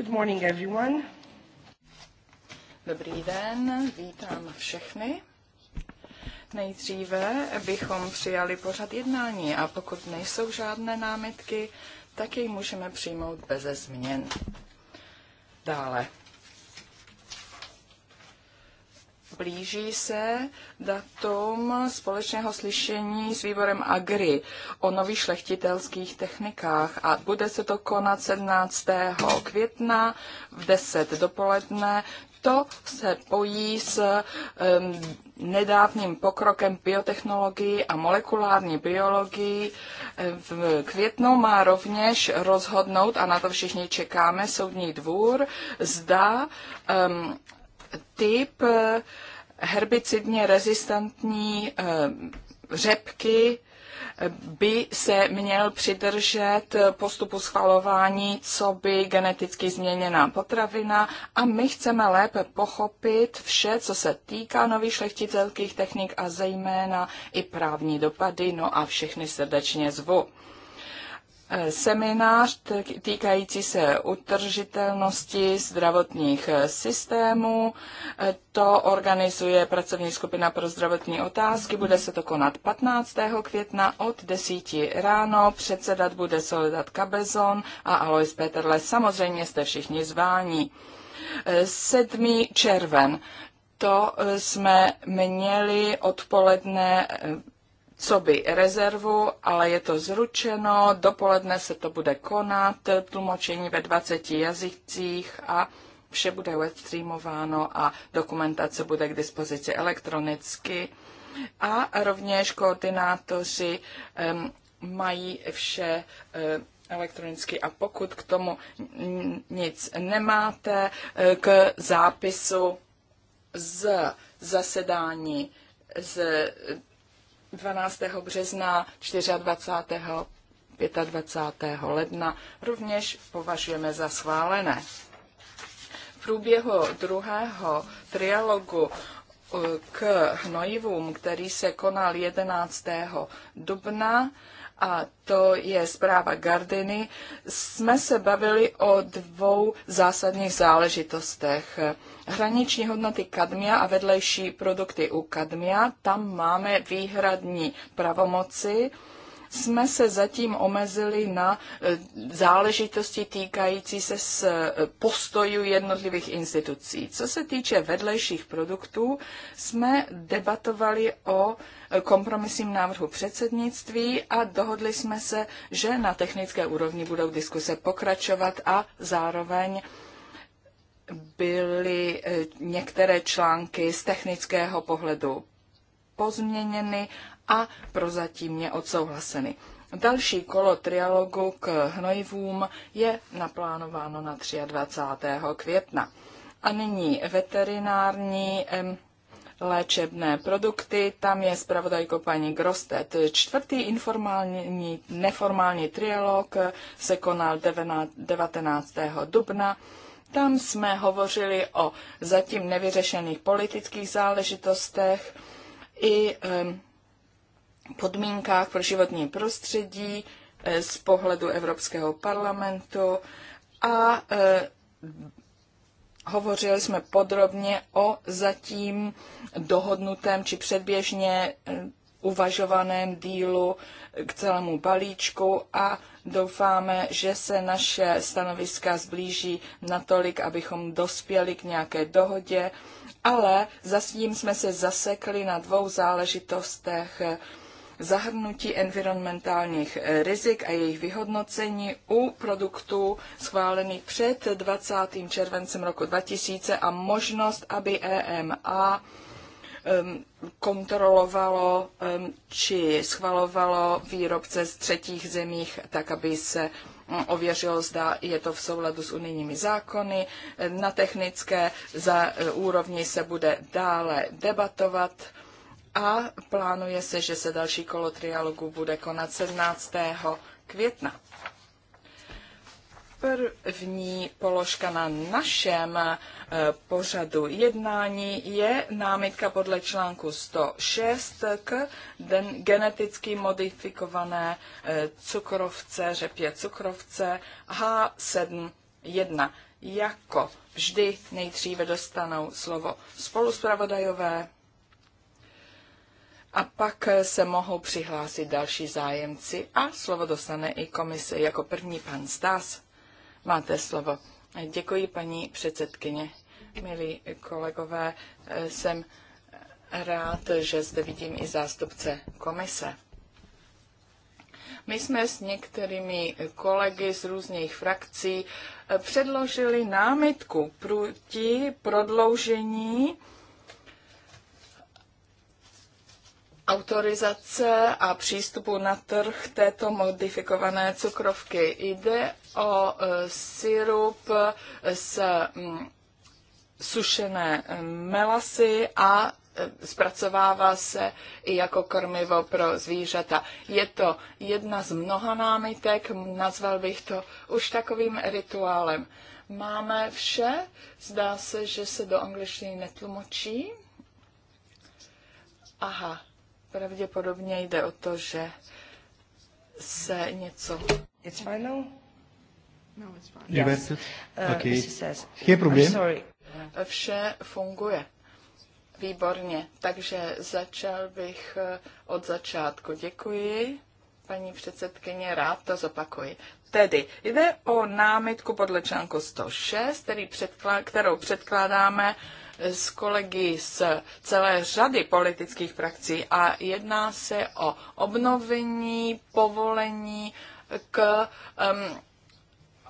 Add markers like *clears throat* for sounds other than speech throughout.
Good morning, everyone. Dobrý den, vítám všechny. Nejdříve bychom přijali pořad jednání a pokud nejsou žádné námitky, tak jej můžeme přijmout beze změn. Dále blíží se datum společného slyšení s výborem Agri o nových šlechtitelských technikách a bude se to konat 17. května v 10 dopoledne. To se pojí s um, nedávným pokrokem biotechnologii a molekulární biologii. V květnu má rovněž rozhodnout, a na to všichni čekáme, soudní dvůr, zda um, typ uh, herbicidně rezistentní eh, řepky eh, by se měl přidržet postupu schvalování, co by geneticky změněná potravina a my chceme lépe pochopit vše, co se týká nových šlechtitelských technik a zejména i právní dopady, no a všechny srdečně zvu seminář týkající se utržitelnosti zdravotních systémů. To organizuje pracovní skupina pro zdravotní otázky. Bude se to konat 15. května od 10. ráno. Předsedat bude Soledad Kabezon a Alois Peterle. Samozřejmě jste všichni zváni. 7. červen. To jsme měli odpoledne co by rezervu, ale je to zručeno, dopoledne se to bude konat, tlumočení ve 20 jazycích a vše bude webstreamováno a dokumentace bude k dispozici elektronicky. A rovněž koordinátoři um, mají vše um, elektronicky a pokud k tomu nic nemáte, e, k zápisu z zasedání z 12. března, 24. 25. ledna rovněž považujeme za schválené. V průběhu druhého trialogu eh, k hnojivům, který se konal 11. dubna, a to je zpráva Gardiny, jsme se bavili o dvou zásadních záležitostech. Hraniční hodnoty kadmia a vedlejší produkty u kadmia, tam máme výhradní pravomoci jsme se zatím omezili na e, záležitosti týkající se s e, postojů jednotlivých institucí. Co se týče vedlejších produktů, jsme debatovali o e, kompromisním návrhu předsednictví a dohodli jsme se, že na technické úrovni budou diskuse pokračovat a zároveň byly některé články z technického pohledu pozměněny a prozatímně odsouhlaseny. Další kolo trialogu k hnojivům je naplánováno na 23. května. A nyní veterinární léčebné produkty. Tam je zpravodajko paní Grostet. Čtvrtý informální, neformální trialog se konal 19. dubna. Tam jsme hovořili o zatím nevyřešených politických záležitostech i podmínkách pro životní prostředí e, z pohledu Evropského parlamentu a e, hovořili jsme podrobně o zatím dohodnutém či předběžně e, uvažovaném dílu k celému balíčku a doufáme, že se naše stanoviska zblíží natolik, abychom dospěli k nějaké dohodě, ale zatím jsme se zasekli na dvou záležitostech zahrnutí environmentálních rizik a jejich vyhodnocení u produktů schválených před 20. červencem roku 2000 a možnost, aby e EMA kontrolovalo či schvalovalo výrobce z třetích zemích, tak aby se mm, ověřilo, zda je to v souladu s unijními zákony. Na technické za e, úrovni se bude dále debatovat a plánuje se, že se další kolo trialogu bude konat 17. května. První položka na našem eh, pořadu jednání je námitka podle článku 106 k den, geneticky modifikované eh, cukrovce, řepě cukrovce H71. Jako vždy nejdříve dostanou slovo spoluspravodajové a pak se mohou přihlásit další zájemci a slovo dostane i komise. Jako první pan Stas, máte slovo. Děkuji, paní předsedkyně. Milí kolegové, jsem rád, že zde vidím i zástupce komise. My jsme s některými kolegy z různých frakcí předložili námitku proti prodloužení autorizace a přístupu na trh této modifikované cukrovky. Jde o e, syrup s mm, sušené e, melasy a e, zpracovává se i jako krmivo pro zvířata. Je to jedna z mnoha námitek, nazval bych to už takovým rituálem. Máme vše, zdá se, že se do angličtiny netlumočí. Aha, Pravděpodobně jde o to, že se něco... It's fine now? No, it's fine. Yes. Uh, okay. says, je problém? Sorry. Vše funguje. Výborně. Takže začal bych eh, od začátku. Děkuji paní předsedkyně, rád to zopakuji. Tedy jde o námitku podle článku 106, který předklá, kterou předkládáme s kolegy z celé řady politických frakcí a jedná se o obnovení povolení k um,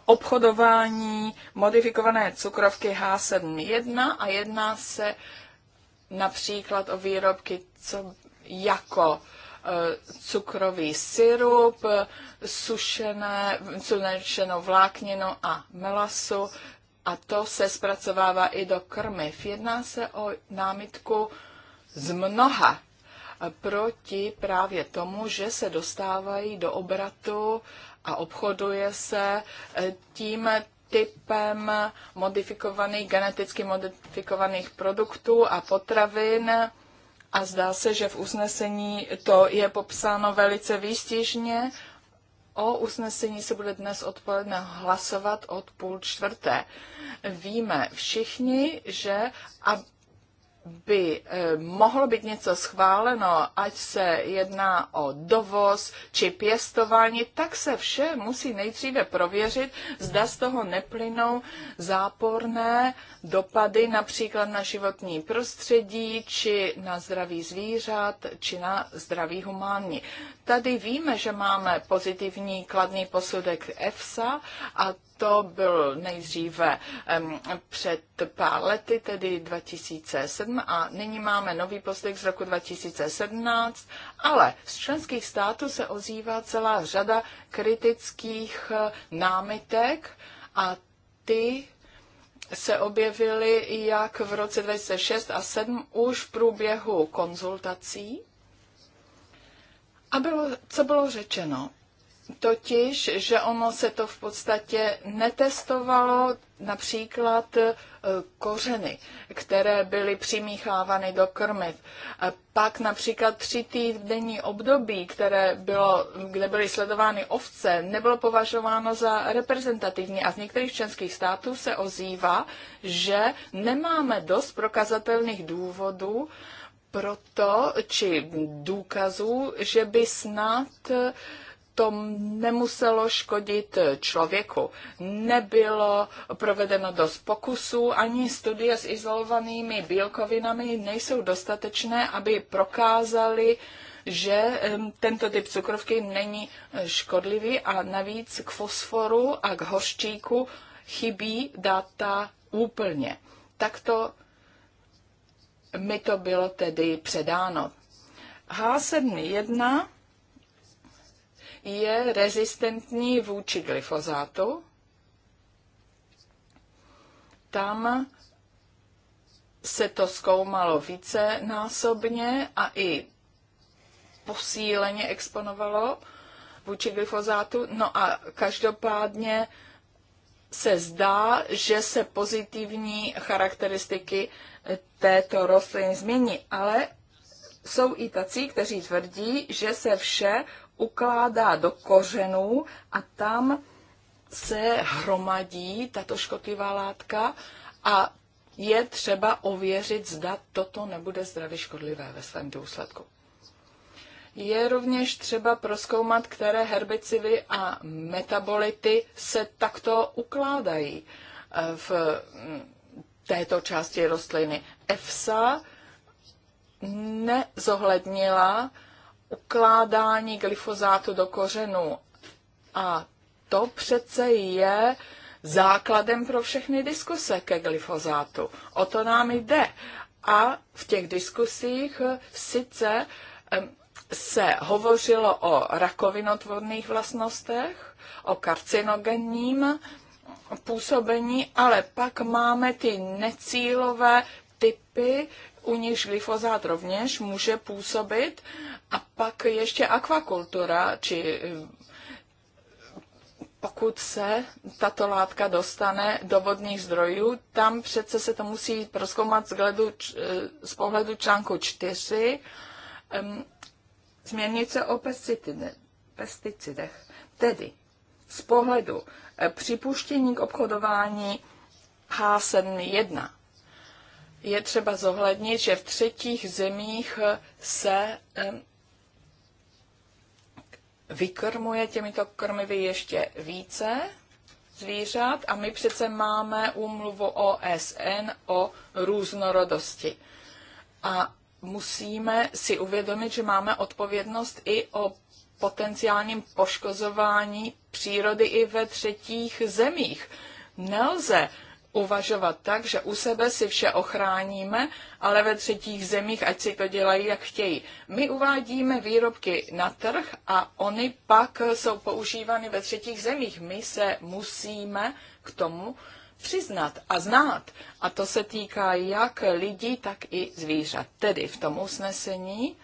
obchodování modifikované cukrovky H71 a jedná se například o výrobky co, jako eh, cukrový syrup, eh, sušené, sušenou vlákninu a melasu, a to se zpracovává i do krmiv. Jedná se o námitku z mnoha proti právě tomu, že se dostávají do obratu a obchoduje se eh, tím typem modifikovaných, geneticky modifikovaných produktů a potravin. A zdá se, že v usnesení to je popsáno velice výstižně O usnesení se bude dnes odpoledne hlasovat od půl čtvrté. Víme všichni, že aby eh, mohlo být něco schváleno, ať se jedná o dovoz či pěstování, tak se vše musí nejdříve prověřit, zda z toho neplynou záporné dopady například na životní prostředí, či na zdraví zvířat, či na zdraví humánní. Tady víme, že máme pozitivní kladný posudek EFSA a to byl nejdříve um, před pár lety, tedy 2007 a nyní máme nový posudek z roku 2017, ale z členských států se ozývá celá řada kritických eh, námitek a ty se objevily jak v roce 2006 a 2007 už v průběhu konzultací a bylo, co bylo řečeno? Totiž, že ono se to v podstatě netestovalo například e, kořeny, které byly přimíchávány do krmiv. A pak například tři týdenní období, které bylo, kde byly sledovány ovce, nebylo považováno za reprezentativní a z některých členských států se ozývá, že nemáme dost prokazatelných důvodů, proto, či důkazů, že by snad to nemuselo škodit člověku. Nebylo provedeno dost pokusů, ani studie s izolovanými bílkovinami nejsou dostatečné, aby prokázali, že tento typ cukrovky není škodlivý a navíc k fosforu a k hořčíku chybí data úplně. Takto mi to bylo tedy předáno. H7.1 je rezistentní vůči glyfozátu. Tam se to zkoumalo více násobně a i posíleně exponovalo vůči glyfozátu. No a každopádně se zdá, že se pozitivní charakteristiky této rostliny změní, ale jsou i tací, kteří tvrdí, že se vše ukládá do kořenů a tam se hromadí tato škodlivá látka a je třeba ověřit, zda toto nebude zdraví škodlivé ve svém důsledku. Je rovněž třeba proskoumat, které herbicidy a metabolity se takto ukládají eh, v této části rostliny. EFSA nezohlednila ukládání glyfozátu do kořenů. A to přece je základem pro všechny diskuse ke glyfozátu. O to nám jde. A v těch diskusích sice se hovořilo o rakovinotvorných vlastnostech, o karcinogenním působení, ale pak máme ty necílové typy, u nich glyfozát rovněž může působit, a pak ještě akvakultura, či eh, pokud se tato látka dostane do vodních zdrojů, tam přece se to musí proskoumat z, hledu, eh, z pohledu článku 4 um, změnice o pesticidech. Tedy z pohledu připuštění k obchodování H71. Je třeba zohlednit, že v třetích zemích se vykrmuje těmito krmivy ještě více zvířat a my přece máme úmluvu OSN o různorodosti. A musíme si uvědomit, že máme odpovědnost i o potenciálním poškozování přírody i ve třetích zemích. Nelze uvažovat tak, že u sebe si vše ochráníme, ale ve třetích zemích, ať si to dělají, jak chtějí. My uvádíme výrobky na trh a oni pak jsou používány ve třetích zemích. My se musíme k tomu přiznat a znát. A to se týká jak lidí, tak i zvířat. Tedy v tom usnesení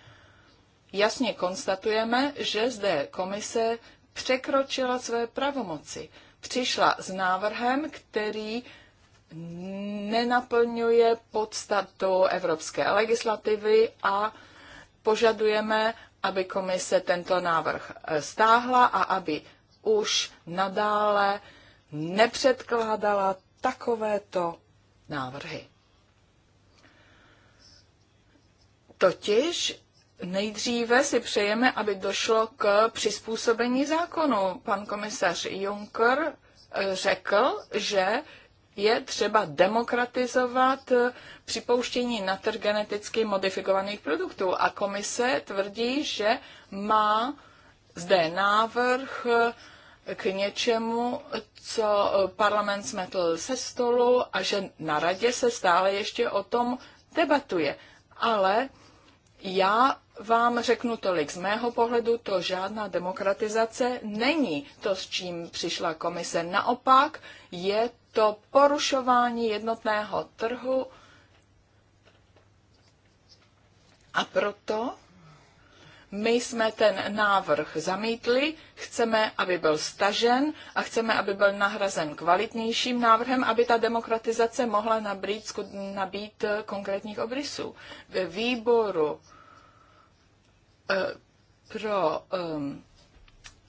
jasně konstatujeme, že zde komise překročila své pravomoci. Přišla s návrhem, který nenaplňuje podstatu evropské legislativy a požadujeme, aby komise tento návrh eh, stáhla a aby už nadále nepředkládala takovéto návrhy. Totiž Nejdříve si přejeme, aby došlo k přizpůsobení zákonu. Pan komisař Juncker eh, řekl, že je třeba demokratizovat eh, připouštění na trh geneticky modifikovaných produktů. A komise tvrdí, že má zde návrh eh, k něčemu, co parlament smetl se stolu a že na radě se stále ještě o tom debatuje. Ale já vám řeknu tolik. Z mého pohledu to žádná demokratizace není to, s čím přišla komise. Naopak je to porušování jednotného trhu a proto my jsme ten návrh zamítli, chceme, aby byl stažen a chceme, aby byl nahrazen kvalitnějším návrhem, aby ta demokratizace mohla nabít, nabít eh, konkrétních obrysů. Ve výboru Eh, pro eh,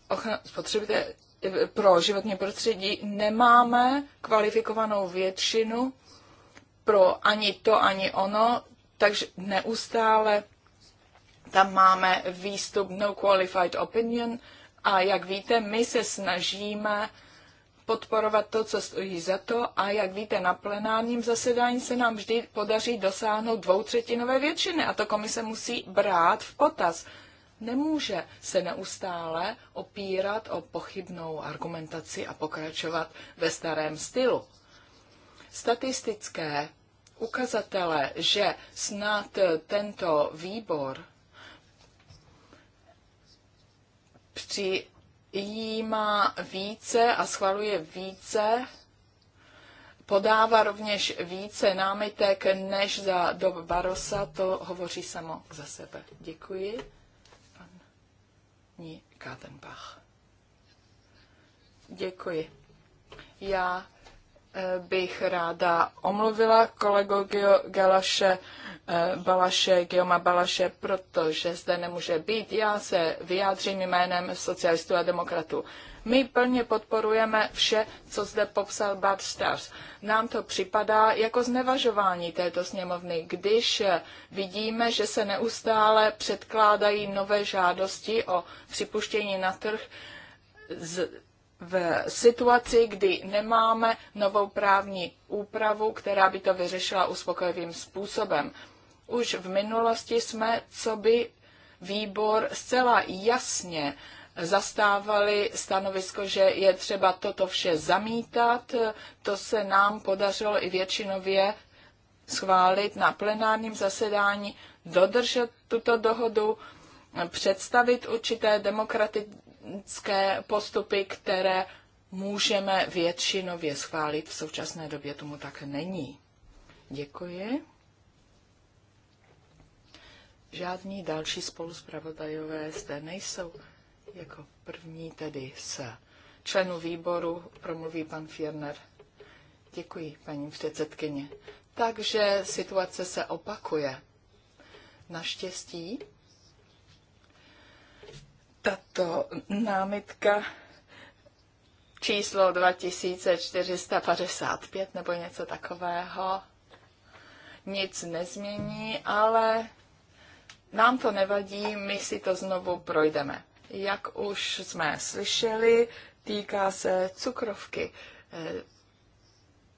ochranu spotřebitele eh, pro životní prostředí nemáme kvalifikovanou většinu pro ani to, ani ono, takže neustále tam máme výstup no qualified opinion a jak víte, my se snažíme podporovat to, co stojí za to a jak víte, na plenárním zasedání se nám vždy podaří dosáhnout dvoutřetinové většiny a to komise musí brát v potaz. Nemůže se neustále opírat o pochybnou argumentaci a pokračovat ve starém stylu. Statistické ukazatele, že snad tento výbor při má více a schvaluje více, podává rovněž více námitek než za dob Barosa, to hovoří samo za sebe. Děkuji. Pan Ní Kátenbach. Děkuji. Já bych ráda omluvila kolego Galaše, eh, Balaše, Gioma Balaše, protože zde nemůže být. Já se vyjádřím jménem socialistů a demokratů. My plně podporujeme vše, co zde popsal Bad Stars. Nám to připadá jako znevažování této sněmovny, když eh, vidíme, že se neustále předkládají nové žádosti o připuštění na trh z v situaci, kdy nemáme novou právní úpravu, která by to vyřešila uspokojivým způsobem. Už v minulosti jsme, co by výbor zcela jasně zastávali stanovisko, že je třeba toto vše zamítat. To se nám podařilo i většinově schválit na plenárním zasedání, dodržet tuto dohodu, představit určité demokratické technické postupy, které můžeme většinově schválit. V současné době tomu tak není. Děkuji. Žádní další spoluzpravodajové zde nejsou. Jako první tedy s členů výboru promluví pan Fierner. Děkuji, paní předsedkyně. Takže situace se opakuje. Naštěstí tato námitka číslo 2455 nebo něco takového nic nezmění, ale nám to nevadí, my si to znovu projdeme. Jak už jsme slyšeli, týká se cukrovky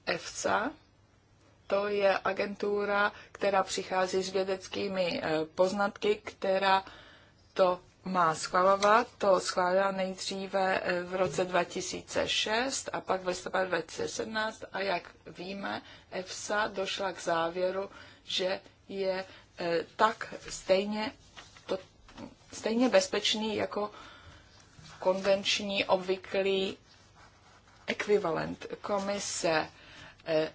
EFSA. Eh, to je agentura, která přichází s vědeckými eh, poznatky, která to má schvalovat, to schválila nejdříve eh, v roce 2006 a pak v listopadu 2017 a jak víme, EFSA došla k závěru, že je eh, tak stejně, to, stejně bezpečný jako konvenční obvyklý ekvivalent komise eh,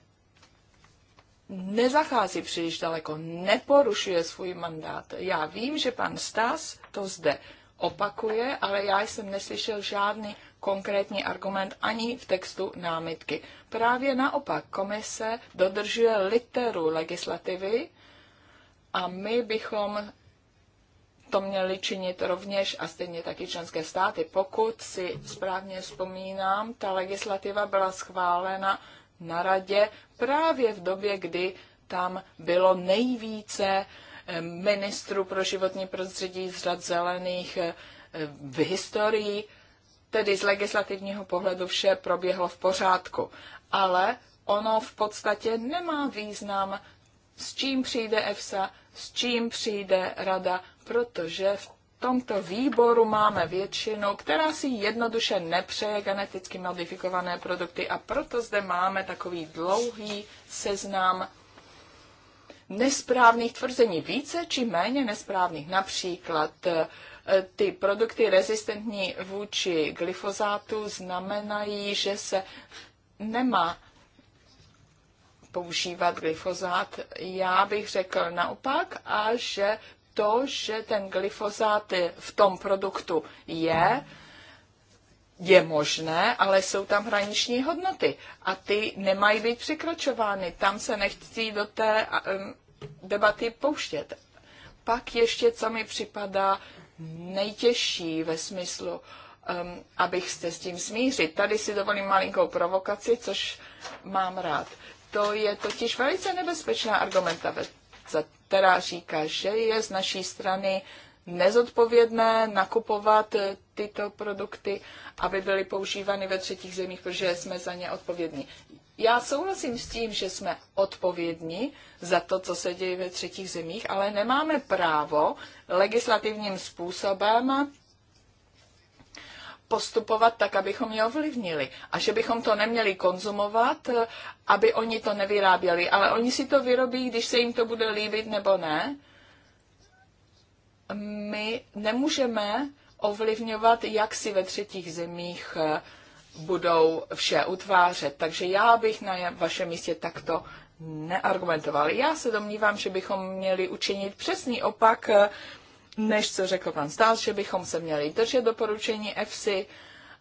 nezachází příliš daleko, neporušuje svůj mandát. Já vím, že pan Stas to zde opakuje, ale já jsem neslyšel žádný konkrétní argument ani v textu námitky. Právě naopak, komise dodržuje literu legislativy a my bychom to měli činit rovněž a stejně taky členské státy. Pokud si správně vzpomínám, ta legislativa byla schválena na radě právě v době, kdy tam bylo nejvíce eh, ministrů pro životní prostředí z řad zelených eh, v historii, tedy z legislativního pohledu vše proběhlo v pořádku. Ale ono v podstatě nemá význam, s čím přijde EFSA, s čím přijde rada, protože v tomto výboru máme většinu, která si jednoduše nepřeje geneticky modifikované produkty a proto zde máme takový dlouhý seznam nesprávných tvrzení, více či méně nesprávných. Například eh, ty produkty rezistentní vůči glyfozátu znamenají, že se nemá používat glyfozát. Já bych řekl naopak a že to, že ten glyfozát v tom produktu je, je možné, ale jsou tam hraniční hodnoty a ty nemají být překročovány. Tam se nechci do té debaty pouštět. Pak ještě, co mi připadá nejtěžší ve smyslu, um, abych se s tím smířit. Tady si dovolím malinkou provokaci, což mám rád. To je totiž velice nebezpečná argumentace která říká, že je z naší strany nezodpovědné nakupovat tyto produkty, aby byly používány ve třetích zemích, protože jsme za ně odpovědní. Já souhlasím s tím, že jsme odpovědní za to, co se děje ve třetích zemích, ale nemáme právo legislativním způsobem postupovat tak, abychom je ovlivnili. A že bychom to neměli konzumovat, aby oni to nevyráběli. Ale oni si to vyrobí, když se jim to bude líbit nebo ne. My nemůžeme ovlivňovat, jak si ve třetích zemích eh, budou vše utvářet. Takže já bych na vašem místě takto neargumentoval. Já se domnívám, že bychom měli učinit přesný opak eh, než co řekl pan Stál, že bychom se měli držet doporučení EFSI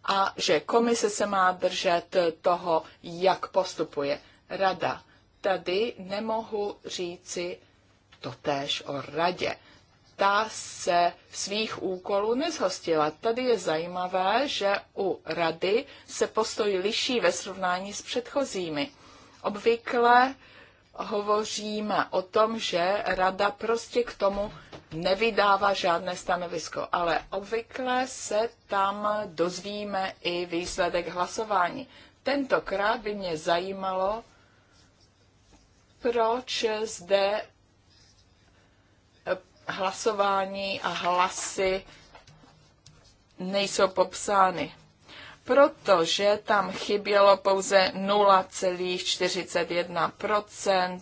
a že komise se má držet toho, jak postupuje rada. Tady nemohu říci totéž o radě. Ta se svých úkolů nezhostila. Tady je zajímavé, že u rady se postoj liší ve srovnání s předchozími. Obvykle hovoříme o tom, že rada prostě k tomu nevydává žádné stanovisko, ale obvykle se tam dozvíme i výsledek hlasování. Tentokrát by mě zajímalo, proč zde hlasování a hlasy nejsou popsány. Protože tam chybělo pouze 0,41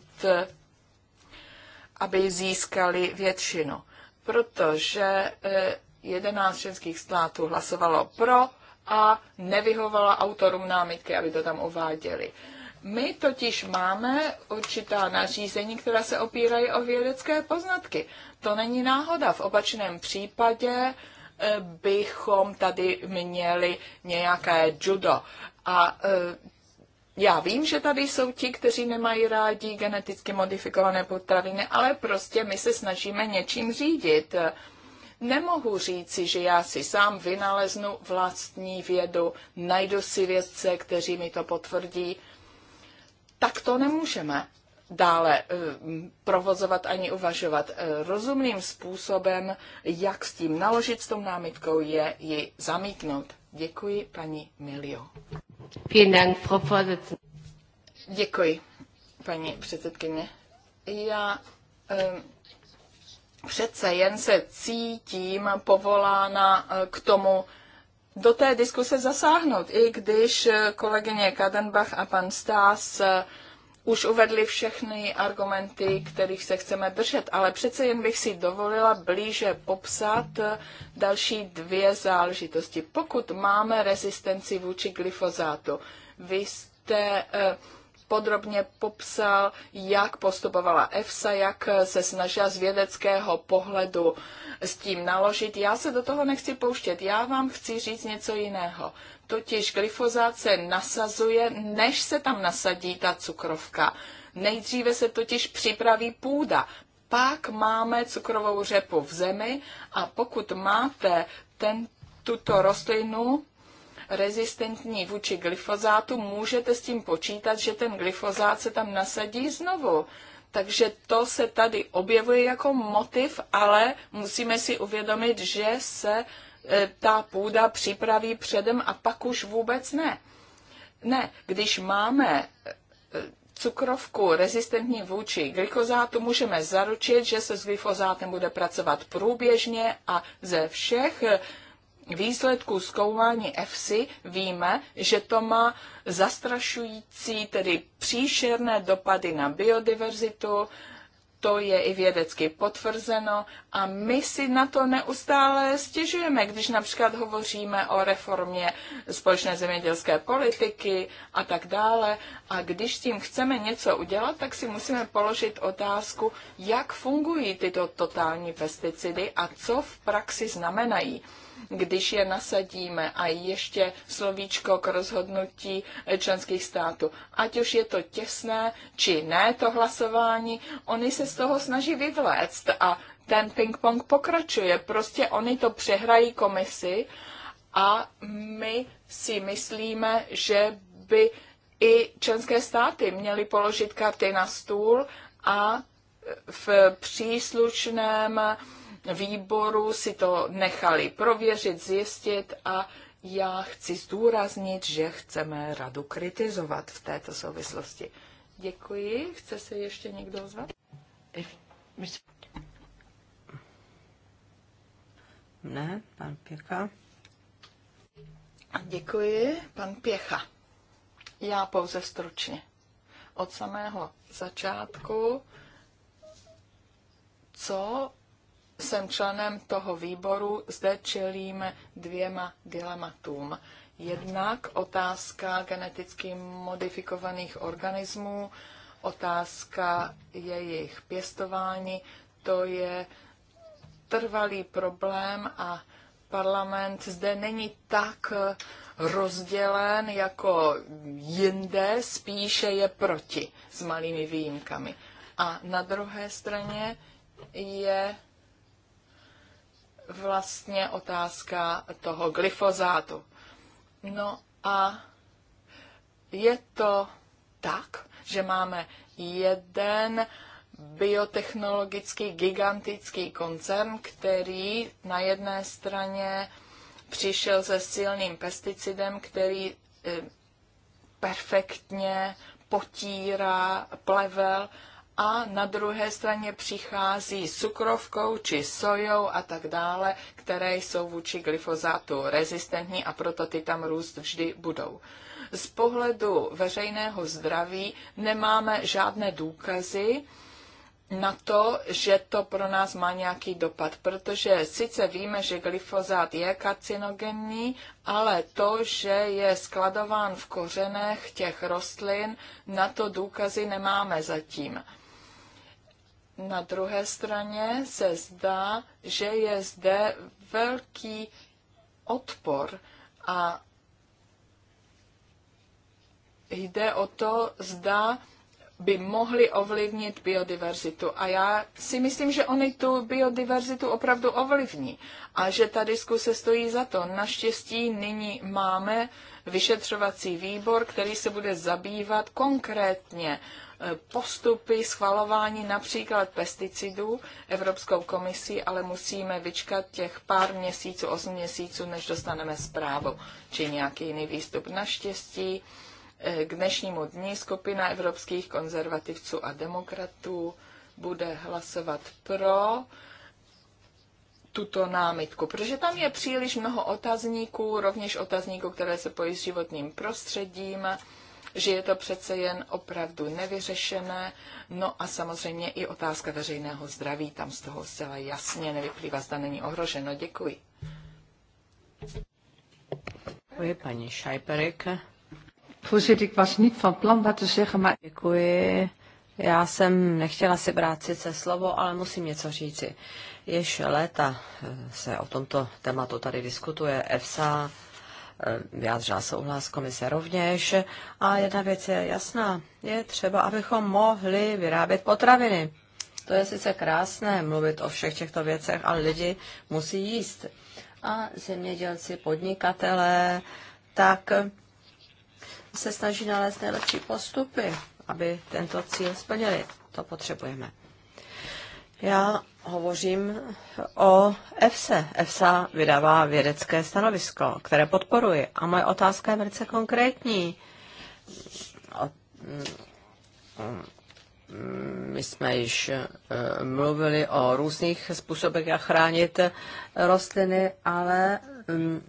aby získali většinu. Protože 11 eh, členských států hlasovalo pro a nevyhovala autorům námitky, aby to tam uváděli. My totiž máme určitá nařízení, která se opírají o vědecké poznatky. To není náhoda. V opačném případě eh, bychom tady měli nějaké judo. A eh, já vím, že tady jsou ti, kteří nemají rádi geneticky modifikované potraviny, ale prostě my se snažíme něčím řídit. Nemohu říci, že já si sám vynaleznu vlastní vědu, najdu si vědce, kteří mi to potvrdí. Tak to nemůžeme dále eh, provozovat ani uvažovat. Eh, rozumným způsobem, jak s tím naložit, s tou námitkou, je ji zamítnout. Děkuji, paní Milio. Děkuji, paní předsedkyně. Já um, přece jen se cítím povolána eh, k tomu, do té diskuse zasáhnout, i když eh, kolegyně Kadenbach a pan Stás eh, už uvedli všechny argumenty, kterých se chceme držet, ale přece jen bych si dovolila blíže popsat další dvě záležitosti. Pokud máme rezistenci vůči glyfozátu, vy jste eh, podrobně popsal, jak postupovala EFSA, jak se snažila z vědeckého pohledu s tím naložit. Já se do toho nechci pouštět, já vám chci říct něco jiného totiž glyfozát se nasazuje, než se tam nasadí ta cukrovka. Nejdříve se totiž připraví půda, pak máme cukrovou řepu v zemi a pokud máte ten, tuto rostlinu rezistentní vůči glyfozátu, můžete s tím počítat, že ten glyfozát se tam nasadí znovu. Takže to se tady objevuje jako motiv, ale musíme si uvědomit, že se E, ta půda připraví předem a pak už vůbec ne. Ne, když máme e, cukrovku rezistentní vůči glykozátu můžeme zaručit, že se s glyfozátem bude pracovat průběžně a ze všech e, výsledků zkoumání EFSI víme, že to má zastrašující, tedy příšerné dopady na biodiverzitu, to je i vědecky potvrzeno a my si na to neustále stěžujeme, když například hovoříme o reformě společné zemědělské politiky a tak dále. A když s tím chceme něco udělat, tak si musíme položit otázku, jak fungují tyto totální pesticidy a co v praxi znamenají když je nasadíme. A ještě slovíčko k rozhodnutí členských států. Ať už je to těsné, či ne to hlasování, oni se z toho snaží vyvléct a ten ping-pong pokračuje. Prostě oni to přehrají komisi a my si myslíme, že by i členské státy měly položit karty na stůl a v příslušném uh, výboru si to nechali prověřit, zjistit a já chci zdůraznit, že chceme radu kritizovat v této souvislosti. Děkuji. Chce se ještě někdo ozvat? Ne, pan Pěcha. Děkuji, pan Pěcha. Já pouze stručně. Od samého začátku, co jsem členem toho výboru, zde čelíme dvěma dilematům. Jednak otázka geneticky modifikovaných organismů, otázka jejich pěstování, to je trvalý problém a parlament zde není tak rozdělen jako jinde, spíše je proti s malými výjimkami. A na druhé straně je vlastně otázka toho glyfozátu. No a je to tak, že máme jeden biotechnologický gigantický koncern, který na jedné straně přišel se silným pesticidem, který eh, perfektně potírá plevel a na druhé straně přichází s cukrovkou či sojou a tak dále, které jsou vůči glyfozátu rezistentní a proto ty tam růst vždy budou. Z pohledu veřejného zdraví nemáme žádné důkazy, na to, že to pro nás má nějaký dopad, protože sice víme, že glyfozát je karcinogenní, ale to, že je skladován v kořenech těch rostlin, na to důkazy nemáme zatím. Na druhé straně se zdá, že je zde velký odpor a jde o to, zda by mohly ovlivnit biodiverzitu. A já si myslím, že oni tu biodiverzitu opravdu ovlivní a že ta diskuse stojí za to. Naštěstí nyní máme vyšetřovací výbor, který se bude zabývat konkrétně uh, postupy schvalování například pesticidů Evropskou komisí, ale musíme vyčkat těch pár měsíců, osm měsíců, než dostaneme zprávu či nějaký jiný výstup. Naštěstí eh, k dnešnímu dní skupina evropských konzervativců a demokratů bude hlasovat pro tuto námitku, protože tam je příliš mnoho otazníků, rovněž otazníků, které se pojí s životním prostředím, že je to přece jen opravdu nevyřešené. No a samozřejmě i otázka veřejného zdraví, tam z toho zcela jasně nevyplývá, zda není ohroženo. Děkuji. Děkuji, paní Šajperik. Voorzitter, was niet van plan te zeggen, maar... Děkuji. Já jsem nechtěla si brát sice slovo, ale musím něco říci. Jež léta eh, se o tomto tématu tady diskutuje. EFSA vyjádřila souhlas komise rovněž. A jedna věc je jasná. Je třeba, abychom mohli vyrábět potraviny. To je sice krásné mluvit o všech těchto věcech, ale lidi musí jíst. A zemědělci, podnikatelé, tak se snaží nalézt nejlepší postupy, aby tento cíl splnili. To potřebujeme. Já hovořím o EFSA. EFSA vydává vědecké stanovisko, které podporuji. A moje otázka je velice konkrétní. Mm, my jsme již e, mluvili o různých způsobech, jak chránit rostliny, ale mm,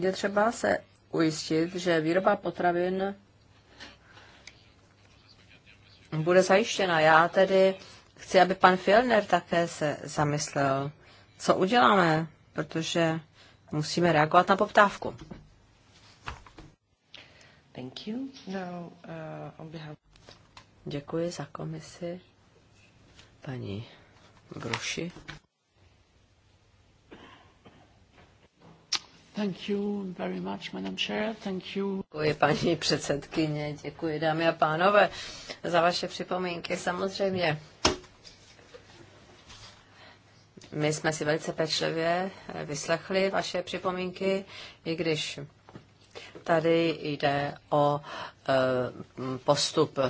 je třeba se ujistit, že výroba potravin bude zajištěna. Já tedy chci, aby pan Fielner také se zamyslel, co uděláme, protože musíme reagovat na poptávku. Thank you. Now, uh, on behalf... Děkuji za komisi paní Bruši. Thank you very much, Madam Chair. Thank you. Děkuji paní předsedkyně, děkuji dámy a pánové za vaše připomínky. Samozřejmě my jsme si velice pečlivě eh, vyslechli vaše připomínky, i když tady jde o eh, postup eh,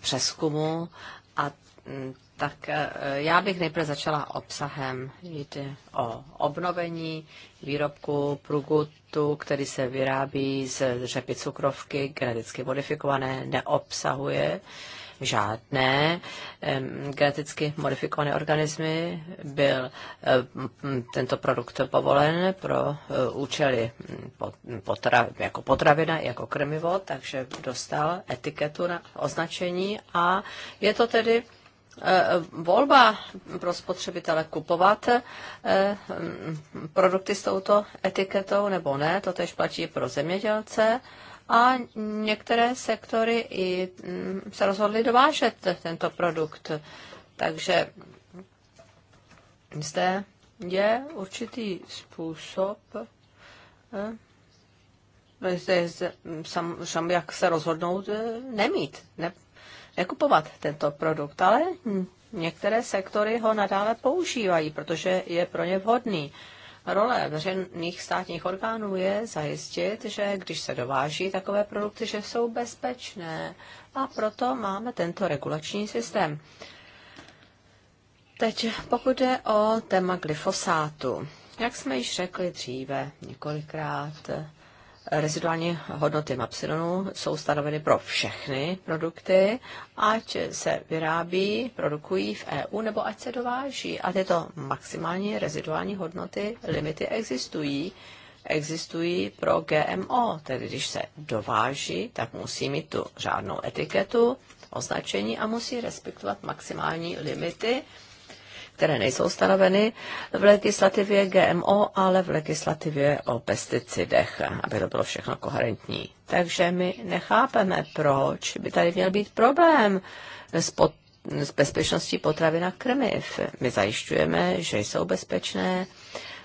přeskumu a mm, tak já bych nejprve začala obsahem. Jde o obnovení výrobku prugutu, který se vyrábí z řepy cukrovky, geneticky modifikované, neobsahuje žádné geneticky modifikované organismy. Byl tento produkt povolen pro eh, účely potravy, jako potravina, jako krmivo, takže dostal etiketu na označení a je to tedy eh, volba pro spotřebitele kupovat eh, produkty s touto etiketou nebo ne, to tež platí pro zemědělce a některé sektory i mm, se rozhodly dovážet tento produkt. Takže zde je určitý způsob, eh, sam, jak se rozhodnout eh, nemít, ne, nekupovat tento produkt, ale některé sektory ho nadále používají, protože je pro ně vhodný role veřejných státních orgánů je zajistit, že když se dováží takové produkty, že jsou bezpečné. A proto máme tento regulační systém. Teď pokud jde o téma glyfosátu. Jak jsme již řekli dříve několikrát, Reziduální hodnoty Mapsilonu jsou stanoveny pro všechny produkty, ať se vyrábí, produkují v EU nebo ať se dováží. A tyto maximální reziduální hodnoty, limity existují. Existují pro GMO, tedy když se dováží, tak musí mít tu řádnou etiketu, označení a musí respektovat maximální limity které nejsou stanoveny v legislativě GMO, ale v legislativě o pesticidech, aby to bylo všechno koherentní. Takže my nechápeme, proč by tady měl být problém s, pot, s bezpečností potravin a krmiv. My zajišťujeme, že jsou bezpečné.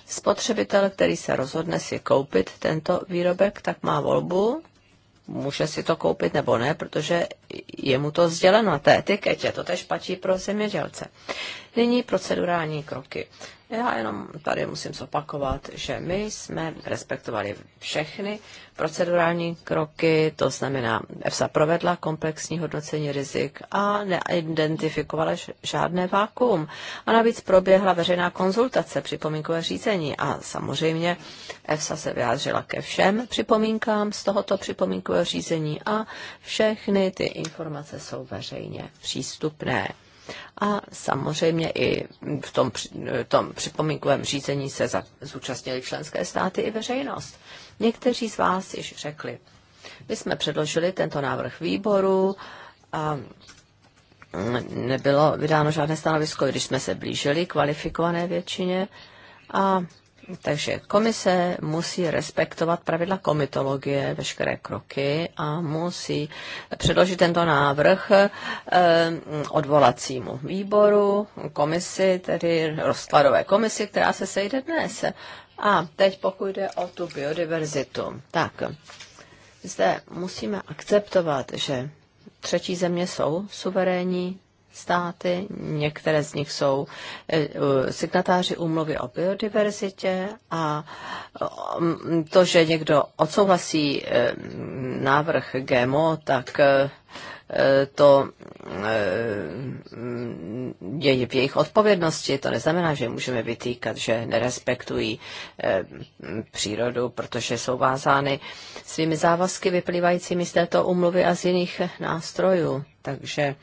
Spotřebitel, který se rozhodne si koupit tento výrobek, tak má volbu, může si to koupit nebo ne, protože je mu to sděleno na té etiketě. To tež platí pro zemědělce. Nyní procedurální kroky. Já jenom tady musím zopakovat, že my jsme respektovali všechny procedurální kroky, to znamená, EFSA provedla komplexní hodnocení rizik a neidentifikovala žádné vákuum. A navíc proběhla veřejná konzultace, připomínkové řízení a samozřejmě EFSA se vyjádřila ke všem připomínkám z tohoto připomínkového řízení a všechny ty informace jsou veřejně přístupné. A samozřejmě i v tom, tom připomínkovém řízení se za, zúčastnili členské státy i veřejnost. Někteří z vás již řekli. My jsme předložili tento návrh výboru a mm, nebylo vydáno žádné stanovisko, když jsme se blížili kvalifikované většině a takže komise musí respektovat pravidla komitologie, veškeré kroky a musí předložit tento návrh eh, odvolacímu výboru, komisi, tedy rozkladové komisi, která se sejde dnes. A teď pokud jde o tu biodiverzitu, tak zde musíme akceptovat, že třetí země jsou suverénní státy, některé z nich jsou eh, signatáři úmluvy o biodiverzitě a mm, to, že někdo odsouhlasí eh, návrh GMO, tak eh, to je v jejich odpovědnosti. To neznamená, že můžeme vytýkat, že nerespektují přírodu, protože jsou vázány svými závazky vyplývajícími z této umluvy a z jiných nástrojů. Takže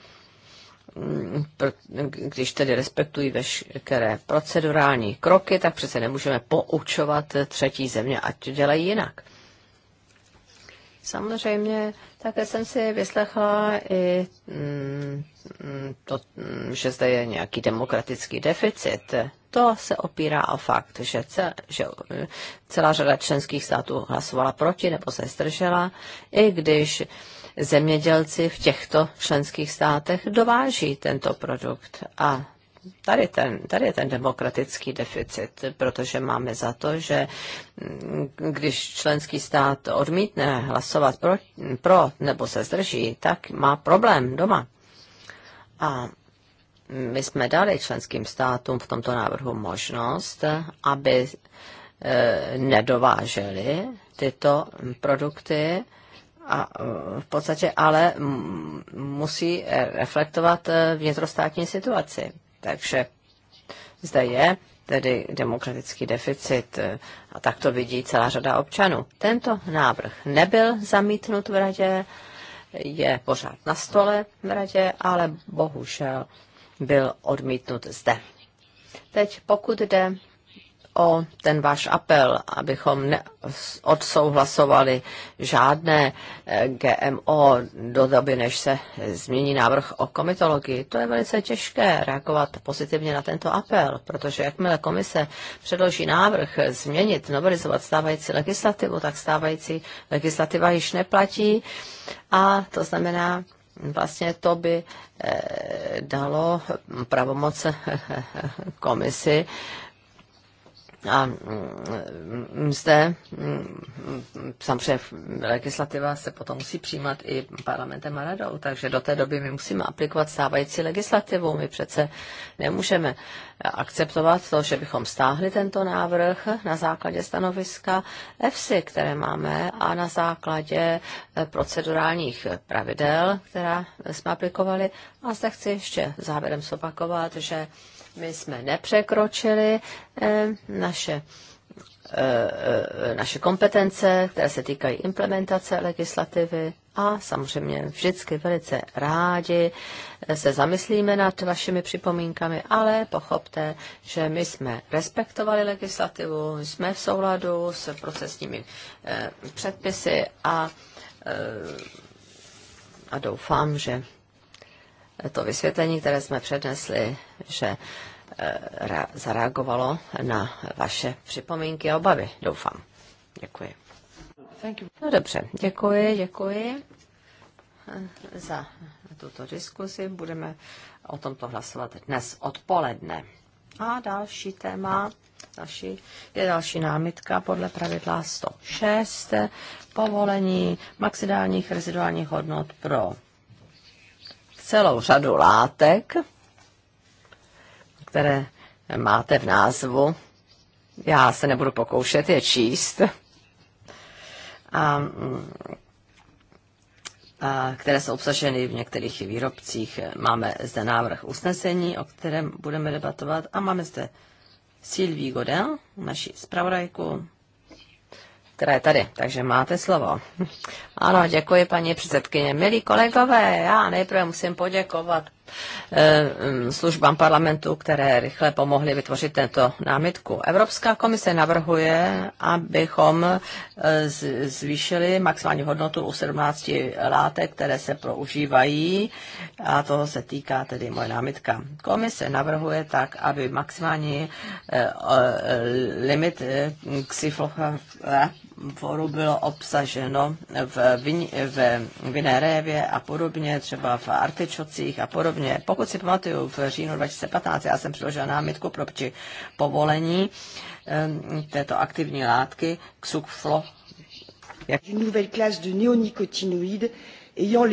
když tedy respektují veškeré procedurální kroky, tak přece nemůžeme poučovat třetí země, ať to dělají jinak. Samozřejmě také jsem si vyslechla i mm, to, že zde je nějaký demokratický deficit. To se opírá o fakt, že, cel, že eh, celá řada členských států hlasovala proti nebo se zdržela, i když zemědělci v těchto členských státech dováží tento produkt. A tady, ten, tady je ten demokratický deficit, protože máme za to, že mm, když členský stát odmítne hlasovat pro, pro nebo se zdrží, tak má problém doma. A my jsme dali členským státům v tomto návrhu možnost, aby eh, nedováželi tyto produkty a e, v podstatě ale musí e, reflektovat e, vnitrostátní situaci. Takže zde je tedy demokratický deficit a tak to vidí celá řada občanů. Tento návrh nebyl zamítnut v radě, je pořád na stole v radě, ale bohužel byl odmítnut zde. Teď pokud jde o ten váš apel, abychom ne odsouhlasovali žádné eh, GMO do doby, než se změní návrh o komitologii. To je velice těžké reagovat pozitivně na tento apel, protože jakmile komise předloží návrh změnit, novelizovat stávající legislativu, tak stávající legislativa již neplatí a to znamená, vlastně to by eh, dalo pravomoc *laughs* komisi a mzde, mm, mm, mm, samozřejmě legislativa se potom musí přijímat i parlamentem a radou, takže do té doby my musíme aplikovat stávající legislativu. My přece nemůžeme akceptovat to, že bychom stáhli tento návrh na základě stanoviska EFSI, které máme, a na základě eh, procedurálních pravidel, která jsme aplikovali. A zde chci ještě závěrem zopakovat, že my jsme nepřekročili eh, naše eh, eh, naše kompetence, které se týkají implementace legislativy a samozřejmě vždycky velice rádi se zamyslíme nad vašimi připomínkami, ale pochopte, že my jsme respektovali legislativu, jsme v souladu s procesními předpisy a, a doufám, že to vysvětlení, které jsme přednesli, že eh, zareagovalo na vaše připomínky a obavy, doufám. Děkuji. No dobře, děkuji, děkuji eh, za tuto diskusi. Budeme o tomto hlasovat dnes odpoledne. A další téma další, je další námitka podle pravidla 106, povolení maximálních reziduálních hodnot pro celou řadu látek, které máte v názvu. Já se nebudu pokoušet je číst. A, a které jsou obsaženy v některých výrobcích. Máme zde návrh usnesení, o kterém budeme debatovat a máme zde Sylvie Godel, naši zpravodajku, která je tady, takže máte slovo. Ano, děkuji paní předsedkyně. Milí kolegové, já nejprve musím poděkovat Eh, službám parlamentu, které rychle pomohly vytvořit tento námitku. Evropská komise navrhuje, abychom eh, zvýšili maximální hodnotu u 17 látek, které se používají a toho se týká tedy moje námitka. Komise navrhuje tak, aby maximální eh, limit foru bylo obsaženo v, vin, v vinérévě a podobně, třeba v artičocích a podobně podobně. Pokud si pamatuju, v říjnu 2015 já jsem přiložila námitku pro při povolení této aktivní látky ksukflo. Jak jo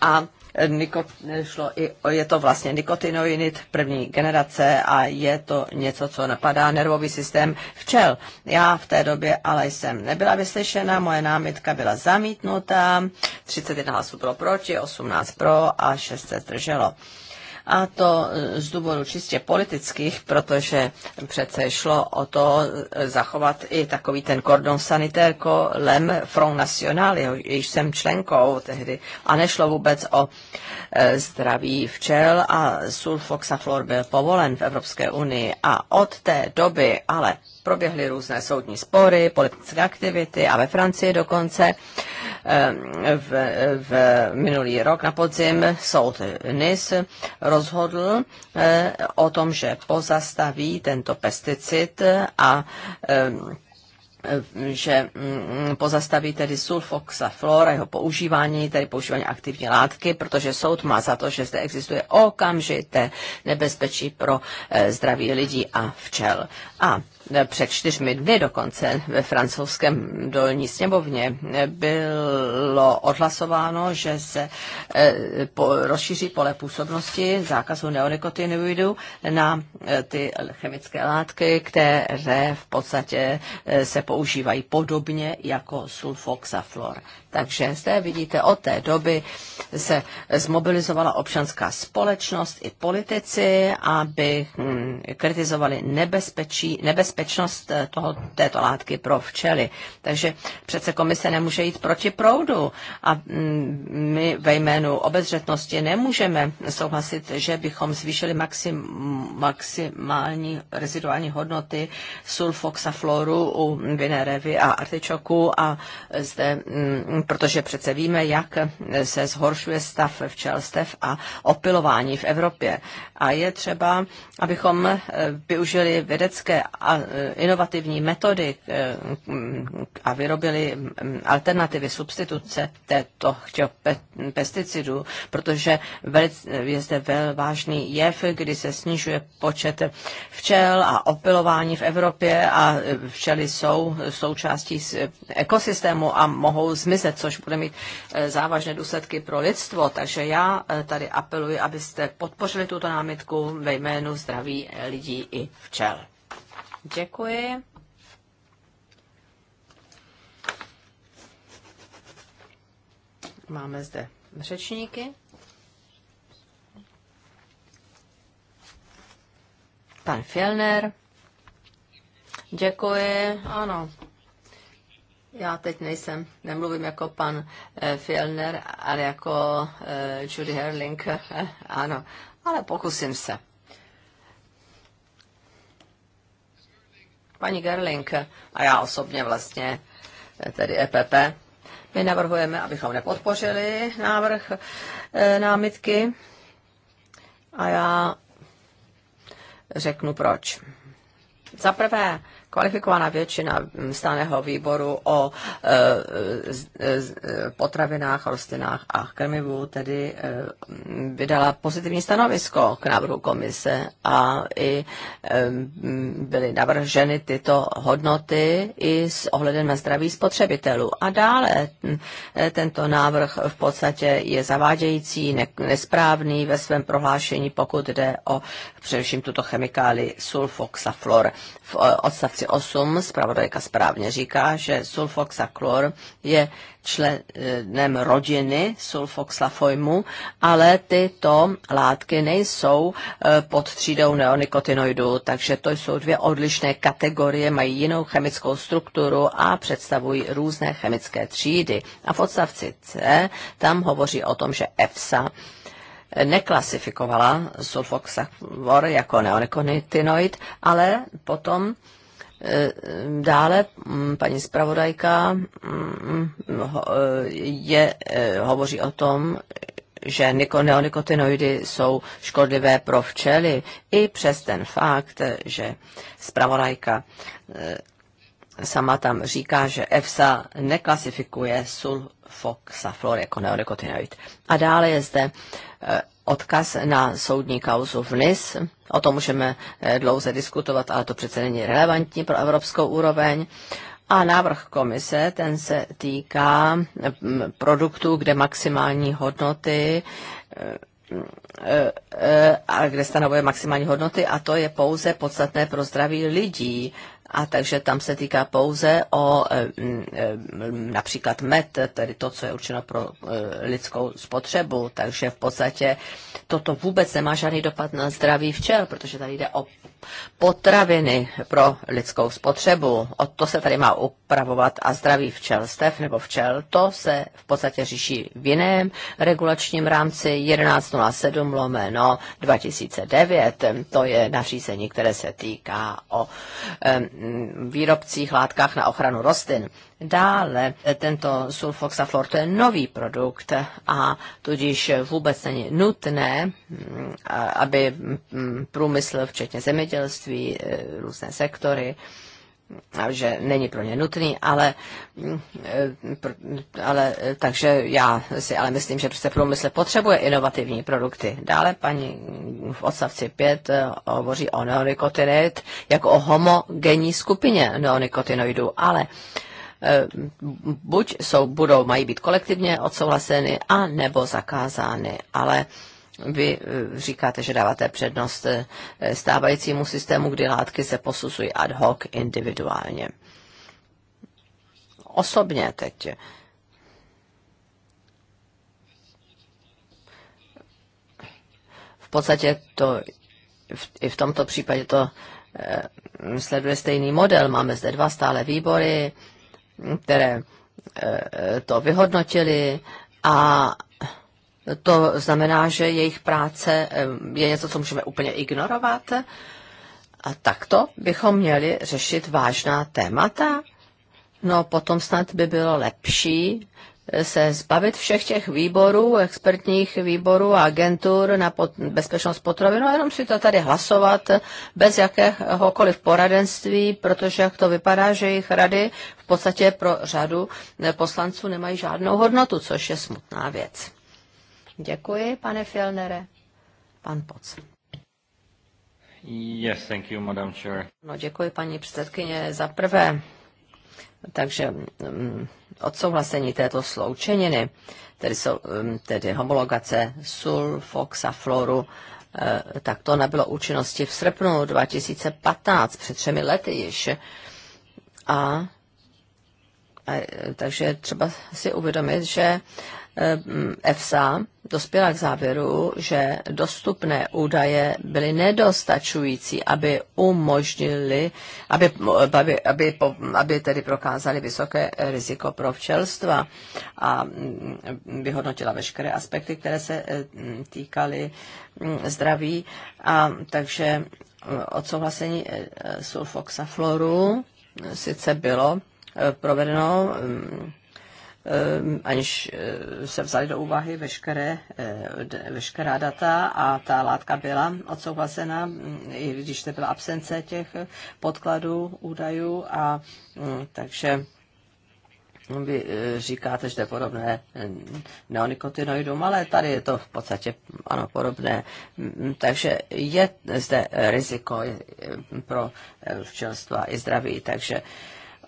a e, nikot, šlo i, je to vlastně nikotinoinit první generace a je to něco, co napadá nervový systém včel. Já v té době ale jsem nebyla vyslyšena, moje námitka byla zamítnuta, 31 hlasů bylo proti, 18 pro a 6 se zdrželo a to eh, z důvodu čistě politických, protože přece šlo o to eh, zachovat i takový ten kordon sanitér kolem Front National, jejíž jsem členkou tehdy, a nešlo vůbec o eh, zdraví včel a sulfoxaflor byl povolen v Evropské unii a od té doby ale proběhly různé soudní spory, politické aktivity a ve Francii dokonce v, v minulý rok na podzim soud NIS rozhodl eh, o tom, že pozastaví tento pesticid a že mm, pozastaví tedy sulfoxaflor a jeho používání, tedy používání aktivní látky, protože soud má za to, že zde existuje okamžité nebezpečí pro eh, zdraví lidí a včel. A před čtyřmi dny dokonce ve francouzském dolní sněmovně bylo odhlasováno, že se eh, rozšíří pole působnosti zákazu neonikotinoidů na eh, ty chemické látky, které v podstatě eh, se používají podobně jako sulfoxaflor. Takže zde vidíte, od té doby se zmobilizovala občanská společnost i politici, aby hm, kritizovali nebezpečí, nebezpečí bezpečnost eh, toho, této látky pro včely. Takže přece komise nemůže jít proti proudu a mm, my ve jménu obezřetnosti nemůžeme souhlasit, že bychom zvýšili maxim, maximální reziduální hodnoty sulfoxafloru u vinerevy a artičoku a zde, mm, protože přece víme, jak se zhoršuje stav včelstev a opilování v Evropě. A je třeba, abychom eh, využili vědecké a Eh, inovativní metody eh, a vyrobili mm, alternativy, substituce této pesticidů, protože je zde vel vážný jev, kdy se snižuje počet včel a opilování v Evropě a eh, včely jsou součástí ekosystému a mohou zmizet, což bude mít závažné důsledky pro lidstvo. Takže já tady apeluji, abyste podpořili tuto námitku ve jménu zdraví lidí i včel. Děkuji. Máme zde řečníky. Pan Fielner. Děkuji, ano. Já teď nejsem, nemluvím jako pan eh, Fielner, ale jako eh, Judy Herling, *laughs* ano. Ale pokusím se. paní Gerling a já osobně vlastně, eh, tedy EPP, my navrhujeme, abychom nepodpořili návrh eh, námitky a já řeknu proč. Za prvé, kvalifikovaná většina stáného výboru o e, e, e, potravinách, rostlinách a krmivu tedy vydala pozitivní stanovisko k návrhu komise a i byly navrženy tyto hodnoty i s ohledem na zdraví spotřebitelů. A dále tento návrh v podstatě je zavádějící, nesprávný ve svém prohlášení, pokud jde o především tuto chemikáli sulfoxaflor odstavci 8 zpravodajka správně říká, že sulfoxaklor je členem rodiny sulfoxlafojmu, ale tyto látky nejsou e, pod třídou neonikotinoidů, takže to jsou dvě odlišné kategorie, mají jinou chemickou strukturu a představují různé chemické třídy. A v odstavci C tam hovoří o tom, že EFSA neklasifikovala sulfoxafor jako neonekonitinoid, ale potom e, Dále paní zpravodajka je, e, hovoří o tom, že neonikotinoidy jsou škodlivé pro včely, i přes ten fakt, že zpravodajka e, sama tam říká, že EFSA neklasifikuje sulfoxaflor jako neonikotinoid. A dále je zde odkaz na soudní kauzu v NIS. O tom můžeme eh, dlouze diskutovat, ale to přece není relevantní pro evropskou úroveň. A návrh komise, ten se týká mm, produktů, kde maximální hodnoty eh, eh, a kde stanovuje maximální hodnoty a to je pouze podstatné pro zdraví lidí a takže tam se týká pouze o e, e, například med, tedy to, co je určeno pro e, lidskou spotřebu, takže v podstatě toto vůbec nemá žádný dopad na zdraví včel, protože tady jde o potraviny pro lidskou spotřebu. O to se tady má upravovat a zdraví včelstev nebo včel. To se v podstatě řeší v jiném regulačním rámci 1107 lomeno 2009. To je nařízení, které se týká o výrobcích látkách na ochranu rostlin. Dále eh, tento sulfoxafor, to je nový produkt a tudíž vůbec není nutné, mm, aby mm, průmysl, včetně zemědělství, eh, různé sektory, že není pro ně nutný, ale, mm, eh, ale takže já si ale myslím, že prostě průmysl potřebuje inovativní produkty. Dále paní v odstavci 5 hovoří o neonikotinoid jako o homogenní skupině neonikotinoidů, ale uh, Eh, buď jsou, budou, mají být kolektivně odsouhlaseny, a nebo zakázány. Ale vy eh, říkáte, že dáváte přednost eh, stávajícímu systému, kdy látky se posuzují ad hoc individuálně. Osobně teď. V podstatě to i v tomto případě to sleduje stejný model. Máme zde dva stále výbory, které eh, to vyhodnotili a to znamená, že jejich práce eh, je něco, co můžeme úplně ignorovat. A takto bychom měli řešit vážná témata. No potom snad by bylo lepší se zbavit všech těch výborů, expertních výborů a agentur na pot, bezpečnost potravin a no, jenom si to tady hlasovat bez jakéhokoliv poradenství, protože jak to vypadá, že jejich rady v podstatě pro řadu poslanců nemají žádnou hodnotu, což je smutná věc. Děkuji, pane Fielnere. Pan Poc. Yes, thank you, Madam Chair. No, děkuji, paní předsedkyně, za prvé. Takže mm, odsouhlasení této sloučeniny, tedy, jsou, tedy homologace sulfoxafloru, eh, tak to nabylo účinnosti v srpnu 2015, před třemi lety již. A, a takže třeba si uvědomit, že Eh, EFSA dospěla k závěru, že dostupné údaje byly nedostačující, aby umožnili, aby, aby, aby, aby tedy prokázali vysoké riziko pro včelstva a mm, vyhodnotila veškeré aspekty, které se eh, týkaly mm, zdraví. A takže eh, odsouhlasení sulfoxafloru sice bylo provedeno mm, Eh, aniž eh, se vzali do úvahy veškeré, eh, veškerá data a ta látka byla odsouhlasena, mm, i když to byla absence těch podkladů, údajů a mm, takže vy říkáte, že to je podobné mm, neonikotinoidům, ale tady je to v podstatě ano, podobné. Takže je zde riziko pro včelstva i zdraví, takže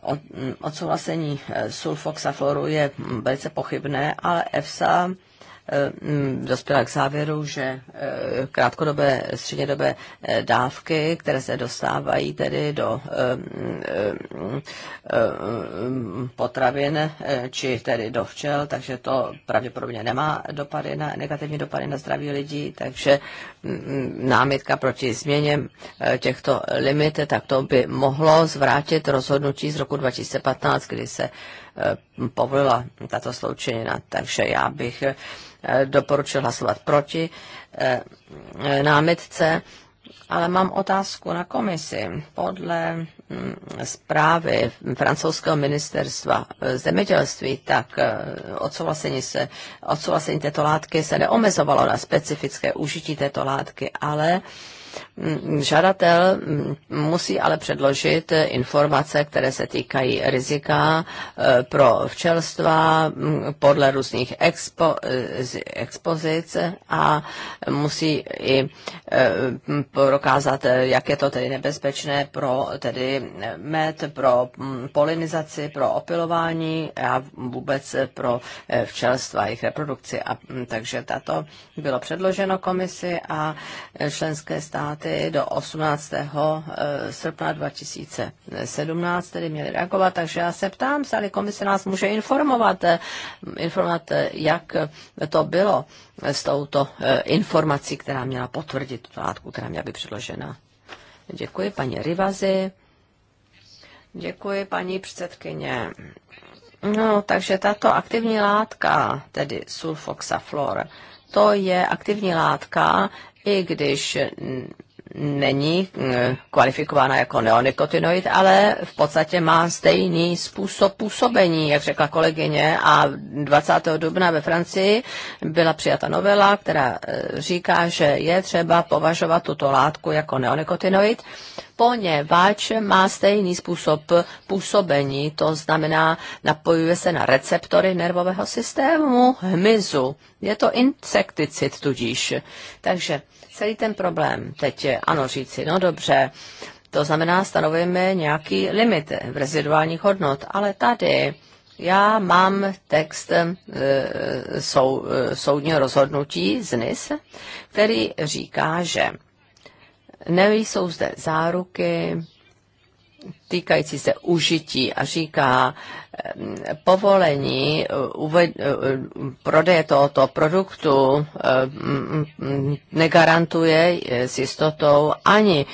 Mm, odsouhlasení eh, sulfoxafloru je mm, velice pochybné, ale EFSA Eh, mm, dospěla k závěru, že eh, krátkodobé, střednědobé eh, dávky, které se dostávají tedy do mm, mm, potravin, či tedy do včel, takže to pravděpodobně nemá dopady na, negativní dopady na zdraví lidí, takže námitka proti změně těchto limit, tak to by mohlo zvrátit rozhodnutí z roku 2015, kdy se Eh, povolila tato sloučenina. Takže já bych eh, doporučil hlasovat proti eh, námitce. Ale mám otázku na komisi. Podle mm, zprávy francouzského ministerstva zemědělství, tak odsouhlasení, se, odsouhlasení této látky se neomezovalo na specifické užití této látky, ale Mm, žadatel mm, musí ale předložit eh, informace, které se týkají rizika eh, pro včelstva mm, podle různých expo, eh, expozic a musí i prokázat, jak je to tedy nebezpečné pro tedy med, pro polinizaci, pro opilování a vůbec pro včelstva, jejich reprodukci. A, takže tato bylo předloženo komisi a členské státy státy do 18. Eh, srpna 2017 tedy měly reagovat, takže já se ptám, zda komise nás může informovat, eh, informovat, eh, jak to bylo s touto informací, která měla potvrdit tu látku, která měla být předložena. Děkuji paní Rivazi. Děkuji paní předsedkyně. No, takže tato aktivní látka, tedy sulfoxaflor, to je aktivní látka, i když není eh, kvalifikována jako neonikotinoid, ale v podstatě má stejný způsob působení, jak řekla kolegyně. A 20. dubna ve Francii byla přijata novela, která eh, říká, že je třeba považovat tuto látku jako neonikotinoid, poněvadž má stejný způsob působení, to znamená, napojuje se na receptory nervového systému hmyzu. Je to insekticid tudíž. Takže celý ten problém teď je, ano, říci, no dobře, to znamená, stanovujeme nějaký limit v reziduálních hodnot, ale tady já mám text e, sou, e, soudního rozhodnutí z NIS, který říká, že nejsou zde záruky, týkající se užití a říká povolení eh, eh, eh, prodeje tohoto produktu mm, mm, negarantuje s jistotou ani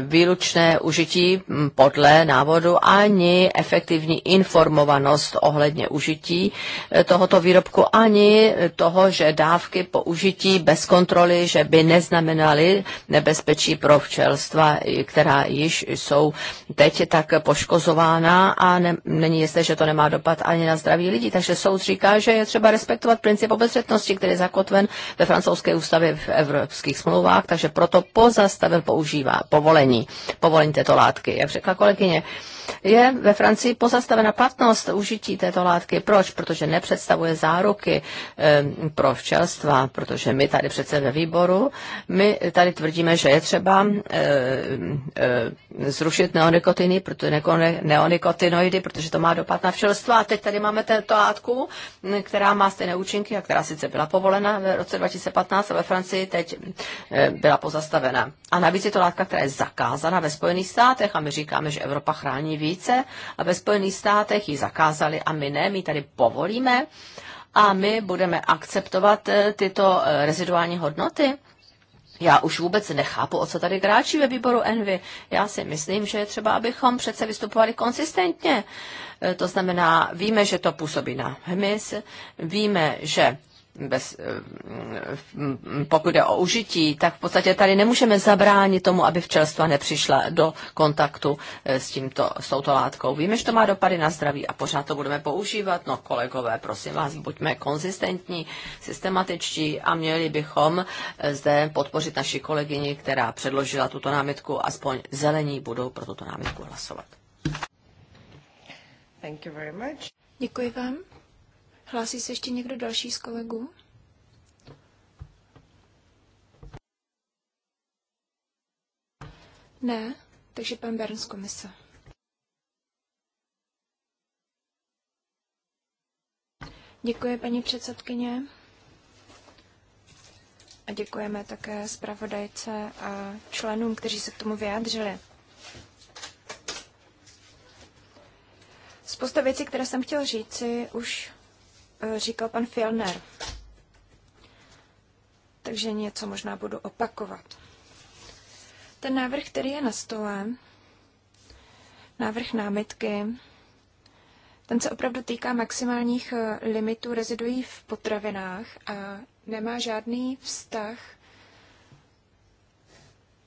výlučné užití mm, podle návodu, ani efektivní informovanost ohledně užití tohoto výrobku, ani toho, že dávky po užití bez kontroly, že by neznamenaly nebezpečí pro včelstva, která již jsou teď je tak poškozována a ne, není jisté, že to nemá dopad ani na zdraví lidí. Takže soud říká, že je třeba respektovat princip obezřetnosti, který je zakotven ve francouzské ústavě v evropských smlouvách, takže proto pozastavil používá povolení, povolení této látky. Jak řekla kolegyně, je ve Francii pozastavena platnost užití této látky. Proč? Protože nepředstavuje záruky pro včelstva, protože my tady přece ve výboru, my tady tvrdíme, že je třeba zrušit neonikotiny, protože neonikotinoidy, protože to má dopad na včelstva. A teď tady máme tento látku, která má stejné účinky a která sice byla povolena v roce 2015 a ve Francii teď byla pozastavena. A navíc je to látka, která je zakázána ve Spojených státech a my říkáme, že Evropa chrání více a ve Spojených státech ji zakázali a my ne, my tady povolíme a my budeme akceptovat eh, tyto eh, reziduální hodnoty. Já už vůbec nechápu, o co tady kráčí ve výboru Envy. Já si myslím, že je třeba, abychom přece vystupovali konsistentně. Eh, to znamená, víme, že to působí na hmyz, víme, že bez, eh, pokud jde o užití, tak v podstatě tady nemůžeme zabránit tomu, aby včelstva nepřišla do kontaktu eh, s, tímto, s touto látkou. Víme, že to má dopady na zdraví a pořád to budeme používat. No kolegové, prosím vás, buďme konzistentní, systematičtí a měli bychom eh, zde podpořit naši kolegyni, která předložila tuto námitku, aspoň zelení budou pro tuto námitku hlasovat. Thank you very much. Děkuji vám. Hlásí se ještě někdo další z kolegů? Ne, takže pan Bern z komise. Děkuji, paní předsedkyně. A děkujeme také zpravodajce a členům, kteří se k tomu vyjádřili. Spousta věcí, které jsem chtěl říci, už Eh, říkal pan Fielner. Takže něco možná budu opakovat. Ten návrh, který je na stole, návrh námitky, ten se opravdu týká maximálních eh, limitů rezidují v potravinách a nemá žádný vztah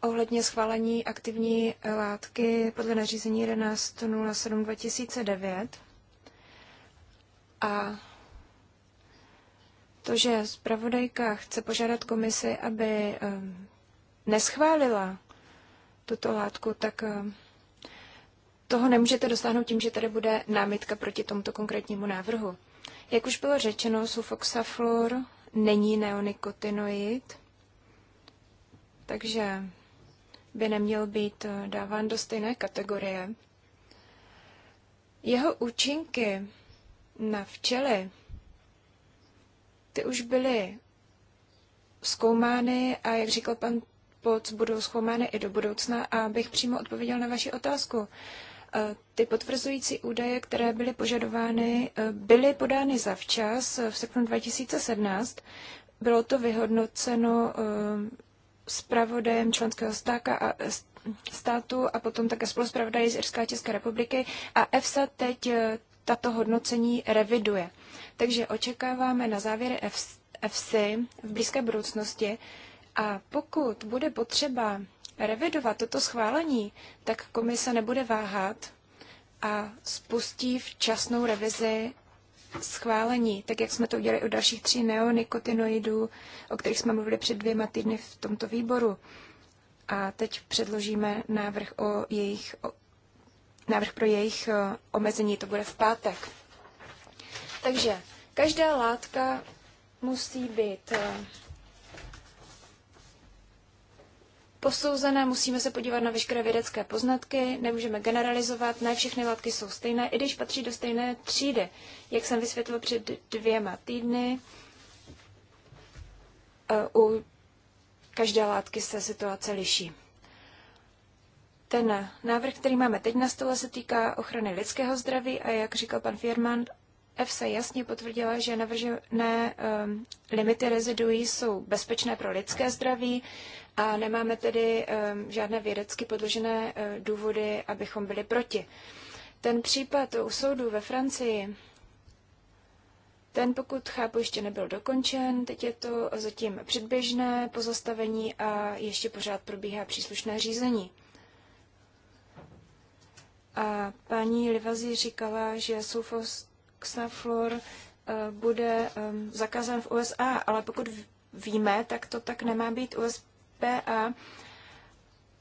ohledně schválení aktivní látky podle nařízení 1107 2009 a to, že zpravodajka chce požádat komisi, aby ehm, neschválila tuto látku, tak ehm, toho nemůžete dosáhnout tím, že tady bude námitka proti tomuto konkrétnímu návrhu. Jak už bylo řečeno, sufoxaflor není neonikotinoid, takže by neměl být eh, dáván do stejné kategorie. Jeho účinky na včely ty už byly zkoumány a jak říkal pan Poc, budou zkoumány i do budoucna a bych přímo odpověděl na vaši otázku. E, ty potvrzující údaje, které byly požadovány, e, byly podány zavčas e, v srpnu 2017. Bylo to vyhodnoceno pravodem členského stáka a státu a potom také spoluzpravodaji z Irská České republiky. A EFSA teď tato hodnocení reviduje. Takže očekáváme na závěry EFSI v blízké budoucnosti a pokud bude potřeba revidovat toto schválení, tak komise nebude váhat a spustí včasnou revizi schválení, tak jak jsme to udělali u dalších tří neonikotinoidů, o kterých jsme mluvili před dvěma týdny v tomto výboru. A teď předložíme návrh o jejich návrh pro jejich eh, omezení, to bude v pátek. Takže každá látka musí být eh, posouzené, musíme se podívat na veškeré vědecké poznatky, nemůžeme generalizovat, ne všechny látky jsou stejné, i když patří do stejné třídy, jak jsem vysvětlil před dvěma týdny. Eh, u každé látky se situace liší. Ten návrh, který máme teď na stole, se týká ochrany lidského zdraví a jak říkal pan Fierman, EFSA jasně potvrdila, že navržené um, limity rezidují jsou bezpečné pro lidské zdraví a nemáme tedy um, žádné vědecky podložené uh, důvody, abychom byli proti. Ten případ u soudu ve Francii, ten, pokud chápu, ještě nebyl dokončen, teď je to zatím předběžné pozastavení a ještě pořád probíhá příslušné řízení. A paní Livazi říkala, že sulfoxaflor eh, bude ehm, zakázán v USA, ale pokud víme, tak to tak nemá být. USPA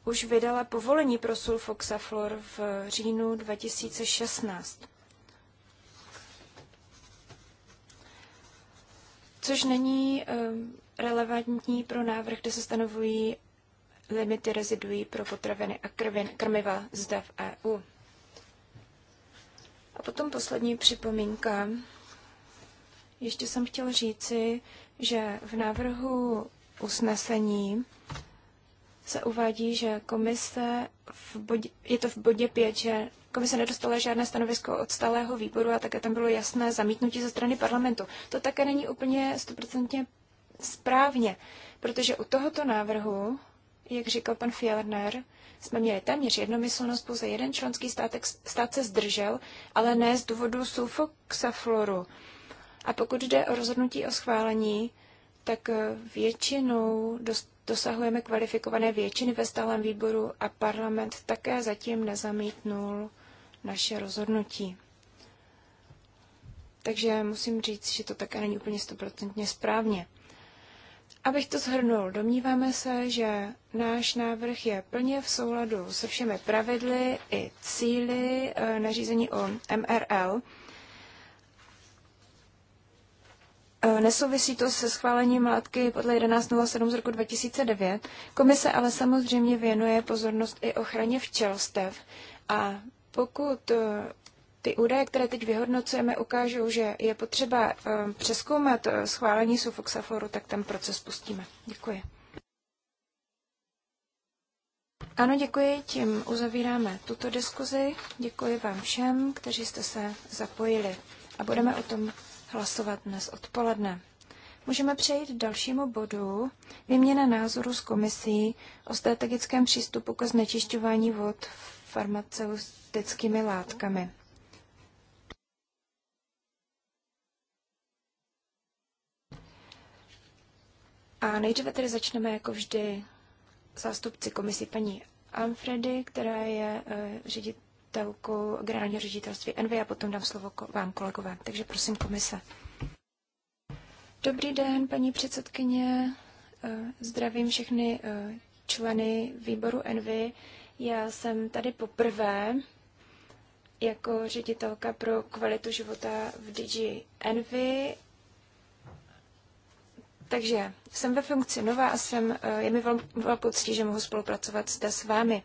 už vydala povolení pro sulfoxaflor v říjnu 2016. Což není ehm, relevantní pro návrh, kde se stanovují limity reziduí pro potraviny a krmiva zde v EU. A potom poslední připomínka. Ještě jsem chtěl říci, že v návrhu usnesení se uvádí, že komise, v bodě, je to v bodě 5, že komise nedostala žádné stanovisko od stálého výboru a také tam bylo jasné zamítnutí ze strany parlamentu. To také není úplně stoprocentně správně, protože u tohoto návrhu, jak říkal pan Fjellner, jsme měli téměř jednomyslnost, pouze jeden členský státek, stát se zdržel, ale ne z důvodu sulfoxafloru. A pokud jde o rozhodnutí o schválení, tak eh, většinou dosahujeme kvalifikované většiny ve stálém výboru a parlament také zatím nezamítnul naše rozhodnutí. Takže musím říct, že to také není úplně stoprocentně správně. Abych to zhrnul, domníváme se, že náš návrh je plně v souladu se všemi pravidly i cíly eh, nařízení o MRL. Eh, nesouvisí to se schválením látky podle 11.07 z roku 2009. Komise ale samozřejmě věnuje pozornost i ochraně včelstev a pokud eh, ty údaje, které teď vyhodnocujeme, ukážou, že je potřeba eh, přeskoumat eh, schválení sufoxaforu, tak ten proces pustíme. Děkuji. Ano, děkuji, tím uzavíráme tuto diskuzi. Děkuji vám všem, kteří jste se zapojili a budeme o tom hlasovat dnes odpoledne. Můžeme přejít k dalšímu bodu. Výměna názoru s komisí o strategickém přístupu ke znečišťování vod farmaceutickými látkami. A nejdříve tedy začneme jako vždy zástupci komisí paní Amfredy, která je eh, ředitelkou generálního ředitelství NV, a potom dám slovo vám kolegové. Takže prosím komise. Dobrý den, paní předsedkyně. Eh, zdravím všechny eh, členy výboru NV. Já jsem tady poprvé jako ředitelka pro kvalitu života v DG Envy takže jsem ve funkci nová a jsem, eh, je mi velkou ctí, že mohu spolupracovat zde s vámi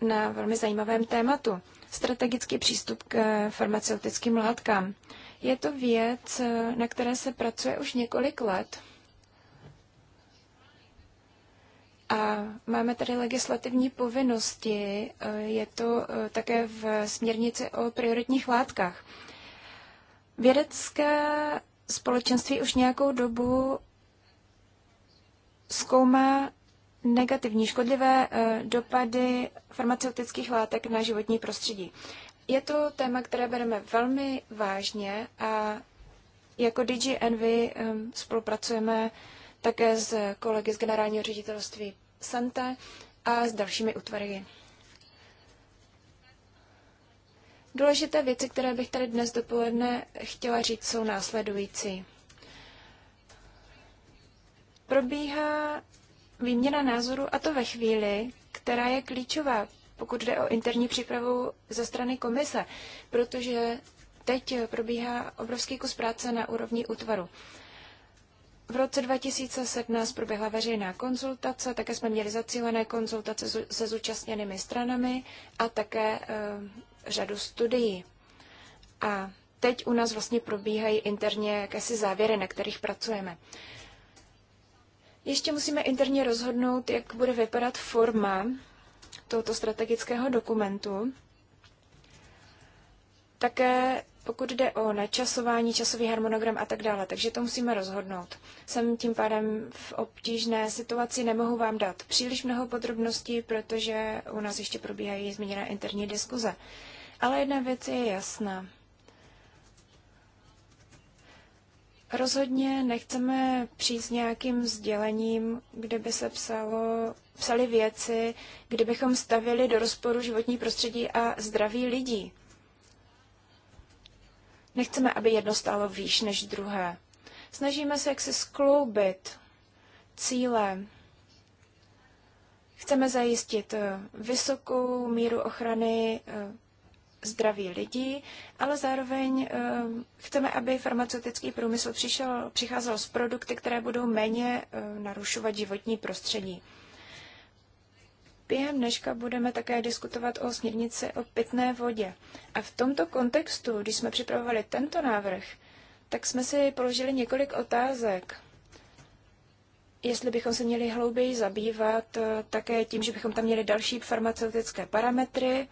na velmi zajímavém tématu. Strategický přístup k eh, farmaceutickým látkám. Je to věc, eh, na které se pracuje už několik let. A máme tady legislativní povinnosti, je to také v směrnici o prioritních látkách. Vědecké společenství už nějakou dobu zkoumá negativní škodlivé eh, dopady farmaceutických látek na životní prostředí. Je to téma, které bereme velmi vážně a jako DG Envy ehm, spolupracujeme také s kolegy z generálního ředitelství Sante a s dalšími útvary Důležité věci, které bych tady dnes dopoledne chtěla říct, jsou následující. Probíhá výměna názoru a to ve chvíli, která je klíčová, pokud jde o interní přípravu ze strany komise, protože teď probíhá obrovský kus práce na úrovni útvaru. V roce 2017 proběhla veřejná konzultace, také jsme měli zacílené konzultace se zúčastněnými stranami a také eh, řadu studií. A teď u nás vlastně probíhají interně jakési závěry, na kterých pracujeme. Ještě musíme interně rozhodnout, jak bude vypadat forma tohoto strategického dokumentu. Také pokud jde o načasování, časový harmonogram a tak dále, takže to musíme rozhodnout. Jsem tím pádem v obtížné situaci, nemohu vám dát příliš mnoho podrobností, protože u nás ještě probíhají zmíněné interní diskuze. Ale jedna věc je jasná. Rozhodně nechceme přijít s nějakým sdělením, kde by se psalo, psali věci, kde bychom stavili do rozporu životní prostředí a zdraví lidí. Nechceme, aby jedno stálo výš než druhé. Snažíme se jaksi skloubit cíle. Chceme zajistit eh, vysokou míru ochrany eh, zdraví lidí, ale zároveň eh, chceme, aby farmaceutický průmysl přišel, přicházel s produkty, které budou méně eh, narušovat životní prostředí. Během dneška budeme také diskutovat o směrnici o pitné vodě. A v tomto kontextu, když jsme připravovali tento návrh, tak jsme si položili několik otázek. Jestli bychom se měli hlouběji zabývat eh, také tím, že bychom tam měli další farmaceutické parametry,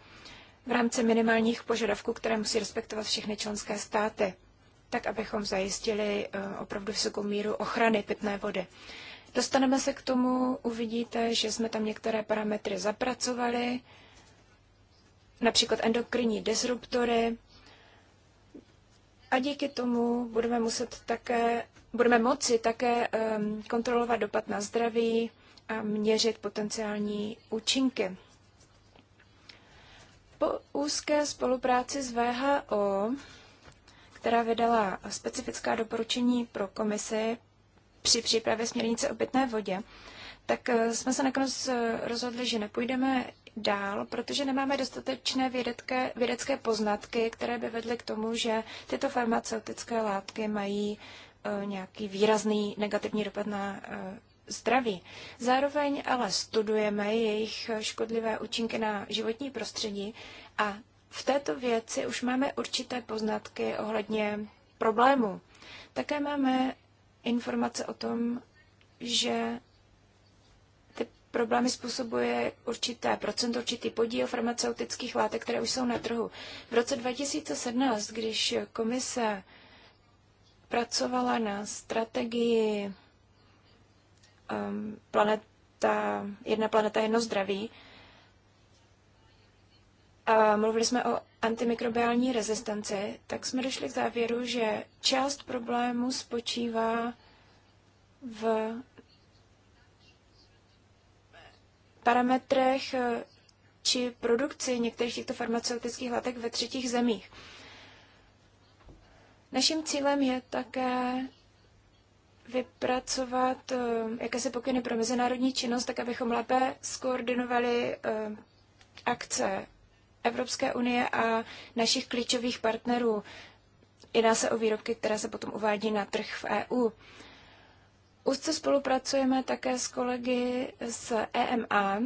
v rámci minimálních požadavků, které musí respektovat všechny členské státy, tak abychom zajistili eh, opravdu vysokou míru ochrany pitné vody. Dostaneme se k tomu, uvidíte, že jsme tam některé parametry zapracovali, například endokrinní disruptory, a díky tomu budeme muset také, budeme moci také ehm, kontrolovat dopad na zdraví a měřit potenciální účinky po úzké spolupráci s VHO, která vydala specifická doporučení pro komisi při přípravě směrnice o pitné vodě, tak eh, jsme se nakonec eh, rozhodli, že nepůjdeme dál, protože nemáme dostatečné vědecké, vědecké poznatky, které by vedly k tomu, že tyto farmaceutické látky mají eh, nějaký výrazný negativní dopad na zdraví. Zároveň ale studujeme jejich škodlivé účinky na životní prostředí a v této věci už máme určité poznatky ohledně problému. Také máme informace o tom, že ty problémy způsobuje určité procent, určitý podíl farmaceutických látek, které už jsou na trhu. V roce 2017, když komise pracovala na strategii um, planeta, jedna planeta, jedno zdraví. A mluvili jsme o antimikrobiální rezistenci, tak jsme došli k závěru, že část problému spočívá v parametrech eh, či produkci některých těchto farmaceutických látek ve třetích zemích. Naším cílem je také vypracovat eh, jakési pokyny pro mezinárodní činnost, tak abychom lépe skoordinovali eh, akce Evropské unie a našich klíčových partnerů. Jedná se o výrobky, které se potom uvádí na trh v EU. Úzce spolupracujeme také s kolegy z EMA,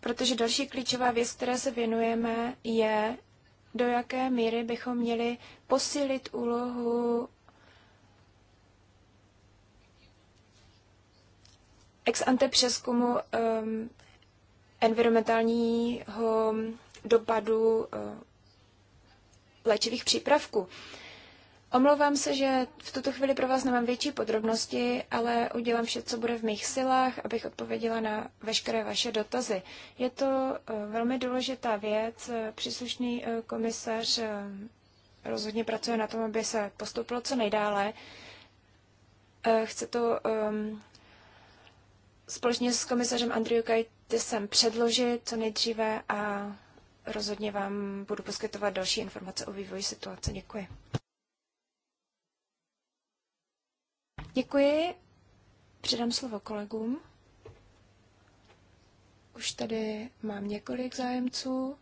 protože další klíčová věc, které se věnujeme, je do jaké míry bychom měli posílit úlohu ex ante přeskumu um, environmentálního dopadu uh, léčivých přípravků. Omlouvám se, že v tuto chvíli pro vás nemám větší podrobnosti, ale udělám vše, co bude v mých silách, abych odpověděla na veškeré vaše dotazy. Je to uh, velmi důležitá věc. Uh, příslušný uh, komisař rozhodně pracuje na tom, aby se postoupilo co nejdále. Eh, chce to um, společně s komisařem Andriu Kajtisem předložit co nejdříve a rozhodně vám budu poskytovat další informace o vývoji situace. Děkuji. Děkuji. Předám slovo kolegům. Už tady mám několik zájemců.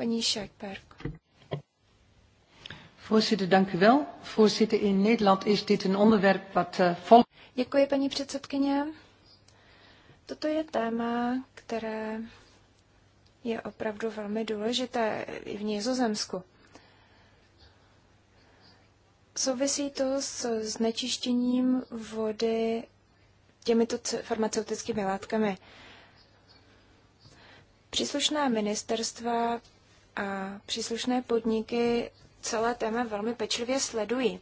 Paní Scheikberg. Voorzitter, dank u wel. Voorzitter, in Nederland is dit een onderwerp wat eh, vol... Děkuji, paní předsedkyně. Toto je téma, které je opravdu velmi důležité i v Nizozemsku. Souvisí to s znečištěním vody těmito farmaceutickými látkami. Příslušná ministerstva a příslušné podniky celé téma velmi pečlivě sledují.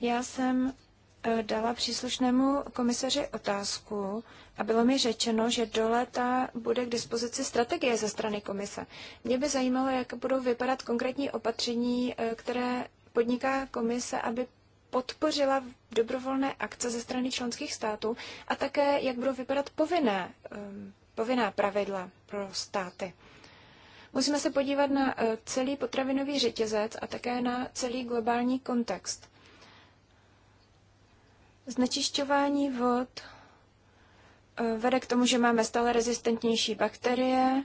Já jsem eh, dala příslušnému komisaři otázku a bylo mi řečeno, že do léta bude k dispozici strategie ze strany komise. Mě by zajímalo, jak budou vypadat konkrétní opatření, eh, které podniká komise, aby podpořila dobrovolné akce ze strany členských států a také, jak budou vypadat povinné, eh, povinná pravidla pro státy. Musíme se podívat na eh, celý potravinový řetězec a také na celý globální kontext. Znečišťování vod eh, vede k tomu, že máme stále rezistentnější bakterie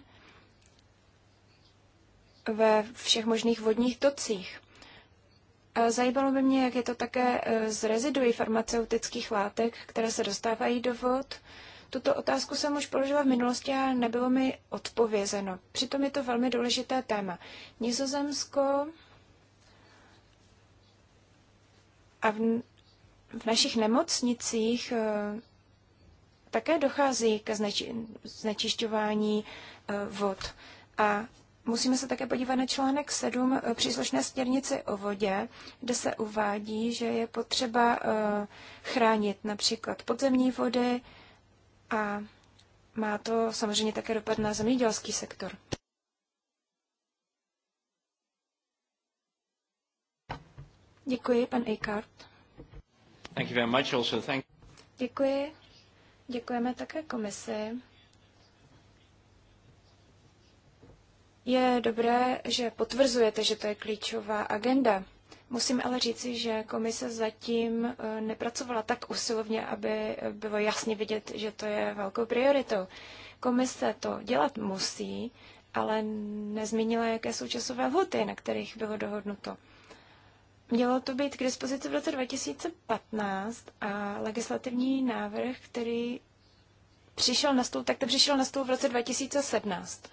ve všech možných vodních tocích. Zajímalo by mě, jak je to také z eh, reziduí farmaceutických látek, které se dostávají do vod, tuto otázku jsem už položila v minulosti a nebylo mi odpovězeno. Přitom je to velmi důležité téma. Nizozemsko a v, v našich nemocnicích eh, také dochází ke zneči, znečišťování eh, vod. A musíme se také podívat na článek 7 eh, příslušné směrnici o vodě, kde se uvádí, že je potřeba chránit například podzemní vody, a má to samozřejmě také dopad na zemědělský sektor. Děkuji, pan Eckart. Thank you very much also. Thank... Děkuji. Děkujeme také komisi. Je dobré, že potvrzujete, že to je klíčová agenda. Musím ale říci, že komise zatím eh, nepracovala tak usilovně, aby bylo jasně vidět, že to je velkou prioritou. Komise to dělat musí, ale nezmínila, jaké jsou časové lhuty, na kterých bylo dohodnuto. Mělo to být k dispozici v roce 2015 a legislativní návrh, který přišel na stůl, tak to přišel na stůl v roce 2017.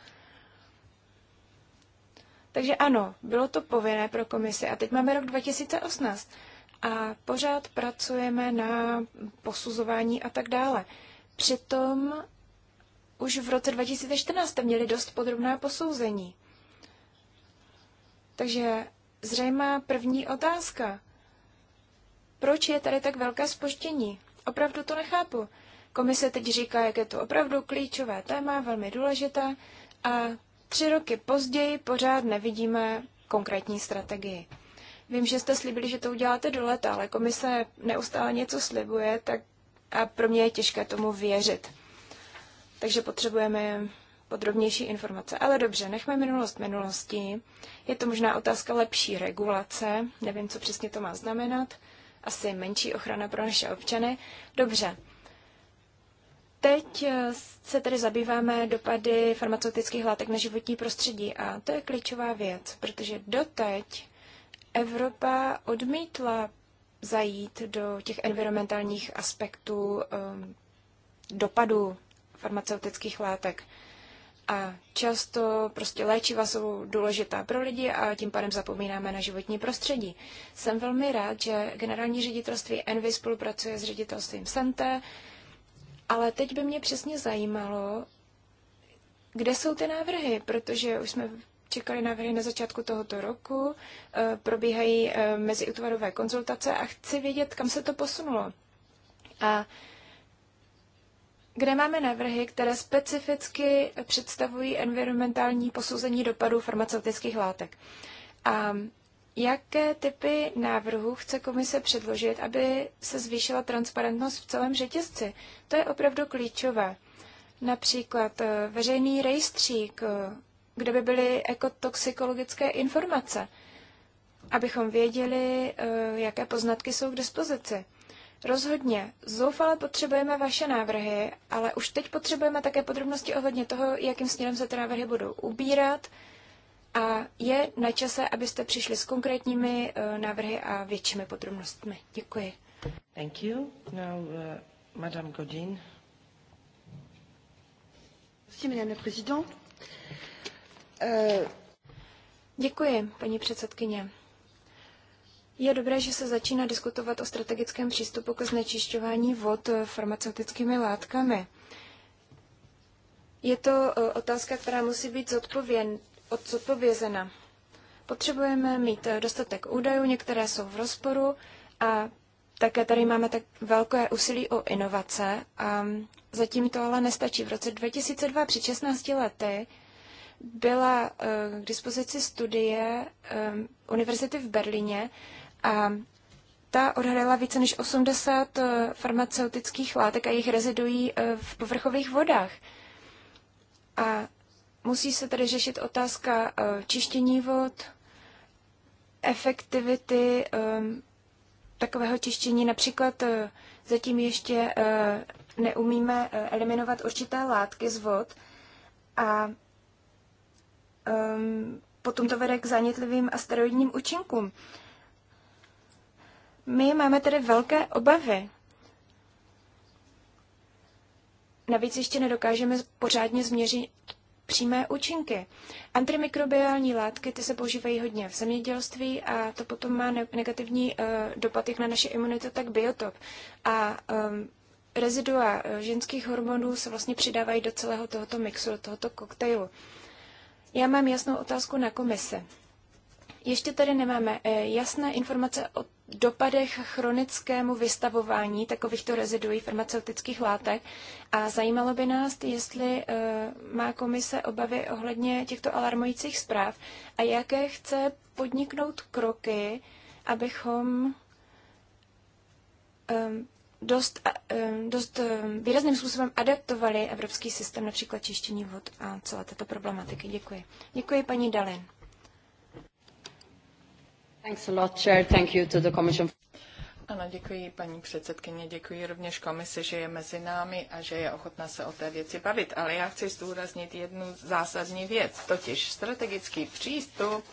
Takže ano, bylo to povinné pro komisi a teď máme rok 2018 a pořád pracujeme na posuzování a tak dále. Přitom už v roce 2014 jste měli dost podrobná posouzení. Takže zřejmá první otázka. Proč je tady tak velké spoždění? Opravdu to nechápu. Komise teď říká, jak je to opravdu klíčové téma, velmi důležité a Tři roky později pořád nevidíme konkrétní strategii. Vím, že jste slíbili, že to uděláte do leta, ale komise neustále něco slibuje, tak a pro mě je těžké tomu věřit. Takže potřebujeme podrobnější informace. Ale dobře, nechme minulost minulosti. Je to možná otázka lepší regulace, nevím, co přesně to má znamenat, asi menší ochrana pro naše občany. Dobře, Teď eh, se tedy zabýváme dopady farmaceutických látek na životní prostředí a to je klíčová věc, protože doteď Evropa odmítla zajít do těch environmentálních aspektů um, eh, dopadu farmaceutických látek. A často prostě léčiva jsou důležitá pro lidi a tím pádem zapomínáme na životní prostředí. Jsem velmi rád, že generální ředitelství Envy spolupracuje s ředitelstvím Sante ale teď by mě přesně zajímalo, kde jsou ty návrhy, protože už jsme čekali návrhy na začátku tohoto roku, eh, probíhají eh, meziutvarové konzultace a chci vědět, kam se to posunulo. A kde máme návrhy, které specificky představují environmentální posouzení dopadů farmaceutických látek. A Jaké typy návrhů chce komise předložit, aby se zvýšila transparentnost v celém řetězci? To je opravdu klíčové. Například eh, veřejný rejstřík, eh, kde by byly ekotoxikologické informace, abychom věděli, eh, jaké poznatky jsou k dispozici. Rozhodně, zoufale potřebujeme vaše návrhy, ale už teď potřebujeme také podrobnosti ohledně toho, jakým směrem se ty návrhy budou ubírat, a je na čase, abyste přišli s konkrétními eh, návrhy a většími podrobnostmi. Děkuji. Thank you. Now, uh, Madame Godin. Merci, Madame la Uh... Děkuji, paní předsedkyně. Je dobré, že se začíná diskutovat o strategickém přístupu k znečišťování vod eh, farmaceutickými látkami. Je to eh, otázka, která musí být zodpověd, odpovězena. Potřebujeme mít eh, dostatek údajů, některé jsou v rozporu a také tady máme tak velké úsilí o inovace a zatím to ale nestačí. V roce 2002 při 16 lety byla eh, k dispozici studie eh, Univerzity v Berlíně a ta odhalila více než 80 farmaceutických látek a jejich rezidují v povrchových vodách. A Musí se tedy řešit otázka eh, čištění vod, efektivity ehm, takového čištění. Například eh, zatím ještě eh, neumíme eliminovat určité látky z vod a ehm, potom to vede k zánětlivým a steroidním účinkům. My máme tedy velké obavy. Navíc ještě nedokážeme pořádně změřit přímé účinky. Antimikrobiální látky, ty se používají hodně v zemědělství a to potom má negativní eh, dopad jak na naše imunitu, tak biotop. A um, rezidua eh, ženských hormonů se vlastně přidávají do celého tohoto mixu, do tohoto koktejlu. Já mám jasnou otázku na komise. Ještě tady nemáme eh, jasné informace o dopadech chronickému vystavování takovýchto reziduí farmaceutických látek a zajímalo by nás, jestli eh, má komise obavy ohledně těchto alarmujících zpráv a jaké chce podniknout kroky, abychom ehm, dost, ehm, dost ehm, výrazným způsobem adaptovali evropský systém, například čištění vod a celé této problematiky. Děkuji. Děkuji paní Dalin. Ano, děkuji paní předsedkyně, děkuji rovněž komisi, že je mezi námi a že je ochotná se o té věci bavit. Ale já chci zdůraznit jednu zásadní věc, totiž strategický přístup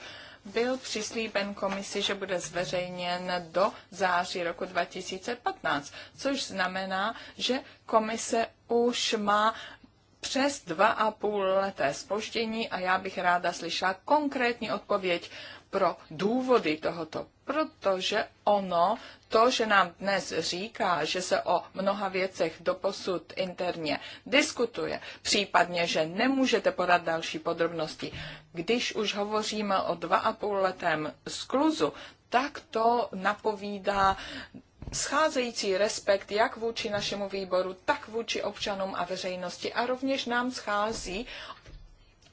byl přislíben komisi, že bude zveřejněn do září roku 2015, což znamená, že komise už má přes dva a půl leté spoždění a já bych ráda slyšela konkrétní odpověď pro důvody tohoto, protože ono, to, že nám dnes říká, že se o mnoha věcech doposud interně diskutuje, případně, že nemůžete podat další podrobnosti, když už hovoříme o dva a půl letém skluzu, tak to napovídá scházející respekt jak vůči našemu výboru, tak vůči občanům a veřejnosti a rovněž nám schází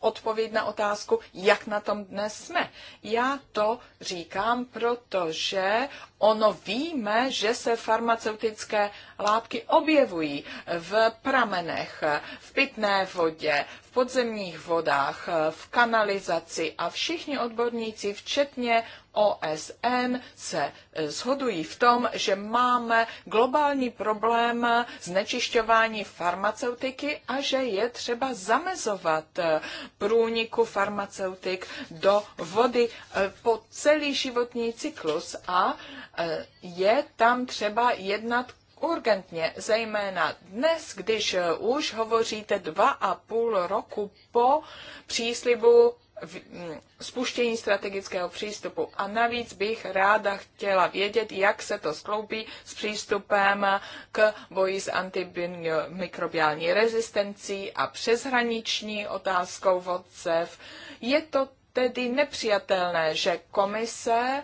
odpověď na otázku, jak na tom dnes jsme. Já to říkám, protože Ono víme, že se farmaceutické látky objevují v pramenech, v pitné vodě, v podzemních vodách, v kanalizaci a všichni odborníci, včetně OSN, se eh, shodují v tom, že máme globální problém znečišťování farmaceutiky a že je třeba zamezovat eh, průniku farmaceutik do vody eh, po celý životní cyklus a je tam třeba jednat urgentně, zejména dnes, když eh, už hovoříte dva a půl roku po příslibu v mm, spuštění strategického přístupu. A navíc bych ráda chtěla vědět, jak se to skloubí s přístupem k boji s antimikrobiální rezistencí a přeshraniční otázkou vodcev. Je to tedy nepřijatelné, že komise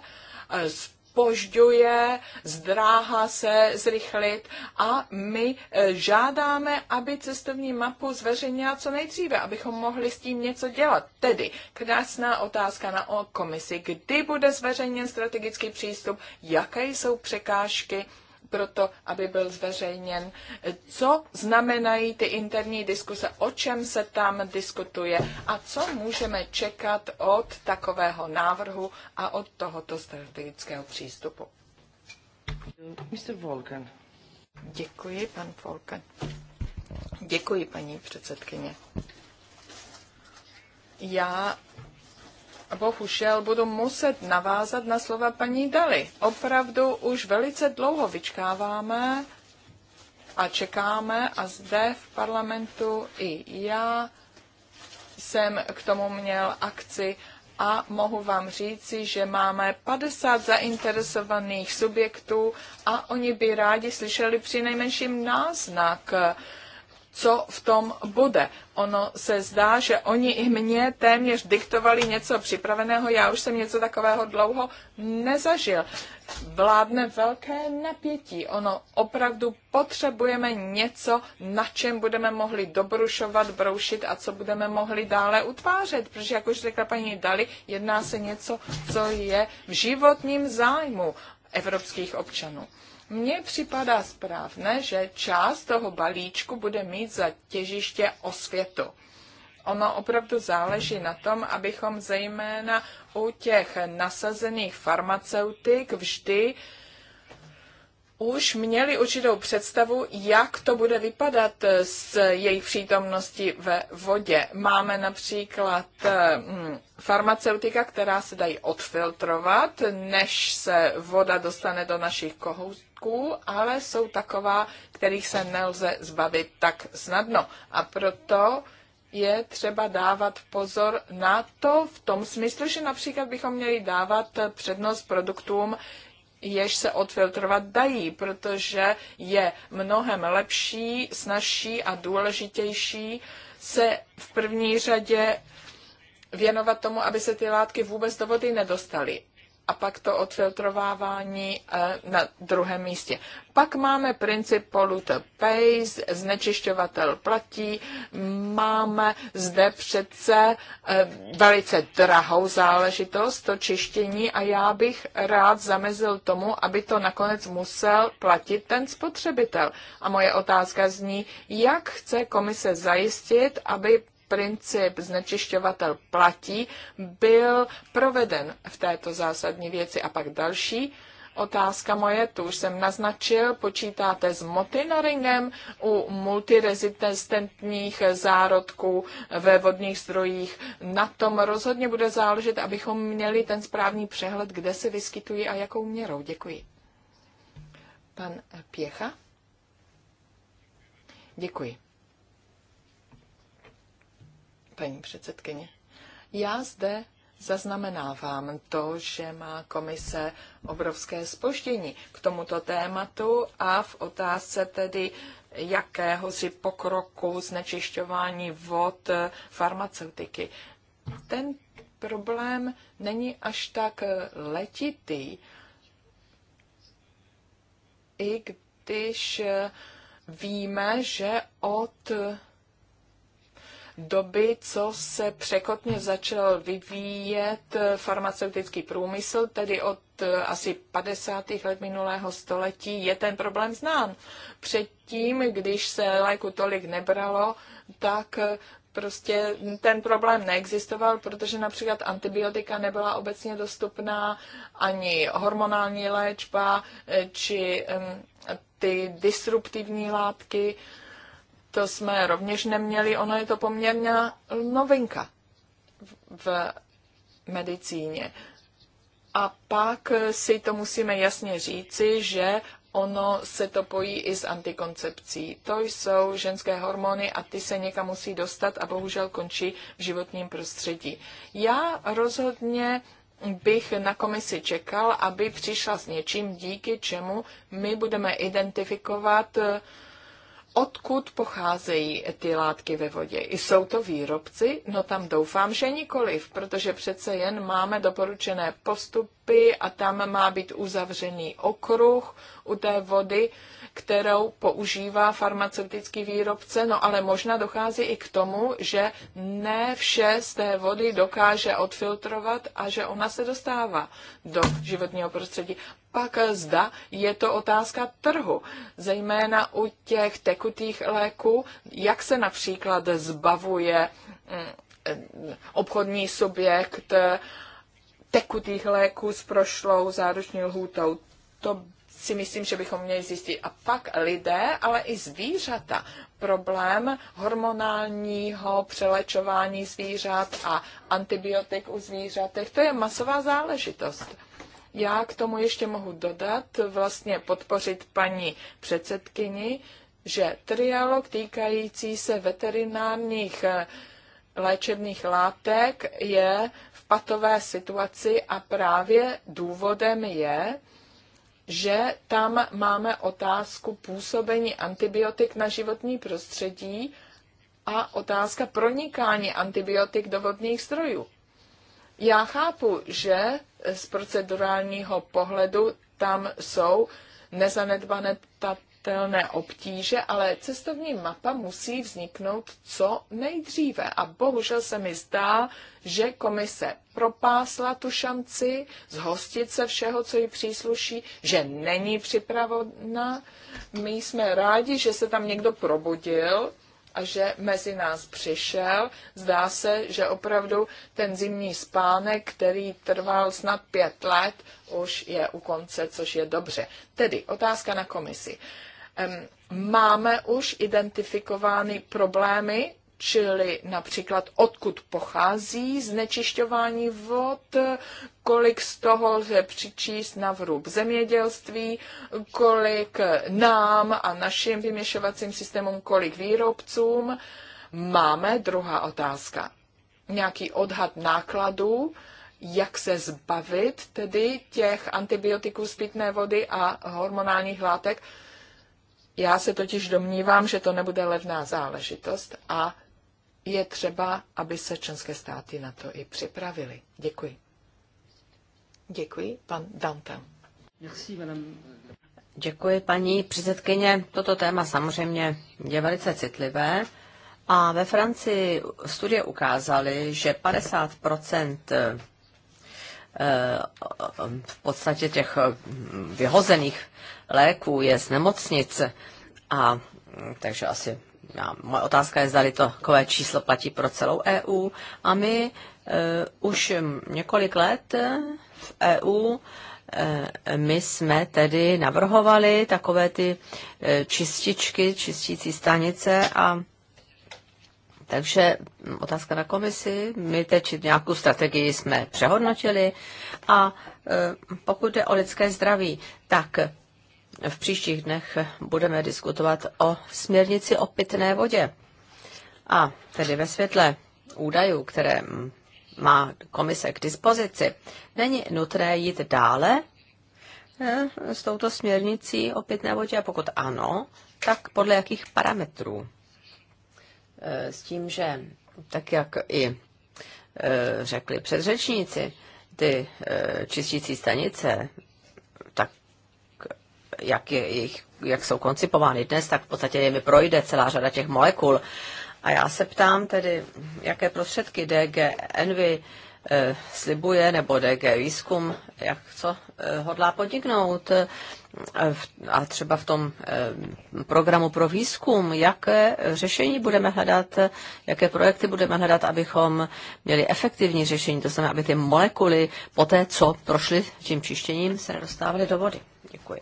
z eh, spožďuje, zdráhá se zrychlit a my eh, žádáme, aby cestovní mapu zveřejnila co nejdříve, abychom mohli s tím něco dělat. Tedy krásná otázka na komisi, kdy bude zveřejněn strategický přístup, jaké jsou překážky, proto, aby byl zveřejněn. Co znamenají ty interní diskuse, o čem se tam diskutuje a co můžeme čekat od takového návrhu a od tohoto strategického přístupu? Mr. Volkan. Děkuji, pan Volkan. Děkuji, paní předsedkyně. Já bohužel budu muset navázat na slova paní Dali. Opravdu už velice dlouho vyčkáváme a čekáme a zde v parlamentu i já jsem k tomu měl akci a mohu vám říci, že máme 50 zainteresovaných subjektů a oni by rádi slyšeli při náznak co v tom bude. Ono se zdá, že oni i mně téměř diktovali něco připraveného. Já už jsem něco takového dlouho nezažil. Vládne velké napětí. Ono opravdu potřebujeme něco, na čem budeme mohli dobrušovat, broušit a co budeme mohli dále utvářet. Protože, jak už řekla paní Dali, jedná se něco, co je v životním zájmu evropských občanů. Mně připadá správné, že část toho balíčku bude mít za těžiště osvětu. Ono opravdu záleží na tom, abychom zejména u těch nasazených farmaceutik vždy uh, už měli určitou představu, jak to bude vypadat eh, s jejich přítomností ve vodě. Máme například eh, mm, farmaceutika, která se dají odfiltrovat, než se voda dostane do našich kohoutků, ale jsou taková, kterých se nelze zbavit tak snadno. A proto je třeba dávat pozor na to v tom smyslu, že například bychom měli dávat eh, přednost produktům, jež se odfiltrovat dají, protože je mnohem lepší, snažší a důležitější se v první řadě věnovat tomu, aby se ty látky vůbec do vody nedostaly a pak to odfiltrovávání eh, na druhém místě. Pak máme princip polluter pays, znečišťovatel platí. Máme zde přece eh, velice drahou záležitost, to čištění, a já bych rád zamezil tomu, aby to nakonec musel platit ten spotřebitel. A moje otázka zní, jak chce komise zajistit, aby princip znečišťovatel platí byl proveden v této zásadní věci. A pak další otázka moje, tu už jsem naznačil, počítáte s motinoringem u multiresistentních zárodků ve vodních zdrojích. Na tom rozhodně bude záležet, abychom měli ten správný přehled, kde se vyskytují a jakou měrou. Děkuji. Pan Pěcha. Děkuji paní předsedkyně. Já zde zaznamenávám to, že má komise obrovské spoždění k tomuto tématu a v otázce tedy jakého si pokroku znečišťování vod farmaceutiky. Ten problém není až tak letitý, i když víme, že od doby, co se překotně začal vyvíjet farmaceutický průmysl, tedy od eh, asi 50. let minulého století, je ten problém znám. Předtím, když se léku tolik nebralo, tak eh, prostě ten problém neexistoval, protože například antibiotika nebyla obecně dostupná, ani hormonální léčba, eh, či ty disruptivní látky, to jsme rovněž neměli, ono je to poměrně novinka v medicíně. A pak si to musíme jasně říci, že ono se to pojí i s antikoncepcí. To jsou ženské hormony a ty se někam musí dostat a bohužel končí v životním prostředí. Já rozhodně bych na komisi čekal, aby přišla s něčím, díky čemu my budeme identifikovat uh, odkud pocházejí ty látky ve vodě. I jsou to výrobci? No tam doufám, že nikoliv, protože přece jen máme doporučené postupy a tam má být uzavřený okruh u té vody, kterou používá farmaceutický výrobce, no ale možná dochází i k tomu, že ne vše z té vody dokáže odfiltrovat a že ona se dostává do životního prostředí pak eh, zda je to otázka trhu, zejména u těch tekutých léků, jak se například zbavuje mm, eh, obchodní subjekt eh, tekutých léků s prošlou záruční lhůtou. To si myslím, že bychom měli zjistit. A pak lidé, ale i zvířata. Problém hormonálního přelečování zvířat a antibiotik u zvířatech, to je masová záležitost. Já k tomu ještě mohu dodat, vlastně podpořit paní předsedkyni, že trialog týkající se veterinárních eh, léčebných látek je v patové situaci a právě důvodem je, že tam máme otázku působení antibiotik na životní prostředí a otázka pronikání antibiotik do vodních zdrojů. Já chápu, že z procedurálního pohledu tam jsou nezanedbanatelné obtíže, ale cestovní mapa musí vzniknout co nejdříve. A bohužel se mi zdá, že komise propásla tu šanci zhostit se všeho, co jí přísluší, že není připravena. My jsme rádi, že se tam někdo probudil, a že mezi nás přišel. Zdá se, že opravdu ten zimní spánek, který trval snad pět let, už je u konce, což je dobře. Tedy otázka na komisi. Máme už identifikovány problémy čili například odkud pochází znečišťování vod, kolik z toho lze přičíst na vrub zemědělství, kolik nám a našim vyměšovacím systémům, kolik výrobcům. Máme druhá otázka. Nějaký odhad nákladů, jak se zbavit tedy těch antibiotiků z pitné vody a hormonálních látek. Já se totiž domnívám, že to nebude levná záležitost a je třeba, aby se členské státy na to i připravili. Děkuji. Děkuji, pan Dante. Děkuji, paní předsedkyně. Toto téma samozřejmě je velice citlivé. A ve Francii studie ukázaly, že 50 eh, v podstatě těch eh, vyhozených léků je z nemocnic. A takže asi já, moje otázka je, zda to takové číslo platí pro celou EU. A my uh, už několik let e, v EU e, my jsme tedy navrhovali takové ty čističky, čistící stanice a takže otázka na komisi. My teď nějakou strategii jsme přehodnotili a pokud jde o lidské zdraví, tak v příštích dnech budeme diskutovat o směrnici o pitné vodě. A tedy ve světle údajů, které má komise k dispozici, není nutné jít dále eh, s touto směrnicí o pitné vodě? A pokud ano, tak podle jakých parametrů? Eh, s tím, že tak jak i eh, řekli předřečníci, ty čistící stanice jak, je, jich, jak jsou koncipovány dnes, tak v podstatě jimi projde celá řada těch molekul. A já se ptám tedy, jaké prostředky DG Envy eh, slibuje, nebo DG výzkum, jak co eh, hodlá podniknout. Eh, a třeba v tom programu pro výzkum, jaké řešení budeme hledat, jaké projekty budeme hledat, abychom měli efektivní řešení, to znamená, aby ty molekuly po té, co prošly tím čištěním, se nedostávaly do vody. Děkuji.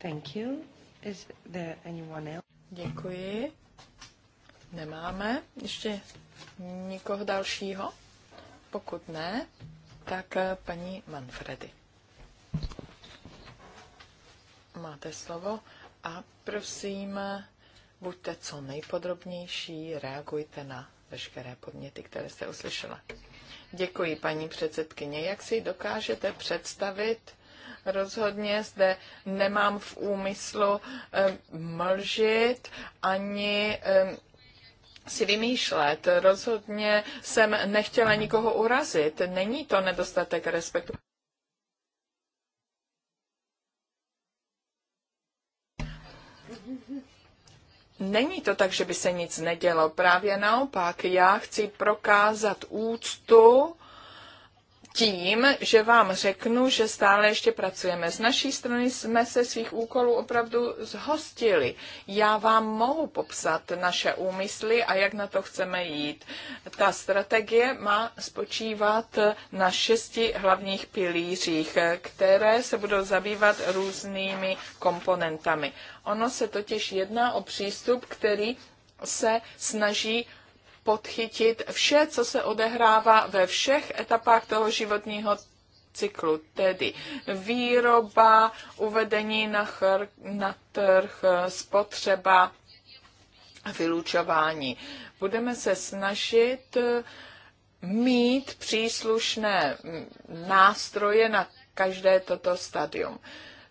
Thank you. Is there anyone else? Děkuji. Nemáme ještě nikoho dalšího? Pokud ne, tak eh, paní Manfredy. Máte slovo a prosím, eh, buďte co nejpodrobnější, reagujte na veškeré podněty, které jste uslyšela. Děkuji, paní předsedkyně. Jak si dokážete představit, Rozhodně zde nemám v úmyslu eh, mlžit ani eh, si vymýšlet. Rozhodně jsem nechtěla nikoho urazit. Není to nedostatek respektu. Není to tak, že by se nic nedělo. Právě naopak, já chci prokázat úctu tím, že vám řeknu, že stále ještě pracujeme. Z naší strany jsme se svých úkolů opravdu zhostili. Já vám mohu popsat naše úmysly a jak na to chceme jít. Ta strategie má spočívat na šesti hlavních pilířích, které se budou zabývat různými komponentami. Ono se totiž jedná o přístup, který se snaží podchytit vše, co se odehrává ve všech etapách toho životního cyklu, tedy výroba, uvedení na, chr- na trh, spotřeba, vylučování. Budeme se snažit eh, mít příslušné nástroje na každé toto stadium.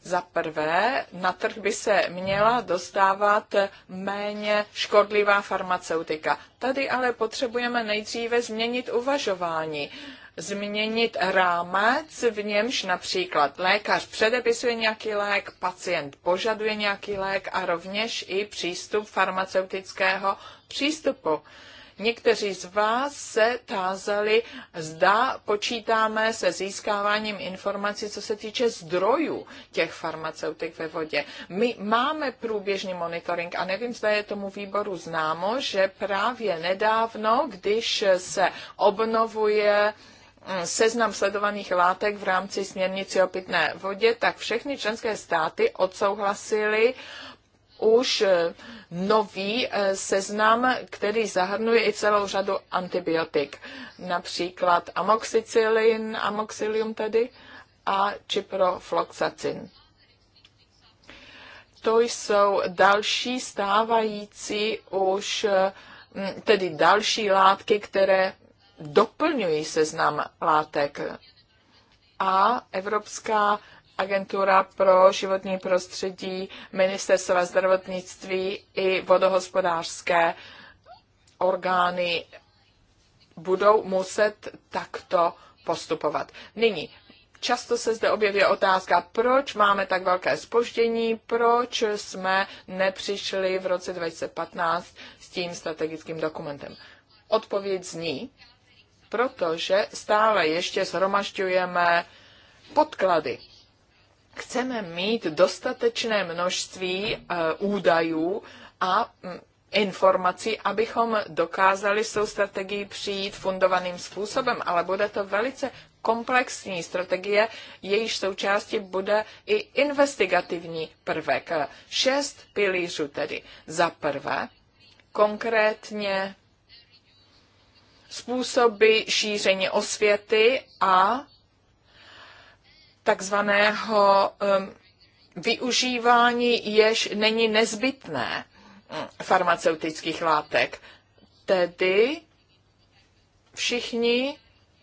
Za prvé, na trh by se měla dostávat méně škodlivá farmaceutika. Tady ale potřebujeme nejdříve změnit uvažování změnit rámec, v němž například lékař předepisuje nějaký lék, pacient požaduje nějaký lék a rovněž i přístup farmaceutického přístupu. Někteří z vás se tázali, zda počítáme se získáváním informací, co se týče zdrojů těch farmaceutik ve vodě. My máme průběžný monitoring a nevím, zda je tomu výboru známo, že právě nedávno, když se obnovuje mm, seznam sledovaných látek v rámci směrnice o pitné vodě, tak všechny členské státy odsouhlasily už eh, nový eh, seznam, který zahrnuje i celou řadu antibiotik. Například amoxicilin, amoxilium tedy, a ciprofloxacin. To jsou další stávající už, eh, tedy další látky, které doplňují seznam látek. A Evropská Agentura pro životní prostředí, ministerstva zdravotnictví i vodohospodářské orgány budou muset takto postupovat. Nyní, často se zde objeví otázka, proč máme tak velké spoždění, proč jsme nepřišli v roce 2015 s tím strategickým dokumentem. Odpověď zní, protože stále ještě zhromažďujeme podklady chceme mít dostatečné množství eh, údajů a mm, informací, abychom dokázali s tou strategií přijít fundovaným způsobem, ale bude to velice komplexní strategie, jejíž součástí bude i investigativní prvek. Šest pilířů tedy. Za prvé, konkrétně způsoby šíření osvěty a takzvaného um, využívání, jež není nezbytné mm, farmaceutických látek. Tedy všichni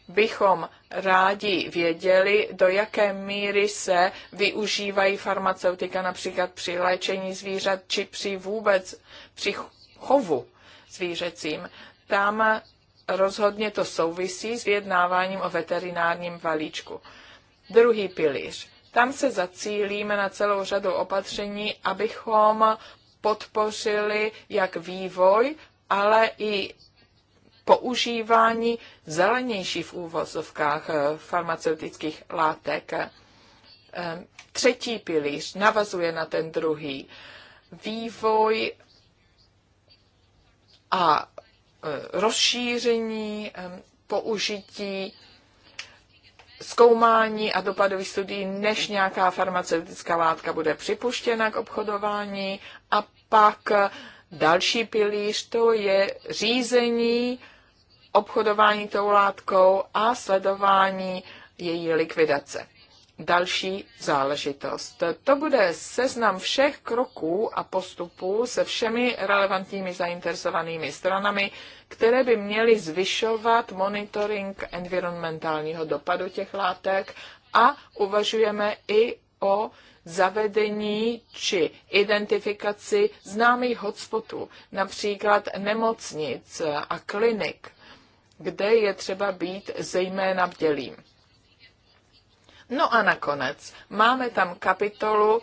bychom rádi věděli, do jaké míry se využívají farmaceutika například při léčení zvířat či při vůbec při chovu zvířecím. Tam rozhodně to souvisí s vyjednáváním o veterinárním balíčku. Druhý pilíř. Tam se zacílíme na celou řadu opatření, abychom podpořili jak vývoj, ale i používání zelenější v úvozovkách eh, farmaceutických látek. Eh, třetí pilíř navazuje na ten druhý. Vývoj a eh, rozšíření použití zkoumání a dopadových studií, než nějaká farmaceutická látka bude připuštěna k obchodování. A pak další pilíř, to je řízení obchodování tou látkou a sledování její likvidace další záležitost. To bude seznam všech kroků a postupů se všemi relevantními zainteresovanými stranami, které by měly zvyšovat monitoring environmentálního dopadu těch látek a uvažujeme i o zavedení či identifikaci známých hotspotů, například nemocnic a klinik, kde je třeba být zejména bdělým. No a nakonec máme tam kapitolu,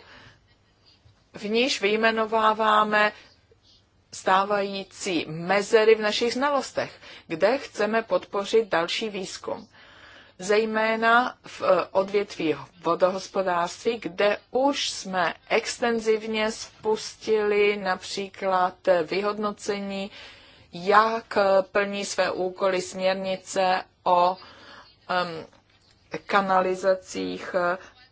v níž vyjmenováváme stávající mezery v našich znalostech, kde chceme podpořit další výzkum. Zejména v eh, odvětví vodohospodářství, kde už jsme extenzivně spustili například vyhodnocení, jak eh, plní své úkoly směrnice o um, kanalizacích,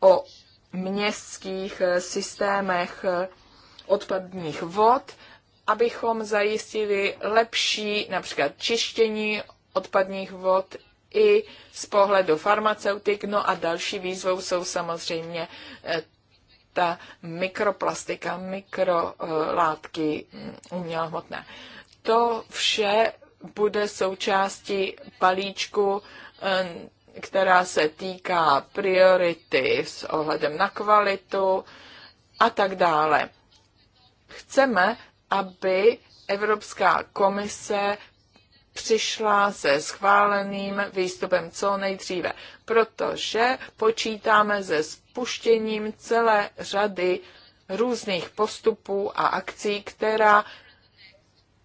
o městských systémech odpadních vod, abychom zajistili lepší například čištění odpadních vod i z pohledu farmaceutik. No a další výzvou jsou samozřejmě eh, ta mikroplastika, mikrolátky mm, umělohmotné. To vše bude součástí palíčku. Eh, která se týká priority s ohledem na kvalitu a tak dále. Chceme, aby Evropská komise přišla se schváleným výstupem co nejdříve, protože počítáme se spuštěním celé řady různých postupů a akcí, která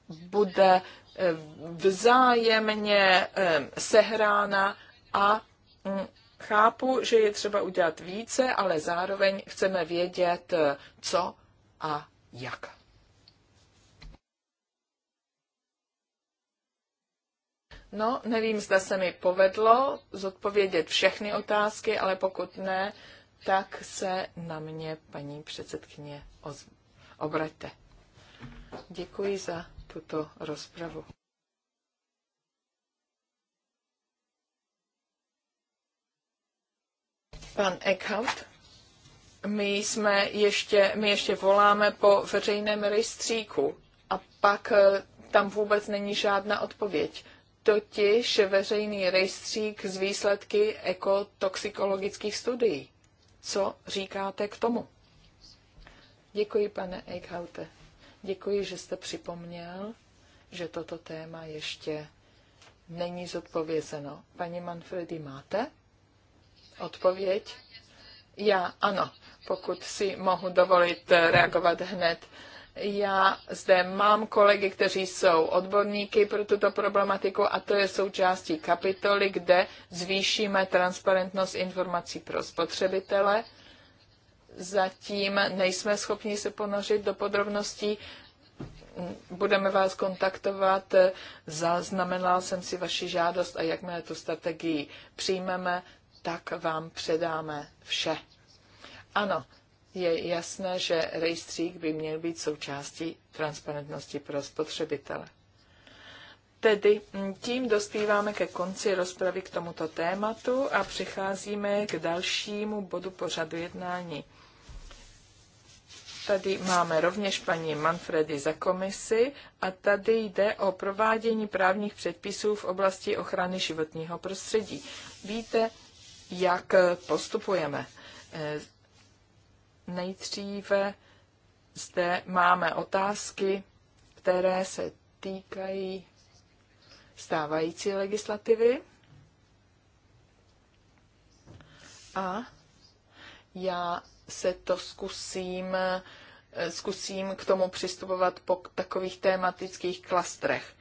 bude eh, vzájemně eh, sehrána a mm, chápu, že je třeba udělat více, ale zároveň chceme vědět, eh, co a jak. No, nevím, zda se mi povedlo zodpovědět všechny otázky, ale pokud ne, tak se na mě, paní předsedkyně, obraťte. Děkuji za tuto rozpravu. pan Eckhout. My jsme ještě, my ještě voláme po veřejném rejstříku a pak eh, tam vůbec není žádná odpověď. Totiž veřejný rejstřík z výsledky ekotoxikologických studií. Co říkáte k tomu? Děkuji, pane Eichhaute. Děkuji, že jste připomněl, že toto téma ještě není zodpovězeno. Paní Manfredi, máte? Odpověď? Já ano, pokud si mohu dovolit eh, reagovat hned. Já zde mám kolegy, kteří jsou odborníky pro tuto problematiku a to je součástí kapitoly, kde zvýšíme transparentnost informací pro spotřebitele. Zatím nejsme schopni se ponořit do podrobností. Budeme vás kontaktovat. Zaznamenal jsem si vaši žádost a jakmile tu strategii přijmeme, tak vám předáme vše. Ano, je jasné, že rejstřík by měl být součástí transparentnosti pro spotřebitele. Tedy tím dospíváme ke konci rozpravy k tomuto tématu a přicházíme k dalšímu bodu pořadu jednání. Tady máme rovněž paní Manfredy za komisi a tady jde o provádění právních předpisů v oblasti ochrany životního prostředí. Víte, jak postupujeme. Eh, nejdříve zde máme otázky, které se týkají stávající legislativy. A já se to zkusím, eh, zkusím k tomu přistupovat po takových tematických klastrech.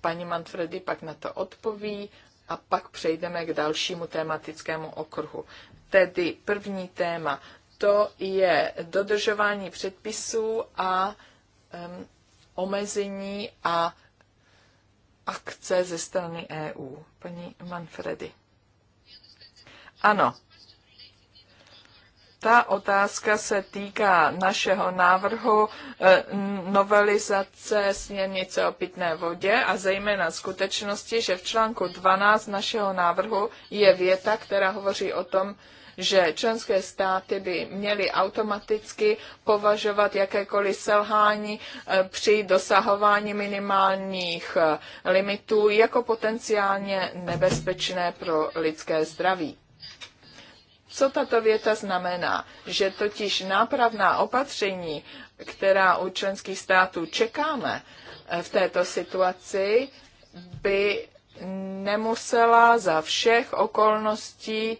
Paní Manfredi pak na to odpoví a pak přejdeme k dalšímu tematickému okruhu. Tedy první téma, to je dodržování předpisů a um, omezení a akce ze strany EU. Paní Manfredi. Ano, ta otázka se týká našeho návrhu eh, novelizace směrnice o pitné vodě a zejména skutečnosti, že v článku 12 našeho návrhu je věta, která hovoří o tom, že členské státy by měly automaticky považovat jakékoliv selhání eh, při dosahování minimálních eh, limitů jako potenciálně nebezpečné pro lidské zdraví. Co tato věta znamená? Že totiž nápravná opatření, která u členských států čekáme eh, v této situaci, by nemusela za všech okolností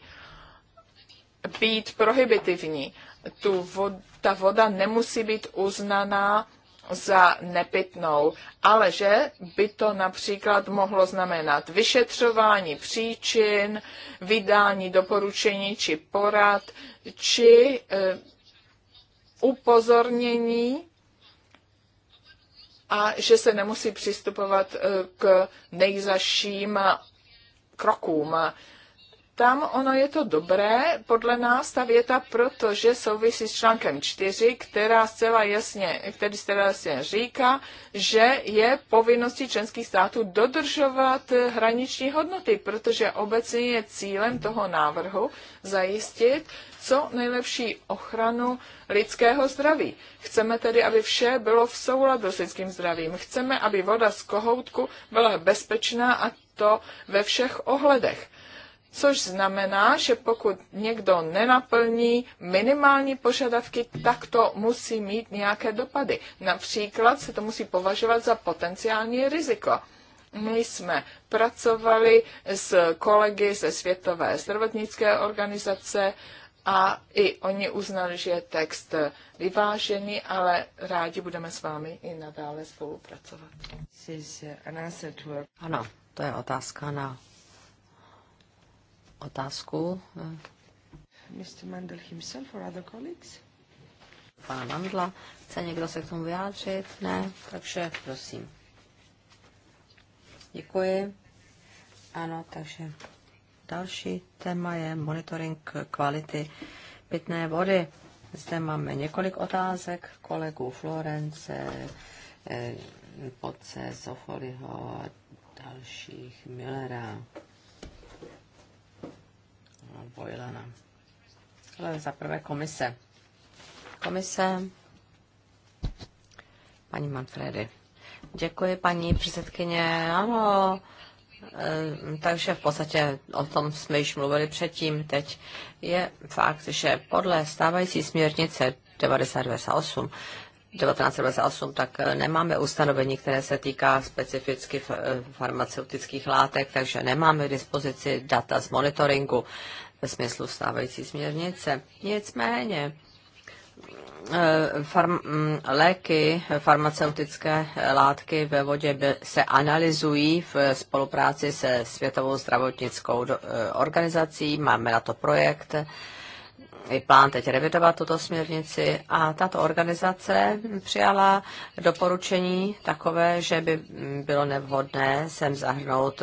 být prohibitivní. Tu vod, ta voda nemusí být uznaná za nepitnou, ale že by to například mohlo znamenat vyšetřování příčin, vydání doporučení či porad, či e, upozornění a že se nemusí přistupovat e, k nejzaším krokům tam ono je to dobré, podle nás ta věta, protože souvisí s článkem 4, která zcela jasně, který zcela jasně říká, že je povinností členských států dodržovat hraniční hodnoty, protože obecně je cílem toho návrhu zajistit co nejlepší ochranu lidského zdraví. Chceme tedy, aby vše bylo v souladu s lidským zdravím. Chceme, aby voda z kohoutku byla bezpečná a to ve všech ohledech což znamená, že pokud někdo nenaplní minimální požadavky, tak to musí mít nějaké dopady. Například se to musí považovat za potenciální riziko. My jsme pracovali s kolegy ze Světové zdravotnické organizace a i oni uznali, že je text vyvážený, ale rádi budeme s vámi i nadále spolupracovat. Ano, to je otázka na otázku. Mr. Mandel himself or other colleagues? Pana Mandla. Chce někdo se k tomu vyjádřit? Ne? Takže prosím. Děkuji. Ano, takže další téma je monitoring kvality pitné vody. Zde máme několik otázek kolegů Florence, eh, Podce, Zofoliho a dalších Millera. Bojlana. Ale za prvé komise. Komise paní Manfredy. Děkuji, paní předsedkyně. Ano, eh, takže v podstatě o tom jsme již mluvili předtím. Teď je fakt, že podle stávající směrnice 928 1998, tak eh, nemáme ustanovení, které se týká specificky eh, farmaceutických látek, takže nemáme k dispozici data z monitoringu ve smyslu stávající směrnice. Nicméně eh, farm, mm, léky, farmaceutické látky ve vodě se analyzují v spolupráci se Světovou zdravotnickou eh, organizací. Máme na to projekt, i plán teď revidovat tuto směrnici a tato organizace přijala doporučení takové, že by bylo nevhodné sem zahrnout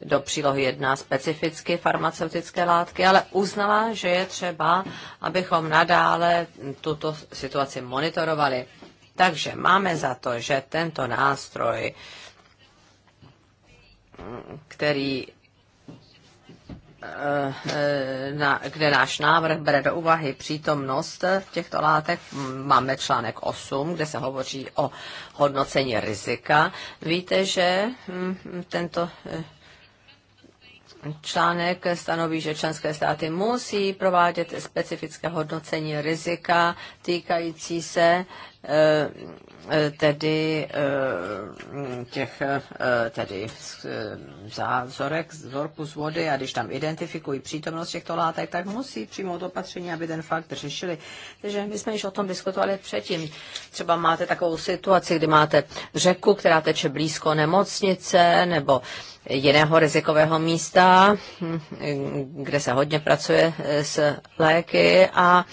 do přílohy 1 specificky farmaceutické látky, ale uznala, že je třeba, abychom nadále tuto situaci monitorovali. Takže máme za to, že tento nástroj, který eh, na, kde náš návrh bere do úvahy přítomnost těchto látek. Máme článek 8, kde se hovoří o hodnocení rizika. Víte, že hm, tento eh, článek stanoví, že členské státy musí provádět specifické hodnocení rizika týkající se eh, eh, tedy eh, těch tedy zázorek, vzorku z vody a když tam identifikují přítomnost těchto látek, tak musí přijmout opatření, aby ten fakt řešili. Takže my jsme již o tom diskutovali předtím. Třeba máte takovou situaci, kdy máte řeku, která teče blízko nemocnice nebo jiného rizikového místa, kde se hodně pracuje s léky a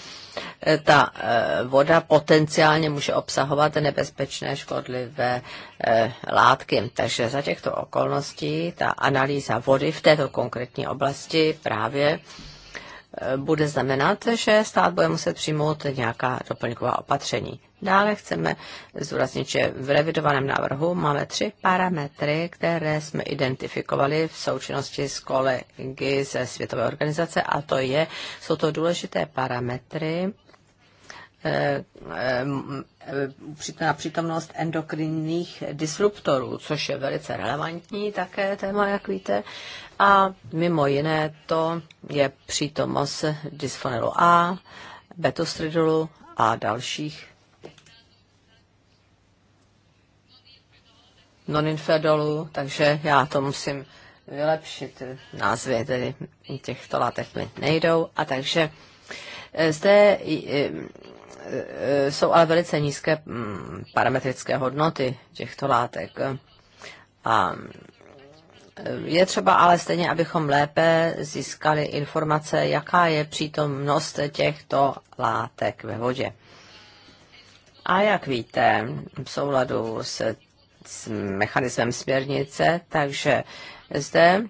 ta eh, voda potenciálně může obsahovat nebezpečné škodlivé eh, látky. Takže za těchto okolností ta analýza vody v této konkrétní oblasti právě bude znamenat, že stát bude muset přijmout nějaká doplňková opatření. Dále chceme zúraznit, že v revidovaném návrhu máme tři parametry, které jsme identifikovali v součinnosti s kolegy ze Světové organizace a to je, jsou to důležité parametry, na eh, eh, přítomnost endokrinních disruptorů, což je velice relevantní také téma, jak víte. A mimo jiné to je přítomnost dysfonelu A, betostridolu a dalších noninfedolu, takže já to musím vylepšit. Názvy tedy těchto látek mi nejdou. A takže e, zde e, e, jsou ale velice nízké mm, parametrické hodnoty těchto látek. A je třeba ale stejně, abychom lépe získali informace, jaká je přítomnost těchto látek ve vodě. A jak víte, v souladu se s mechanismem směrnice, takže zde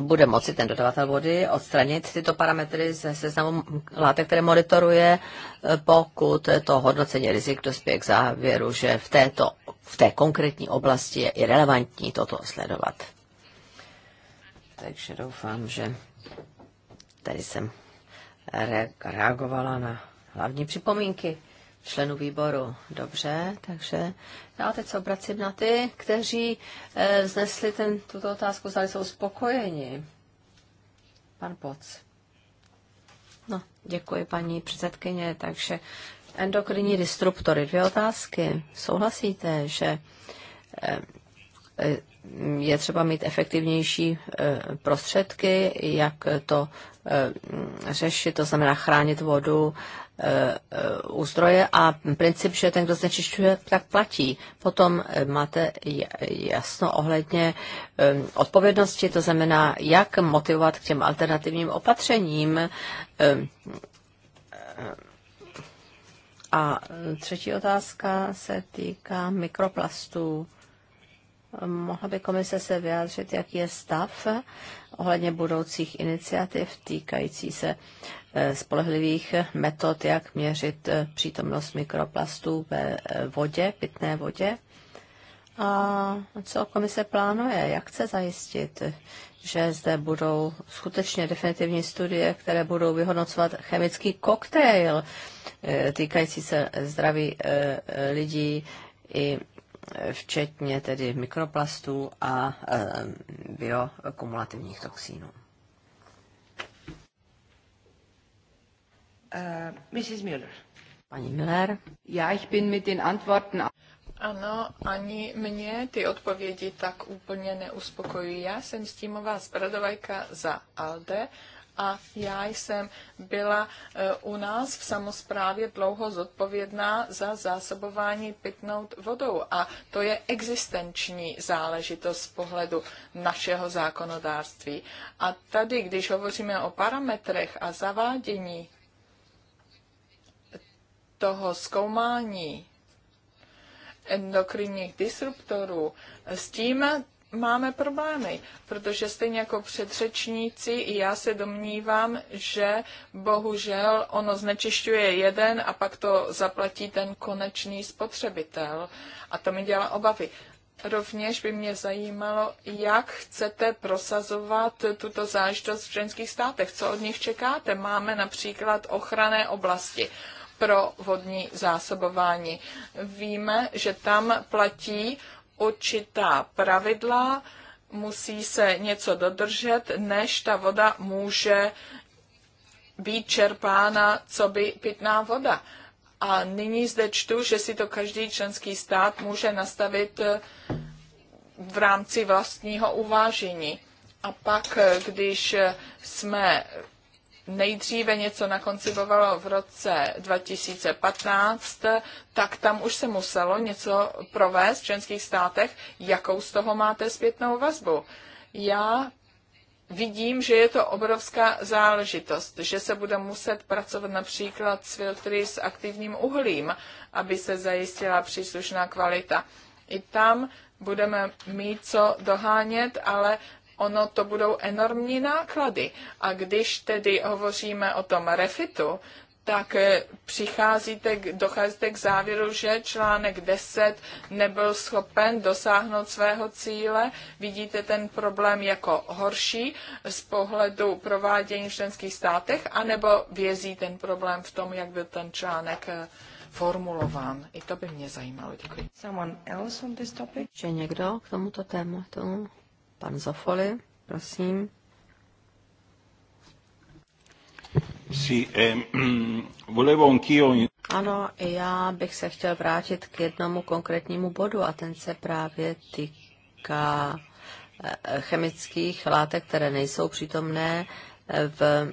bude moci ten dodavatel vody odstranit tyto parametry ze seznamu látek, které monitoruje, e, pokud to hodnocení rizik dospěje k závěru, že v, této, v té konkrétní oblasti je i relevantní toto sledovat. Takže doufám, že tady jsem reagovala na hlavní připomínky členů výboru. Dobře, takže já teď se obracím na ty, kteří eh, vznesli ten, tuto otázku, zda jsou spokojeni. Pan Poc. No, děkuji paní předsedkyně, takže endokrinní disruptory. Dvě otázky. Souhlasíte, že eh, eh, je třeba mít efektivnější eh, prostředky, jak to Eh, řešit, to znamená chránit vodu eh, eh, u zdroje a princip, že ten, kdo znečišťuje, tak platí. Potom máte jasno ohledně odpovědnosti, to znamená, jak motivovat k těm alternativním opatřením. A třetí otázka se týká mikroplastů. Mohla by komise se vyjádřit, jaký je stav ohledně budoucích iniciativ týkající se eh, spolehlivých metod, jak měřit eh, přítomnost mikroplastů ve eh, vodě, pitné vodě? A co komise plánuje? Jak chce zajistit, že zde budou skutečně definitivní studie, které budou vyhodnocovat chemický koktejl týkající se zdraví lidí i včetně tedy mikroplastů a eh, biokumulativních toxínů. Uh, eh, Mrs. Müller. Paní Müller. Já ich bin mit den Antworten... Ano, ani mě ty odpovědi tak úplně neuspokojují. Já jsem stímová zpravodajka za ALDE a já jsem byla e, u nás v samozprávě dlouho zodpovědná za zásobování pitnou vodou a to je existenční záležitost z pohledu našeho zákonodárství. A tady, když hovoříme o parametrech a zavádění toho zkoumání endokrinních disruptorů, s tím máme problémy, protože stejně jako předřečníci i já se domnívám, že bohužel ono znečišťuje jeden a pak to zaplatí ten konečný spotřebitel. A to mi dělá obavy. Rovněž by mě zajímalo, jak chcete prosazovat tuto záležitost v ženských státech. Co od nich čekáte? Máme například ochranné oblasti pro vodní zásobování. Víme, že tam platí určitá pravidla, musí se něco dodržet, než ta voda může být čerpána, co by pitná voda. A nyní zde čtu, že si to každý členský stát může nastavit eh, v rámci vlastního uvážení. A pak, eh, když eh, jsme nejdříve něco nakoncipovalo v roce 2015, tak tam už se muselo něco provést v členských státech. Jakou z toho máte zpětnou vazbu? Já vidím, že je to obrovská záležitost, že se bude muset pracovat například s filtry s aktivním uhlím, aby se zajistila příslušná kvalita. I tam budeme mít co dohánět, ale ono to budou enormní náklady. A když tedy hovoříme o tom refitu, tak eh, přicházíte, docházíte k závěru, že článek 10 nebyl schopen dosáhnout svého cíle. Vidíte ten problém jako horší z pohledu provádění v členských státech, anebo vězí ten problém v tom, jak byl ten článek eh, formulován. I to by mě zajímalo. Děkuji. Someone else on this topic? Že někdo k tomuto tématu? Pan Zofoli, prosím. Eh, mm, ano, já bych se chtěl vrátit k jednomu konkrétnímu bodu a ten se právě týká eh, chemických látek, které nejsou přítomné eh, v,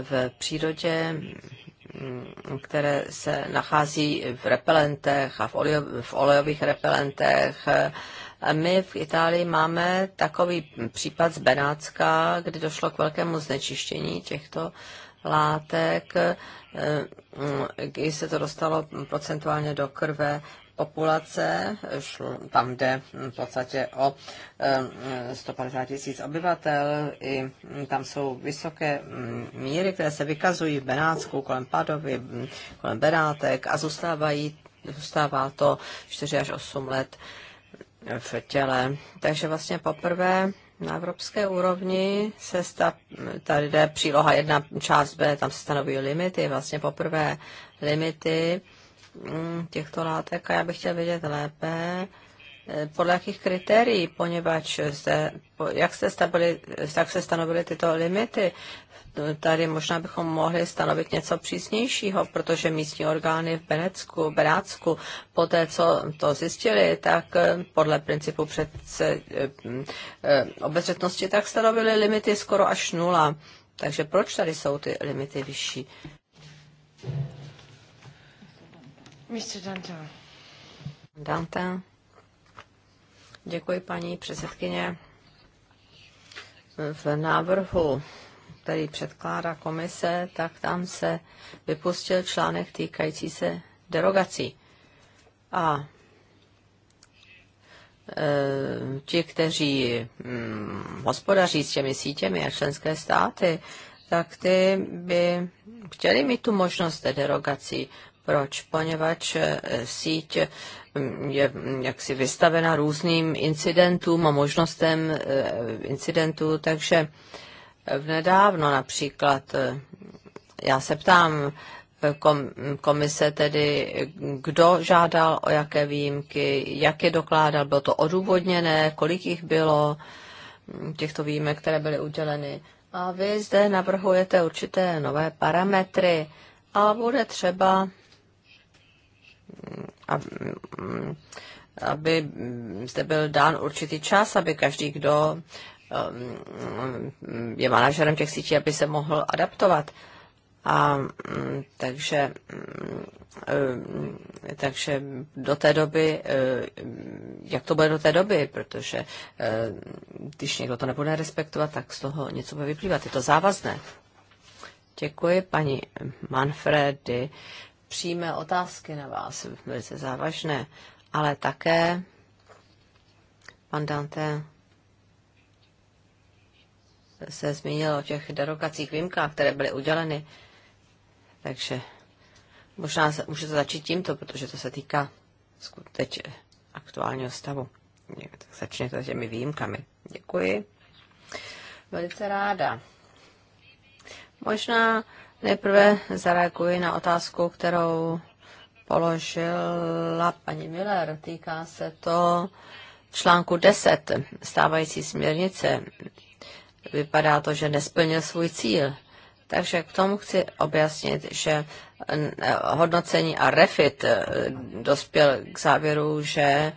v přírodě, mm, které se nachází v repelentech a v, olejo, v olejových repelentech my v Itálii máme takový případ z Benátska, kdy došlo k velkému znečištění těchto látek, eh, Když se to dostalo procentuálně do krve populace, tam jde v podstatě o 150 eh, tisíc obyvatel, i tam jsou vysoké mm, míry, které se vykazují v Benátsku, kolem Padovy, kolem Benátek a zůstávají, zůstává to 4 až 8 let v těle. Takže vlastně poprvé na evropské úrovni se sta, tady jde příloha jedna část B, tam se stanovují limity, vlastně poprvé limity mm, těchto látek a já bych chtěl vidět lépe, Eh, podle jakých kritérií, poněvadž se, jak, se stabili, jak se stanovily tyto limity, tady možná bychom mohli stanovit něco přísnějšího, protože místní orgány v Benecku, Benácku, po té, co to zjistili, tak eh, podle principu přece eh, mm, obezřetnosti, tak stanovily limity skoro až nula. Takže proč tady jsou ty limity vyšší? Mr. Dante. Dante. Děkuji, paní předsedkyně. V návrhu, který předkládá komise, tak tam se vypustil článek týkající se derogací. A e, ti, kteří hm, hospodaří s těmi sítěmi a členské státy, tak ty by chtěli mít tu možnost derogací. Proč? Poněvadž eh, síť mm, je mm, jaksi vystavena různým incidentům a možnostem eh, incidentů, takže v nedávno například, eh, já se ptám, komise tedy, kdo žádal o jaké výjimky, jak je dokládal, bylo to odůvodněné, kolik jich bylo, mm, těchto výjimek, které byly uděleny. A vy zde navrhujete určité nové parametry a bude třeba Mm, aby zde byl dán určitý čas, aby každý, kdo mm, je manažerem těch sítí, aby se mohl adaptovat. A mm, takže, e, takže do té doby, e, jak to bude do té doby, protože e, když někdo to nebude respektovat, tak z toho něco bude vyplývat. Je to závazné. Děkuji paní Manfredy přímé otázky na vás, velice závažné, ale také pan Dante se zmínil o těch derogacích výjimkách, které byly uděleny. Takže možná můžete začít tímto, protože to se týká skutečně aktuálního stavu. Tak začněte těmi výjimkami. Děkuji. Velice ráda. Možná Nejprve zareaguji na otázku, kterou položila paní Miller. Týká se to článku 10 stávající směrnice. Vypadá to, že nesplnil svůj cíl. Takže k tomu chci objasnit, že hodnocení a refit eh, dospěl k závěru, že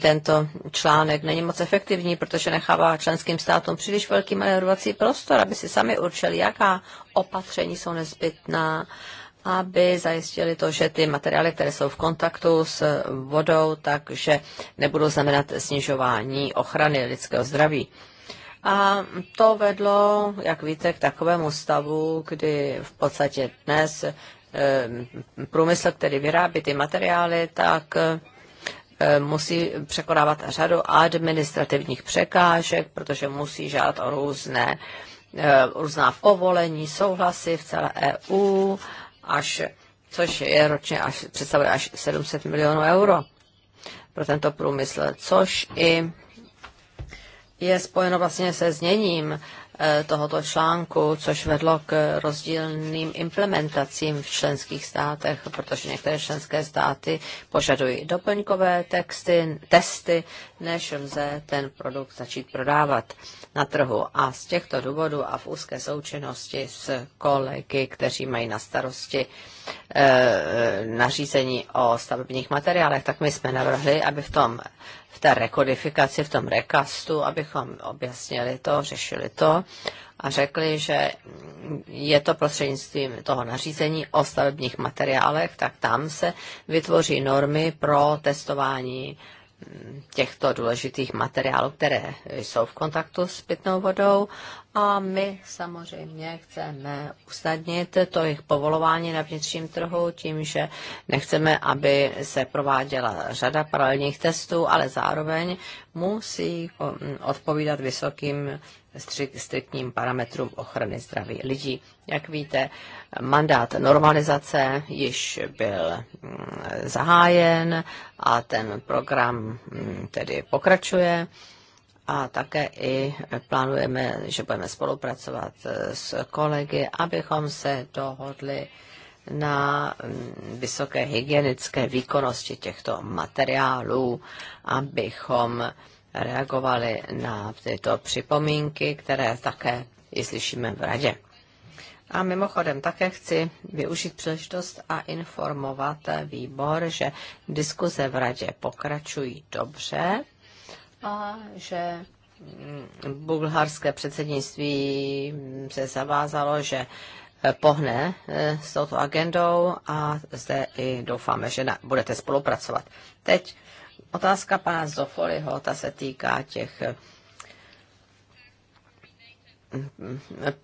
tento článek není moc efektivní, protože nechává členským státům příliš velký manévrovací prostor, aby si sami určili, jaká opatření jsou nezbytná, aby zajistili to, že ty materiály, které jsou v kontaktu s vodou, takže nebudou znamenat snižování ochrany lidského zdraví. A to vedlo, jak víte, k takovému stavu, kdy v podstatě dnes eh, průmysl, který vyrábí ty materiály, tak Eh, musí překonávat řadu administrativních překážek, protože musí žádat o různé, eh, různá povolení, souhlasy v celé EU, až, což je ročně až, představuje až 700 milionů euro pro tento průmysl, což i je spojeno vlastně se zněním Eh, tohoto článku, což vedlo k rozdílným implementacím v členských státech, protože některé členské státy požadují doplňkové texty, testy, než lze ten produkt začít prodávat na trhu. A z těchto důvodů a v úzké součinnosti s kolegy, kteří mají na starosti e, nařízení o stavebních materiálech, tak my jsme navrhli, aby v tom v té rekodifikaci, v tom rekastu, abychom objasnili to, řešili to a řekli, že je to prostřednictvím toho nařízení o stavebních materiálech, tak tam se vytvoří normy pro testování těchto důležitých materiálů, které jsou v kontaktu s pitnou vodou a my samozřejmě chceme usnadnit to jejich povolování na vnitřním trhu tím, že nechceme, aby se prováděla řada paralelních testů, ale zároveň musí odpovídat vysokým striktním parametrům ochrany zdraví lidí. Jak víte, mandát normalizace již byl mm, zahájen a ten program mm, tedy pokračuje. A také i plánujeme, že budeme spolupracovat e, s kolegy, abychom se dohodli na mm, vysoké hygienické výkonnosti těchto materiálů, abychom reagovali na tyto připomínky, které také i slyšíme v radě. A mimochodem také chci využít příležitost a informovat výbor, že diskuze v radě pokračují dobře a že mm, bulharské předsednictví se zavázalo, že pohne e, s touto agendou a zde i doufáme, že budete spolupracovat. Teď Otázka pana Zofoliho, ta se týká těch eh,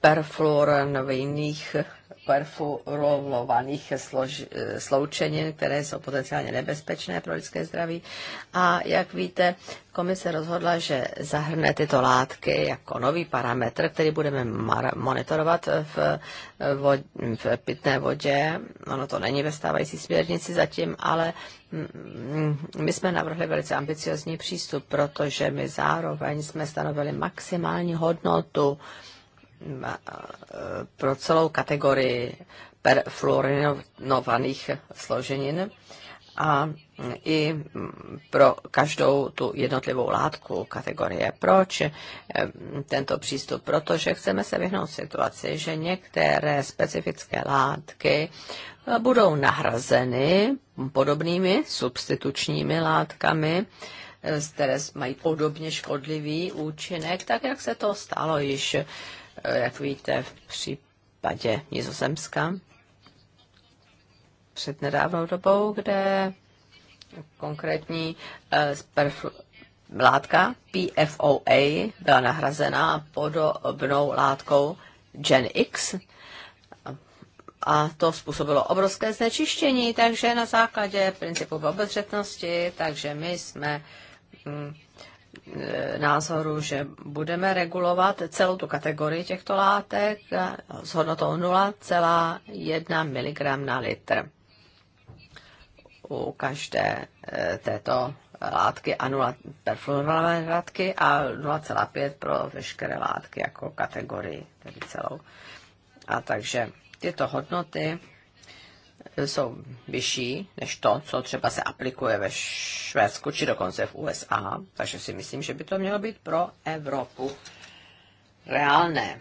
perfluoronových perfurovaných sloučenin, které jsou potenciálně nebezpečné pro lidské zdraví. A jak víte, komise rozhodla, že zahrne tyto látky jako nový parametr, který budeme monitorovat v, vod, v pitné vodě. Ono to není ve stávající směrnici zatím, ale mm, my jsme navrhli velice ambiciozní přístup, protože my zároveň jsme stanovili maximální hodnotu Eh, pro celou kategorii perfluorinovaných složenin a i mm, pro každou tu jednotlivou látku kategorie. Proč eh, tento přístup? Protože chceme se vyhnout situaci, že některé specifické látky eh, budou nahrazeny podobnými substitučními látkami, které mají podobně škodlivý účinek, tak jak se to stalo již Eh, jak víte, v případě Nizozemska před nedávnou dobou, kde konkrétní eh, látka PFOA byla nahrazena podobnou látkou Gen X, a to způsobilo obrovské znečištění, takže na základě principu obezřetnosti, takže my jsme mm, Eh, názoru, že budeme regulovat celou tu kategorii těchto látek s hodnotou 0,1 mg na litr u každé eh, této látky a 0 perfluorované látky a 0,5 pro veškeré látky jako kategorii, tedy celou. A takže tyto hodnoty jsou vyšší než to, co třeba se aplikuje ve Švédsku či dokonce v USA, takže si myslím, že by to mělo být pro Evropu reálné.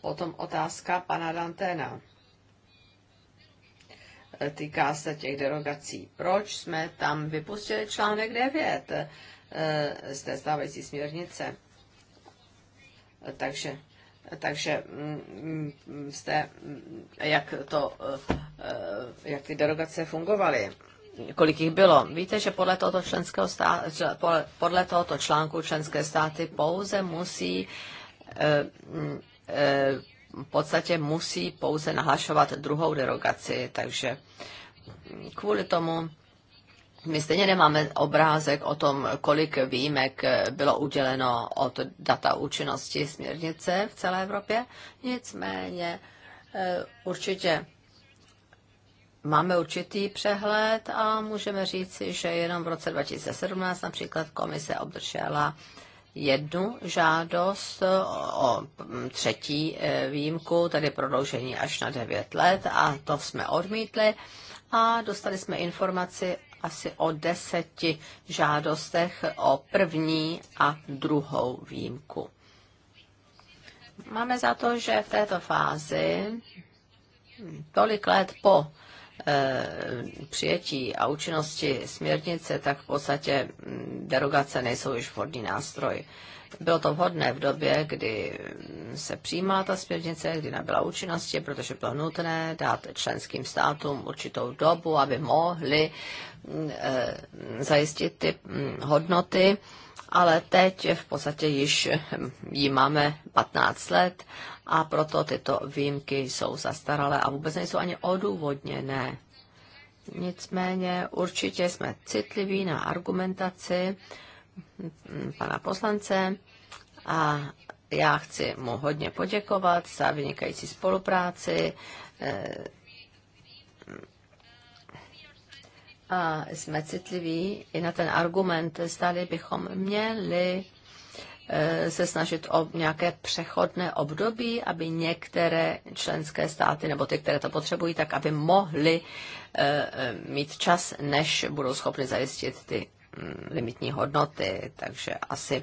Potom otázka pana Dantena. Týká se těch derogací. Proč jsme tam vypustili článek 9 eh, z té stávající směrnice? Takže takže mm, mm, jste, mm, jak, to, eh, eh, jak ty derogace fungovaly, kolik jich bylo. Víte, že podle tohoto, členského stá, podle tohoto článku členské státy pouze musí eh, v podstatě musí pouze nahlašovat druhou derogaci, takže kvůli tomu my stejně nemáme obrázek o tom, kolik výjimek bylo uděleno od data účinnosti směrnice v celé Evropě. Nicméně eh, určitě máme určitý přehled a můžeme říci, že jenom v roce 2017 například komise obdržela jednu žádost o třetí eh, výjimku, tedy prodloužení až na 9 let a to jsme odmítli a dostali jsme informaci asi o deseti žádostech o první a druhou výjimku. Máme za to, že v této fázi, tolik let po eh, přijetí a účinnosti směrnice, tak v podstatě mm, derogace nejsou již vhodný nástroj. Bylo to vhodné v době, kdy se přijímala ta směrnice, kdy nabyla účinnosti, protože bylo nutné dát členským státům určitou dobu, aby mohli e, zajistit ty mm, hodnoty, ale teď v podstatě již mm, ji máme 15 let a proto tyto výjimky jsou zastaralé a vůbec nejsou ani odůvodněné. Nicméně určitě jsme citliví na argumentaci, pana poslance a já chci mu hodně poděkovat za vynikající spolupráci. Eh, a jsme citliví i na ten argument, zdali bychom měli eh, se snažit o nějaké přechodné období, aby některé členské státy, nebo ty, které to potřebují, tak aby mohly eh, mít čas, než budou schopny zajistit ty limitní hodnoty, takže asi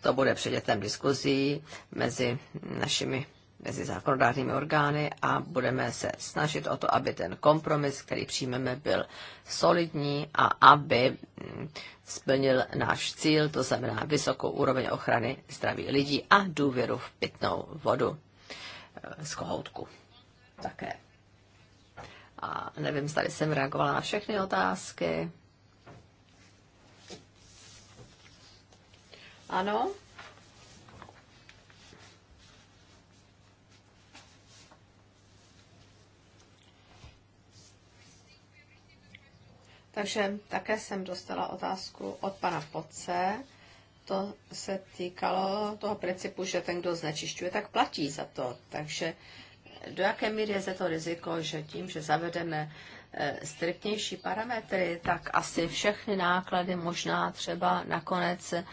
to bude předmětem diskuzí mezi našimi mezi zákonodárnými orgány a budeme se snažit o to, aby ten kompromis, který přijmeme, byl solidní a aby mm, splnil náš cíl, to znamená vysokou úroveň ochrany zdraví lidí a důvěru v pitnou vodu eh, z kohoutku také. A nevím, zda jsem reagovala na všechny otázky. Ano. Takže také jsem dostala otázku od pana Poce. To se týkalo toho principu, že ten, kdo znečišťuje, tak platí za to. Takže do jaké míry je to riziko, že tím, že zavedeme Eh, striktnější parametry, tak asi všechny náklady možná třeba nakonec eh,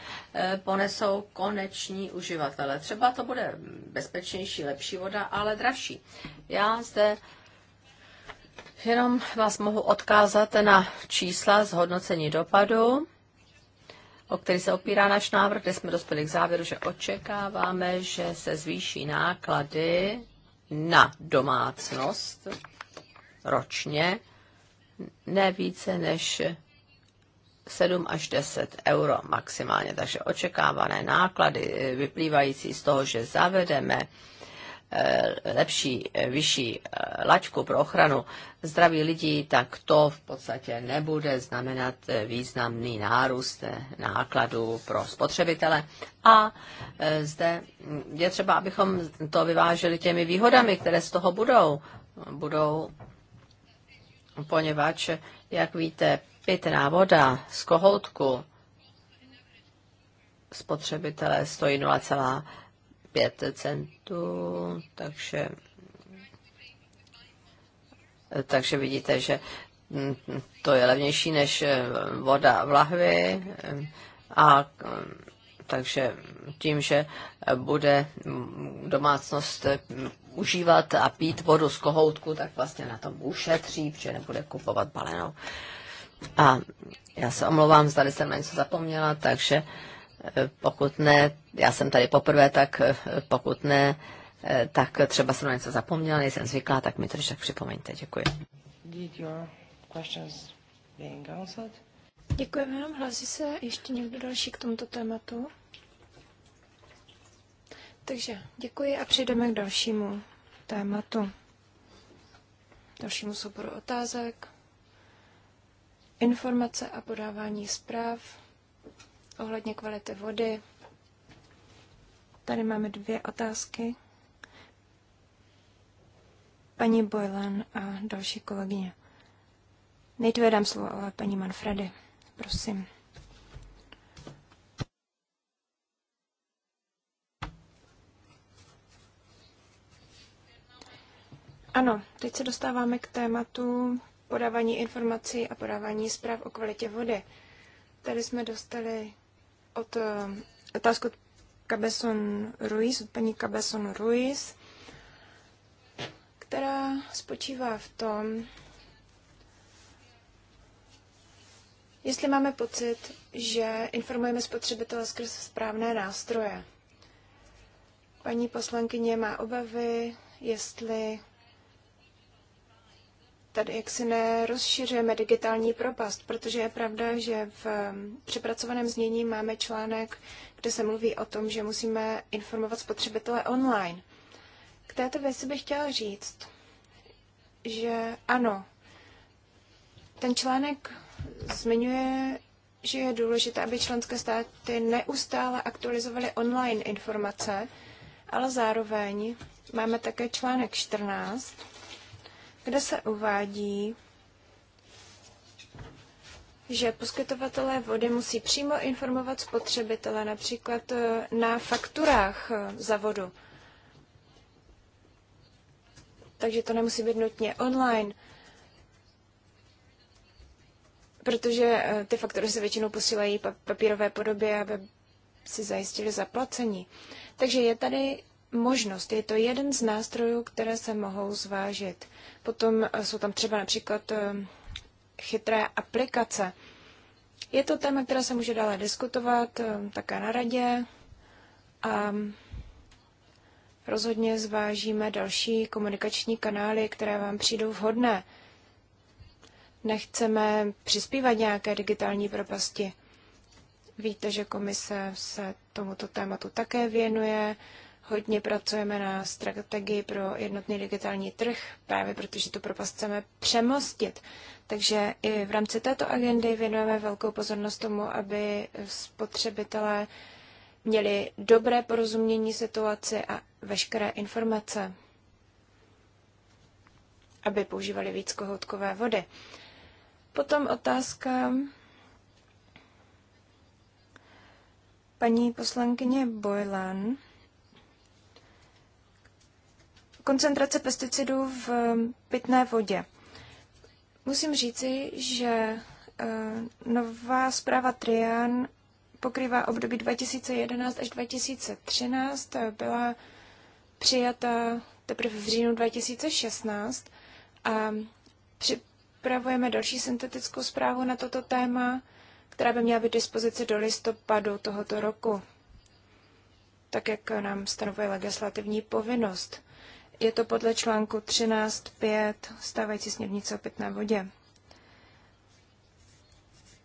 ponesou koneční uživatele. Třeba to bude bezpečnější, lepší voda, ale dražší. Já zde jenom vás mohu odkázat na čísla zhodnocení dopadu o který se opírá náš návrh, kde jsme dospěli k závěru, že očekáváme, že se zvýší náklady na domácnost ročně ne více než 7 až 10 euro maximálně. Takže očekávané náklady vyplývající z toho, že zavedeme eh, lepší, eh, vyšší eh, laťku pro ochranu zdraví lidí, tak to v podstatě nebude znamenat významný nárůst nákladů pro spotřebitele. A zde je třeba, abychom to vyváželi těmi výhodami, které z toho budou. Budou poněvadž, jak víte, pitná voda z kohoutku spotřebitele stojí 0,5 centů, takže, takže vidíte, že mm, to je levnější než eh, voda v lahvi eh, a takže tím, že bude domácnost eh, užívat a pít vodu z kohoutku, tak vlastně na tom ušetří, protože nebude kupovat balenou. A já se omlouvám, zda jsem na něco zapomněla, takže eh, pokud ne, já jsem tady poprvé, tak eh, pokud ne, eh, tak třeba jsem na něco zapomněla, nejsem zvyklá, tak mi to tak připomeňte. Děkuji. Děkujeme vám. Hlásí se ještě někdo další k tomuto tématu? Takže děkuji a přejdeme k dalšímu tématu, dalšímu souboru otázek, informace a podávání zpráv ohledně kvality vody. Tady máme dvě otázky. Paní Boylan a další kolegyně. Nejdříve dám slovo ale paní Manfredy. Prosím. Ano, teď se dostáváme k tématu podávání informací a podávání zpráv o kvalitě vody. Tady jsme dostali od eh, otázku od Cabezon Ruiz, od paní Cabezon Ruiz, která spočívá v tom, jestli máme pocit, že informujeme spotřebitele skrz správné nástroje. Paní poslankyně má obavy, jestli tady jak si nerozšiřujeme digitální propast, protože je pravda, že v um, přepracovaném znění máme článek, kde se mluví o tom, že musíme informovat spotřebitele online. K této věci bych chtěla říct, že ano, ten článek zmiňuje, že je důležité, aby členské státy neustále aktualizovaly online informace, ale zároveň máme také článek 14, kde se uvádí, že poskytovatelé vody musí přímo informovat spotřebitele, například eh, na fakturách eh, za vodu. Takže to nemusí být nutně online, protože eh, ty faktury se většinou posílají papírové podobě, aby si zajistili zaplacení. Takže je tady možnost. Je to jeden z nástrojů, které se mohou zvážit. Potom eh, jsou tam třeba například eh, chytré aplikace. Je to téma, které se může dále diskutovat eh, také na radě a rozhodně zvážíme další komunikační kanály, které vám přijdou vhodné. Nechceme přispívat nějaké digitální propasti. Víte, že komise se tomuto tématu také věnuje. Hodně pracujeme na strategii pro jednotný digitální trh, právě protože tu propast chceme přemostit. Takže i v rámci této agendy věnujeme velkou pozornost tomu, aby spotřebitelé měli dobré porozumění situaci a veškeré informace, aby používali víc kohoutkové vody. Potom otázka paní poslankyně Bojlan. Koncentrace pesticidů v pitné vodě. Musím říci, že eh, nová zpráva Trian pokrývá období 2011 až 2013, eh, byla přijata teprve v říjnu 2016 a připravujeme další syntetickou zprávu na toto téma, která by měla být dispozici do listopadu tohoto roku, tak jak nám stanovuje legislativní povinnost. Je to podle článku 13.5 stávající směrnice o pitné vodě.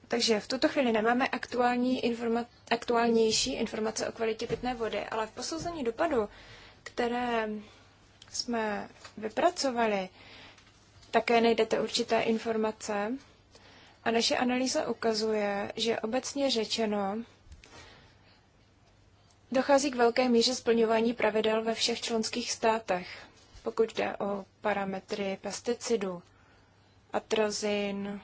Takže v tuto chvíli nemáme aktuální informa- aktuálnější informace o kvalitě pitné vody, ale v posouzení dopadu, které jsme vypracovali, také najdete určité informace. A naše analýza ukazuje, že obecně řečeno Dochází k velké míře splňování pravidel ve všech členských státech, pokud jde o parametry pesticidů. Atrozin,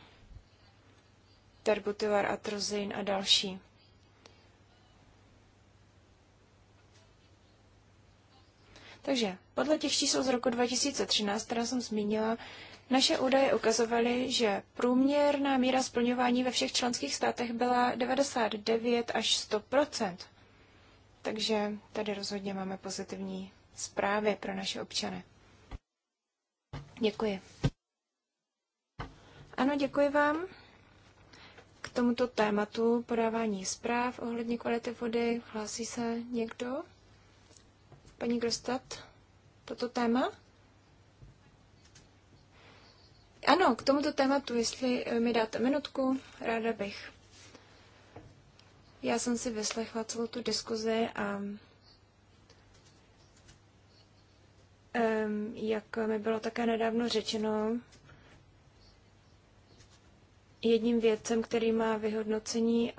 terbutylar atrozin a další. Takže podle těch čísel z roku 2013, která jsem zmínila, naše údaje ukazovaly, že průměrná míra splňování ve všech členských státech byla 99 až 100 takže tady rozhodně máme pozitivní zprávy pro naše občany. Děkuji. Ano, děkuji vám. K tomuto tématu podávání zpráv ohledně kvality vody hlásí se někdo? Paní Grostat, toto téma? Ano, k tomuto tématu, jestli mi dáte minutku, ráda bych. Já jsem si vyslechla celou tu diskuzi a jak mi bylo také nedávno řečeno, jedním vědcem, který má vyhodnocení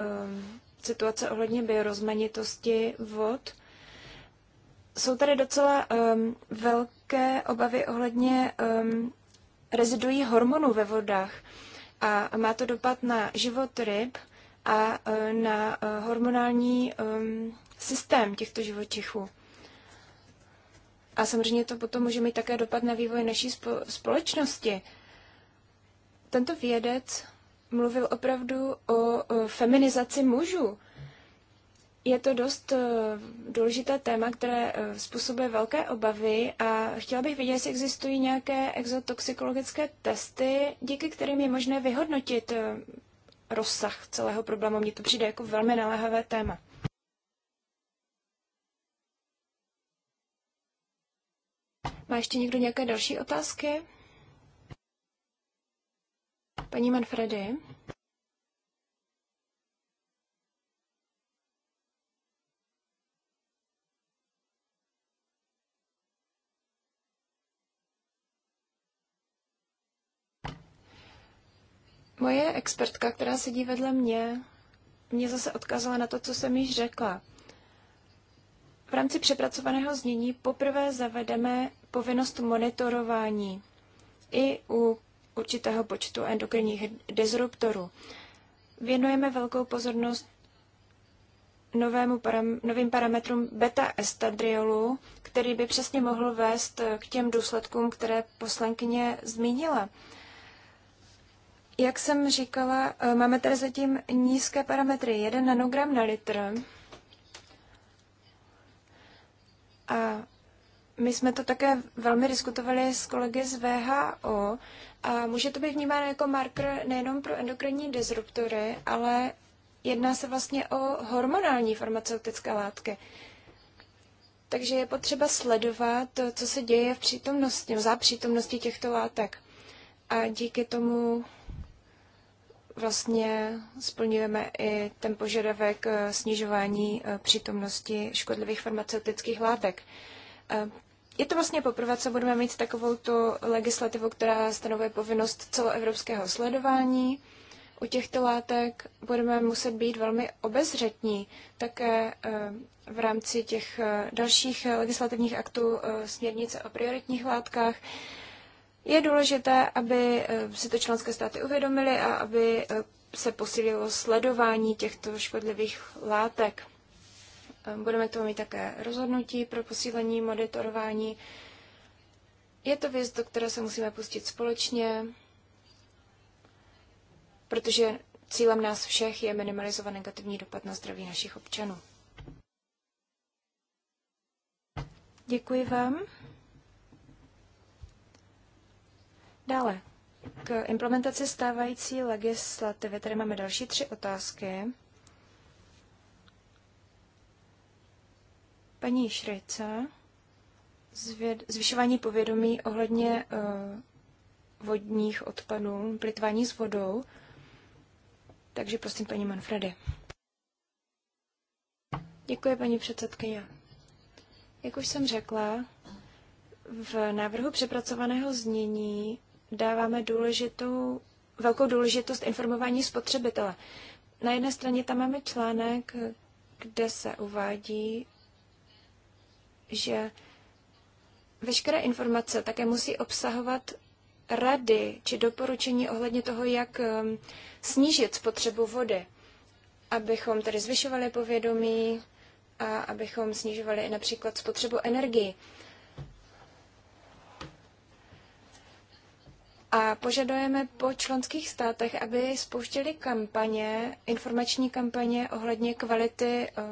situace ohledně biorozmanitosti vod, jsou tady docela um, velké obavy ohledně um, rezidují hormonů ve vodách a má to dopad na život ryb a e, na e, hormonální e, systém těchto živočichů. A samozřejmě to potom může mít také dopad na vývoj naší společnosti. Tento vědec mluvil opravdu o feminizaci mužů. Je to dost důležité téma, které způsobuje velké obavy a chtěla bych vědět, jestli existují nějaké exotoxikologické testy, díky kterým je možné vyhodnotit rozsah celého problému. Mně to přijde jako velmi naléhavé téma. Má ještě někdo nějaké další otázky? Paní Manfredy? Moje expertka, která sedí vedle mě, mě zase odkazala na to, co jsem již řekla. V rámci přepracovaného znění poprvé zavedeme povinnost monitorování i u určitého počtu endokrinních disruptorů. Věnujeme velkou pozornost novému param, novým parametrům beta-estadriolu, který by přesně mohl vést k těm důsledkům, které poslankyně zmínila. Jak jsem říkala, eh, máme tady zatím nízké parametry, 1 nanogram na litr. A my jsme to také velmi diskutovali s kolegy z VHO a může to být vnímáno jako marker nejenom pro endokrinní disruptory, ale jedná se vlastně o hormonální farmaceutické látky. Takže je potřeba sledovat, to, co se děje v přítomnosti, za přítomnosti těchto látek. A díky tomu vlastně splňujeme i ten požadavek eh, snižování eh, přítomnosti škodlivých farmaceutických látek. Eh, je to vlastně poprvé, co budeme mít takovou tu legislativu, která stanovuje povinnost celoevropského sledování u těchto látek. Budeme muset být velmi obezřetní také v rámci těch dalších legislativních aktů směrnice o prioritních látkách. Je důležité, aby eh, si to členské státy uvědomily a aby eh, se posílilo sledování těchto škodlivých látek. Eh, budeme k tomu mít také rozhodnutí pro posílení monitorování. Je to věc, do které se musíme pustit společně, protože cílem nás všech je minimalizovat negativní dopad na zdraví našich občanů. Děkuji vám. Dále, k implementaci stávající legislativy tady máme další tři otázky. Paní Šrejce, zvyšování povědomí ohledně uh, vodních odpadů, plitvání s vodou. Takže prosím, paní Manfredy. Děkuji, paní předsedkyně. Jak už jsem řekla, v návrhu přepracovaného znění dáváme důležitou, velkou důležitost informování spotřebitele. Na jedné straně tam máme článek, kde se uvádí, že veškeré informace také musí obsahovat rady či doporučení ohledně toho, jak um, snížit spotřebu vody, abychom tedy zvyšovali povědomí a abychom snižovali například spotřebu energii. A požadujeme po členských státech, aby spouštěli kampaně, informační kampaně ohledně kvality eh,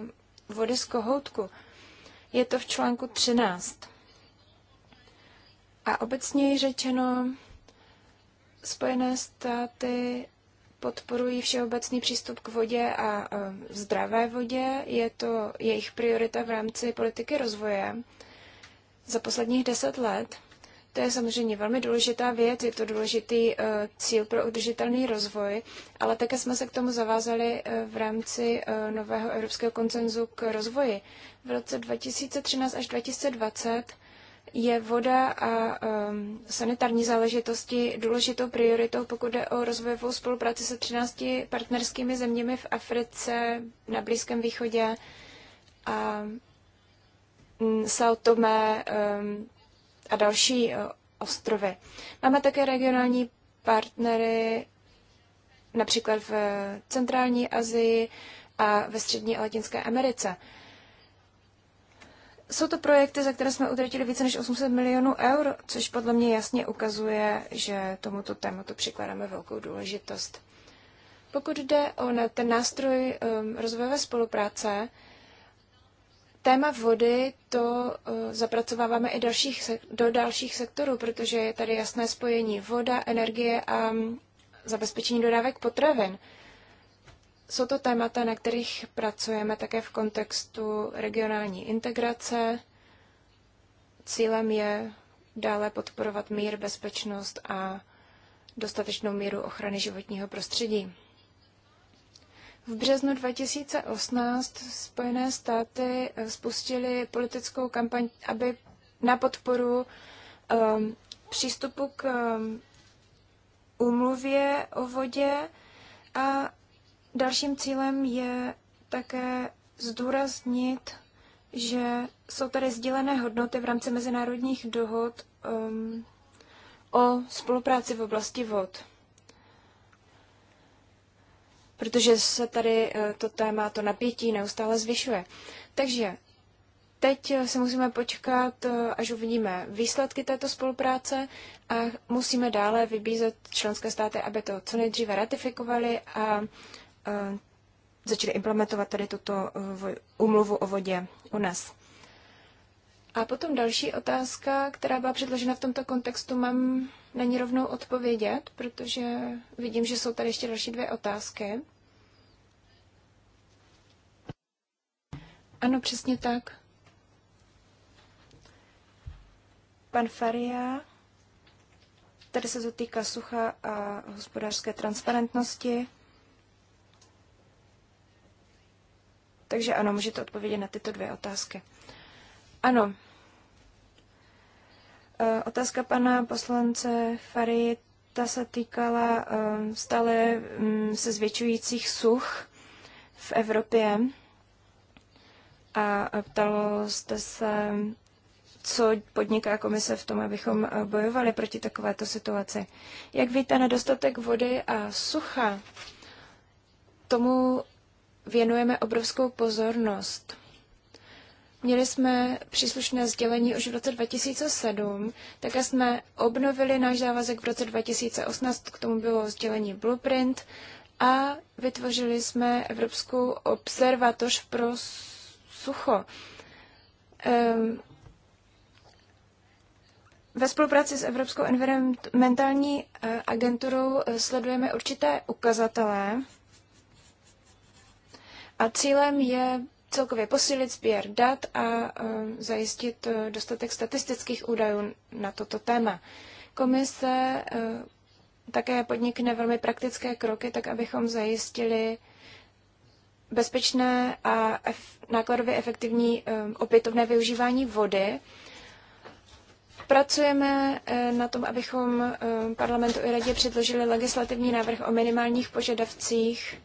vody z kohoutku. Je to v článku 13. A obecněji řečeno, Spojené státy podporují všeobecný přístup k vodě a eh, zdravé vodě. Je to jejich priorita v rámci politiky rozvoje za posledních deset let. To je samozřejmě velmi důležitá věc, je to důležitý eh, cíl pro udržitelný rozvoj, ale také jsme se k tomu zavázali eh, v rámci eh, nového evropského koncenzu k rozvoji. V roce 2013 až 2020 je voda a um, sanitární záležitosti důležitou prioritou, pokud jde o rozvojovou spolupráci se 13 partnerskými zeměmi v Africe, na Blízkém východě a um, mm, Sao Tome, um, a další eh, ostrovy. Máme také regionální partnery například v centrální Asii a ve střední a latinské Americe. Jsou to projekty, za které jsme utratili více než 800 milionů eur, což podle mě jasně ukazuje, že tomuto tématu přikládáme velkou důležitost. Pokud jde o ten nástroj ehm, rozvojové spolupráce, Téma vody to eh, zapracováváme i dalších, do dalších sektorů, protože je tady jasné spojení voda, energie a mm, zabezpečení dodávek potravin. Jsou to témata, na kterých pracujeme také v kontextu regionální integrace. Cílem je dále podporovat mír, bezpečnost a dostatečnou míru ochrany životního prostředí. V březnu 2018 Spojené státy eh, spustili politickou kampaň, aby na podporu um, přístupu k um, ehm, umluvě o vodě a dalším cílem je také zdůraznit, že jsou tady sdílené hodnoty v rámci mezinárodních dohod um, o spolupráci v oblasti vod protože se tady eh, to téma, to napětí neustále zvyšuje. Takže teď eh, se musíme počkat, eh, až uvidíme výsledky této spolupráce a musíme dále vybízet členské státy, aby to co nejdříve ratifikovali a začali implementovat tady tuto umluvu o vodě u nás. A potom další otázka, která byla předložena v tomto kontextu, mám na ní rovnou odpovědět, protože vidím, že jsou tady ještě další dvě otázky. Ano, přesně tak. Pan Faria, tady se zotýká sucha a hospodářské transparentnosti. Takže ano, můžete odpovědět na tyto dvě otázky. Ano, Eh, otázka pana poslance Fary, ta se týkala eh, stále mm, se zvětšujících such v Evropě a ptalo jste se, co podniká komise v tom, abychom eh, bojovali proti takovéto situaci. Jak víte, nedostatek vody a sucha, tomu věnujeme obrovskou pozornost. Měli jsme příslušné sdělení už v roce 2007, také jsme obnovili náš závazek v roce 2018, k tomu bylo sdělení Blueprint a vytvořili jsme Evropskou observatoř pro sucho. Ehm, ve spolupráci s Evropskou environmentální eh, agenturou eh, sledujeme určité ukazatele a cílem je celkově posílit sběr dat a e, zajistit e, dostatek statistických údajů na toto téma. Komise e, také podnikne velmi praktické kroky, tak abychom zajistili bezpečné a nákladově efektivní opětovné využívání vody. Pracujeme na tom, abychom parlamentu i radě předložili legislativní návrh o minimálních požadavcích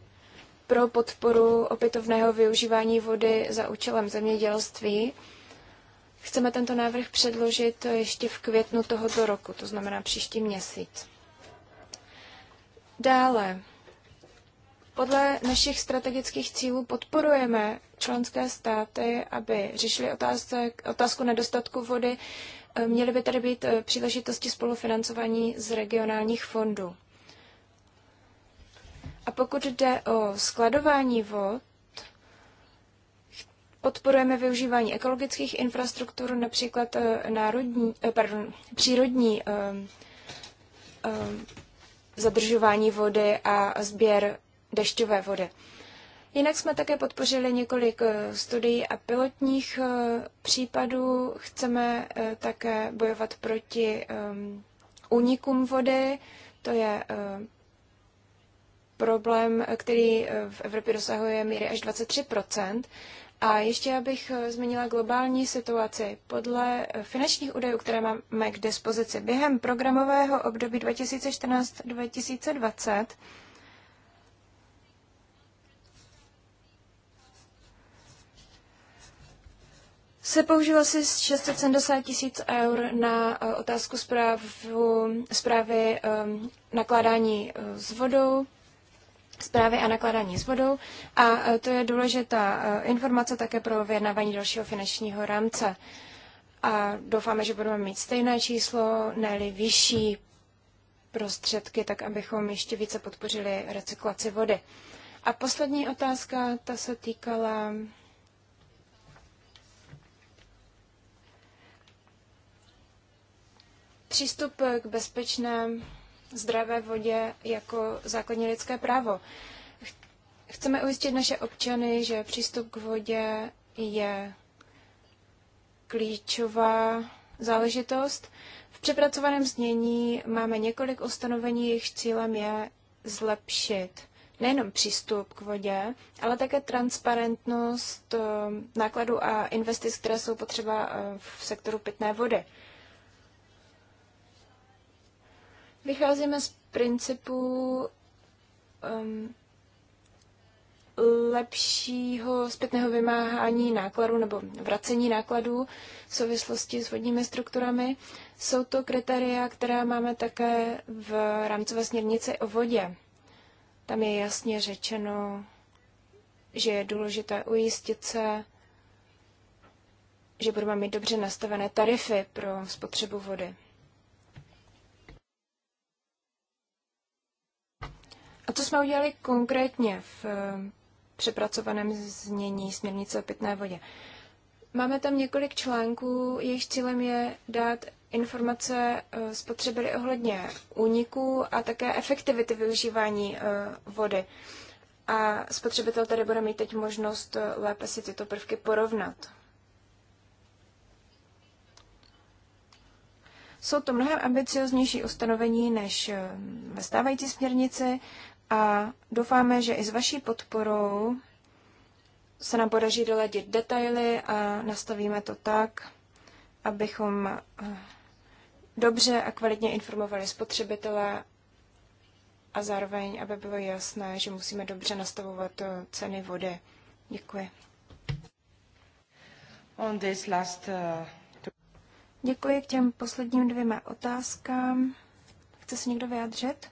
pro podporu opětovného využívání vody za účelem zemědělství. Chceme tento návrh předložit ještě v květnu tohoto roku, to znamená příští měsíc. Dále, podle našich strategických cílů podporujeme členské státy, aby řešili otázek, otázku nedostatku vody. Měly by tady být eh, příležitosti spolufinancování z regionálních fondů. A pokud jde o skladování vod, podporujeme využívání ekologických infrastruktur, například eh, národní, eh, pardon, přírodní eh, zadržování vody a sběr dešťové vody. Jinak jsme také podpořili několik studií a pilotních případů. Chceme také bojovat proti únikům vody. To je problém, který eh, v Evropě dosahuje míry až 23 a ještě abych eh, zmínila globální situaci. Podle eh, finančních údajů, které máme k dispozici během programového období 2014-2020, se použilo asi 670 tisíc eur na otázku zprávu, zprávy nakládání s vodou, zprávy a nakladání s vodou. A e, to je důležitá e, informace také pro vyjednávání dalšího finančního rámce. A doufáme, že budeme mít stejné číslo, ne vyšší prostředky, tak abychom ještě více podpořili recyklaci vody. A poslední otázka, ta se týkala přístup k bezpečnému zdravé vodě jako základní lidské právo. Chceme ujistit naše občany, že přístup k vodě je klíčová záležitost. V přepracovaném znění máme několik ustanovení, jejichž cílem je zlepšit nejenom přístup k vodě, ale také transparentnost eh, nákladů a investic, které jsou potřeba eh, v sektoru pitné vody. Vycházíme z principu um, lepšího zpětného vymáhání nákladů nebo vracení nákladů v souvislosti s vodními strukturami. Jsou to kritéria, která máme také v rámcové směrnici o vodě. Tam je jasně řečeno, že je důležité ujistit se, že budeme mít dobře nastavené tarify pro spotřebu vody. A co jsme udělali konkrétně v eh, přepracovaném změní směrnice o pitné vodě? Máme tam několik článků, jejich cílem je dát informace eh, spotřebili ohledně úniků a také efektivity využívání eh, vody. A spotřebitel tady bude mít teď možnost lépe si tyto prvky porovnat. Jsou to mnohem ambicioznější ustanovení než ve stávající směrnici a doufáme, že i s vaší podporou se nám podaří doladit detaily a nastavíme to tak, abychom eh, dobře a kvalitně informovali spotřebitele a zároveň, aby bylo jasné, že musíme dobře nastavovat eh, ceny vody. Děkuji. On this last, uh, Děkuji k těm posledním dvěma otázkám. Chce se někdo vyjádřit?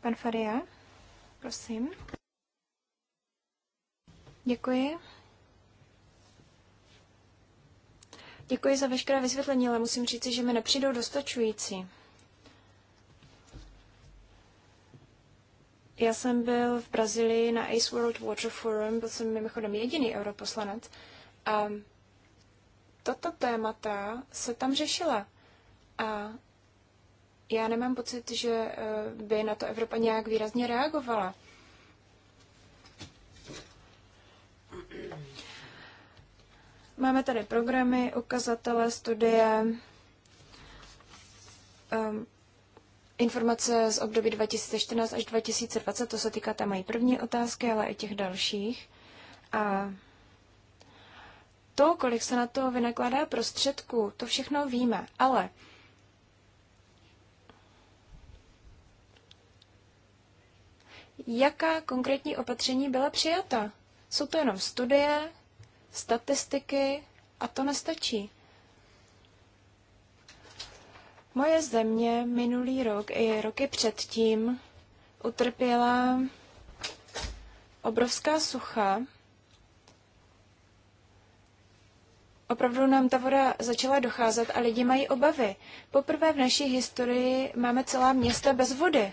Pan Faria? Prosím. Děkuji. Děkuji za veškeré vysvětlení, ale musím říct, že mi nepřijdou dostačující. Já jsem byl v Brazílii na Ace World Water Forum, byl jsem mimochodem jediný europoslanec. A toto témata se tam řešila. A já nemám pocit, že eh, by na to Evropa nějak výrazně reagovala. Máme tady programy, ukazatele, studie, um, informace z období 2014 až 2020, to se týká té mají první otázky, ale i těch dalších. A to, kolik se na to vynakládá prostředků, to všechno víme, ale jaká konkrétní opatření byla přijata. Jsou to jenom studie, statistiky a to nestačí. Moje země minulý rok i roky předtím utrpěla obrovská sucha. Opravdu nám ta voda začala docházet a lidi mají obavy. Poprvé v naší historii máme celá města bez vody.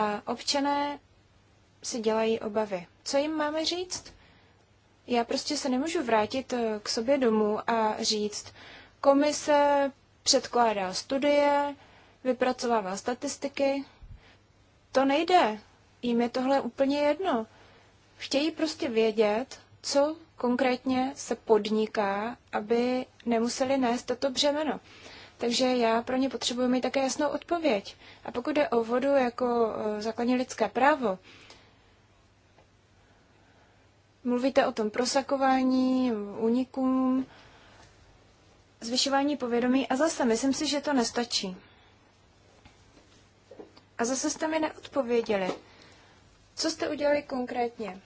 A občané si dělají obavy. Co jim máme říct? Já prostě se nemůžu vrátit eh, k sobě domů a říct, komise předkládá studie, vypracovává statistiky. To nejde. Jím je tohle úplně jedno. Chtějí prostě vědět, co konkrétně se podniká, aby nemuseli nést toto břemeno. Takže já pro ně potřebuji mít také jasnou odpověď. A pokud jde o vodu jako e, základní lidské právo, mluvíte o tom prosakování, unikům, zvyšování povědomí a zase myslím si, že to nestačí. A zase jste mi neodpověděli. Co jste udělali konkrétně?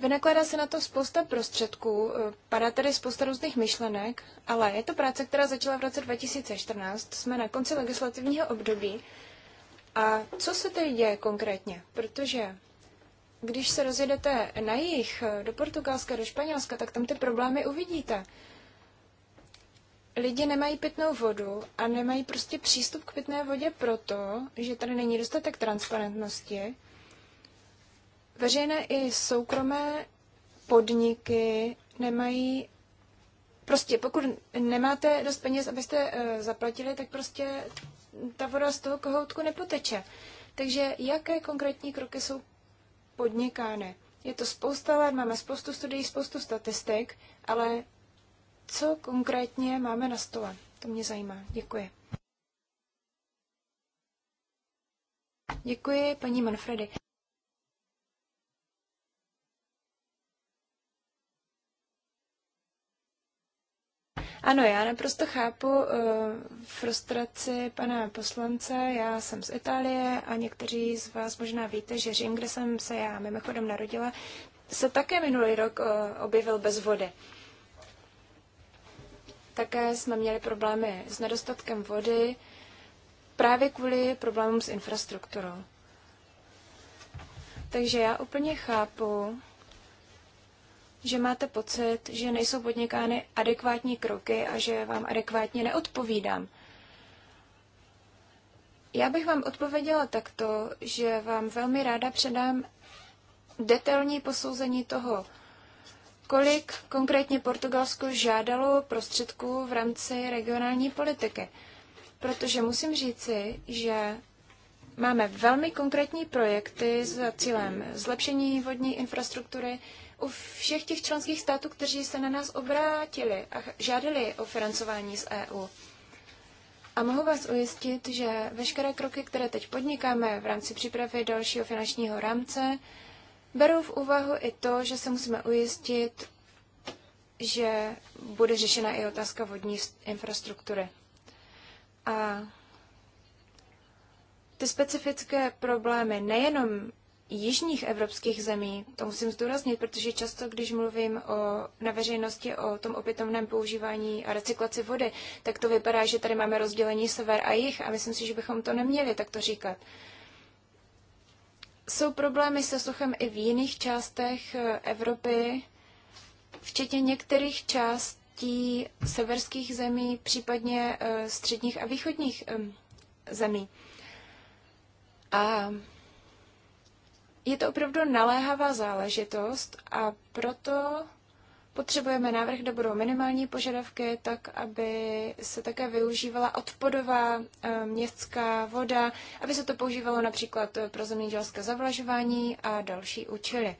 Vynakládá se na to spousta prostředků, eh, padá tady spousta různých myšlenek, ale je to práce, která začala v roce 2014, jsme na konci legislativního období. A co se tedy děje konkrétně? Protože když se rozjedete na jich, eh, do Portugalska, do Španělska, tak tam ty problémy uvidíte. Lidi nemají pitnou vodu a nemají prostě přístup k pitné vodě proto, že tady není dostatek transparentnosti, Veřejné i soukromé podniky nemají prostě pokud nemáte dost peněz, abyste uh, zaplatili, tak prostě ta voda z toho kohoutku nepoteče. Takže jaké konkrétní kroky jsou podnikány? Je to spousta let, máme spoustu studií, spoustu statistik, ale co konkrétně máme na stole? To mě zajímá. Děkuji. Děkuji, paní Manfredy. Ano, já naprosto chápu uh, frustraci pana poslance. Já jsem z Itálie a někteří z vás možná víte, že Řím, kde jsem se já mimochodem narodila, se také minulý rok uh, objevil bez vody. Také jsme měli problémy s nedostatkem vody právě kvůli problémům s infrastrukturou. Takže já úplně chápu, že máte pocit, že nejsou podnikány adekvátní kroky a že vám adekvátně neodpovídám. Já bych vám odpověděla takto, že vám velmi ráda předám detailní posouzení toho, kolik konkrétně Portugalsko žádalo prostředků v rámci regionální politiky. Protože musím říci, že máme velmi konkrétní projekty s cílem zlepšení vodní infrastruktury, u všech těch členských států, kteří se na nás obrátili a žádali o financování z EU. A mohu vás ujistit, že veškeré kroky, které teď podnikáme v rámci přípravy dalšího finančního rámce, berou v úvahu i to, že se musíme ujistit, že bude řešena i otázka vodní infrastruktury. A ty specifické problémy nejenom jižních evropských zemí. To musím zdůraznit, protože často, když mluvím o, na veřejnosti o tom opětovném používání a recyklaci vody, tak to vypadá, že tady máme rozdělení sever a jih a myslím si, že bychom to neměli takto říkat. Jsou problémy se suchem i v jiných částech eh, Evropy, včetně některých částí severských zemí, případně eh, středních a východních eh, zemí. A je to opravdu naléhavá záležitost a proto potřebujeme návrh, kde budou minimální požadavky, tak aby se také využívala odpadová eh, městská voda, aby se to používalo například eh, pro zemědělské zavlažování a další účely.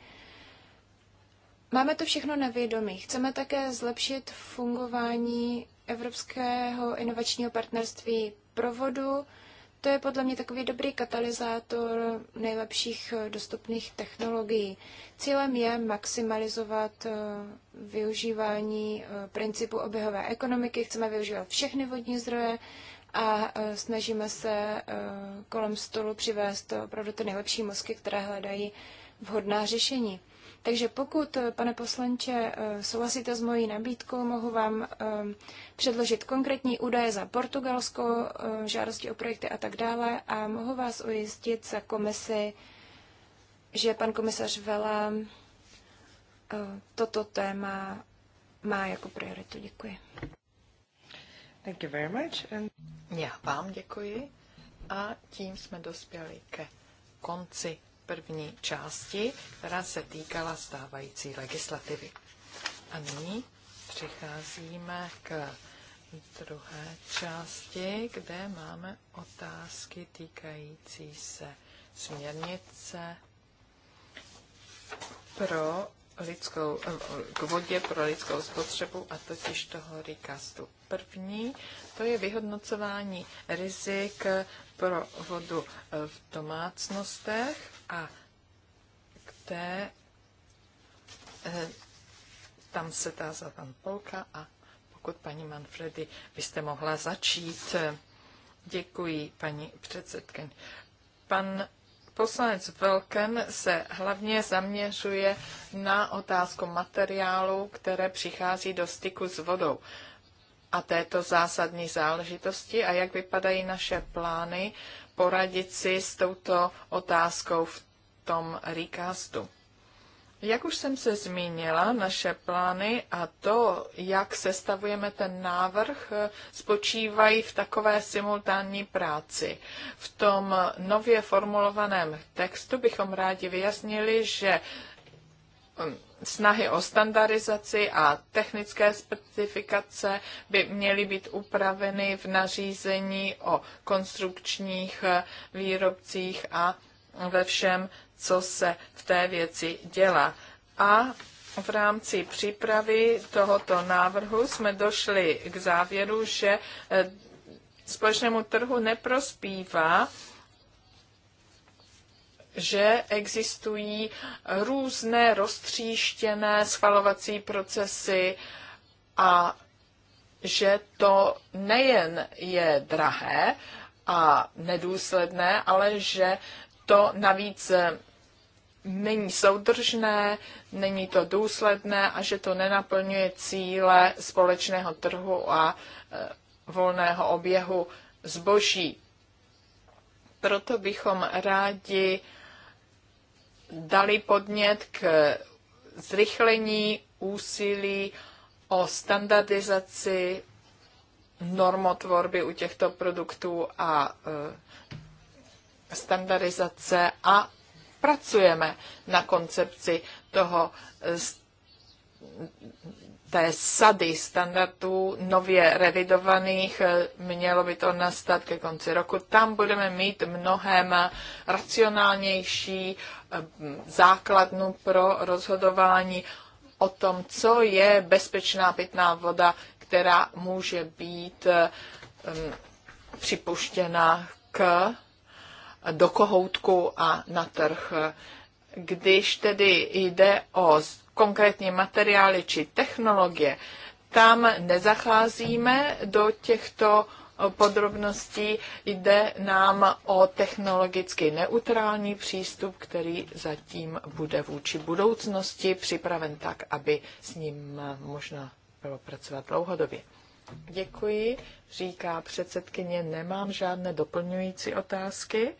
Máme to všechno na vědomí. Chceme také zlepšit fungování Evropského inovačního partnerství provodu, to je podle mě takový dobrý katalyzátor nejlepších eh, dostupných technologií. Cílem je maximalizovat eh, využívání eh, principu oběhové ekonomiky. Chceme využívat všechny vodní zdroje a snažíme se kolem stolu přivést opravdu ty nejlepší mozky, které hledají vhodná řešení. Takže pokud, eh, pane poslanče, eh, souhlasíte s mojí nabídkou, mohu vám eh, předložit konkrétní údaje za Portugalsko, žádosti o projekty a tak dále a mohu vás ujistit za komisi, že pan komisař Vela toto téma má jako prioritu. Děkuji. Thank you very much. And... Já vám děkuji a tím jsme dospěli ke konci první části, která se týkala stávající legislativy. A nyní přicházíme k druhé části, kde máme otázky týkající se směrnice pro lidskou, eh, k vodě pro lidskou spotřebu a totiž toho rikastu První to je vyhodnocování rizik pro vodu v domácnostech a k té eh, tam se za pan Polka a pokud paní Manfredy byste mohla začít. Děkuji, paní předsedkyně. Pan poslanec Velken se hlavně zaměřuje na otázku materiálu, které přichází do styku s vodou a této zásadní záležitosti a jak vypadají naše plány poradit si s touto otázkou v tom recastu. Jak už jsem se zmínila, naše plány a to, jak sestavujeme ten návrh, spočívají v takové simultánní práci. V tom nově formulovaném textu bychom rádi vyjasnili, že um, snahy o standardizaci a technické specifikace by měly být upraveny v nařízení o konstrukčních eh, výrobcích a ve všem, co se v té věci dělá. A v rámci přípravy tohoto návrhu jsme došli k závěru, že eh, společnému trhu neprospívá že existují různé roztříštěné schvalovací procesy a že to nejen je drahé a nedůsledné, ale že to navíc není soudržné, není to důsledné a že to nenaplňuje cíle společného trhu a e, volného oběhu zboží. Proto bychom rádi dali podnět k zrychlení úsilí o standardizaci normotvorby u těchto produktů a e, standardizace a pracujeme na koncepci toho té sady standardů nově revidovaných, eh, mělo by to nastat ke konci roku. Tam budeme mít mnohem racionálnější eh, základnu pro rozhodování o tom, co je bezpečná pitná voda, která může být eh, mm, připuštěna k do kohoutku a na trh. Když tedy jde o konkrétní materiály či technologie, tam nezacházíme do těchto podrobností. Jde nám o technologicky neutrální přístup, který zatím bude vůči budoucnosti připraven tak, aby s ním možná bylo pracovat dlouhodobě. Děkuji, říká předsedkyně, nemám žádné doplňující otázky.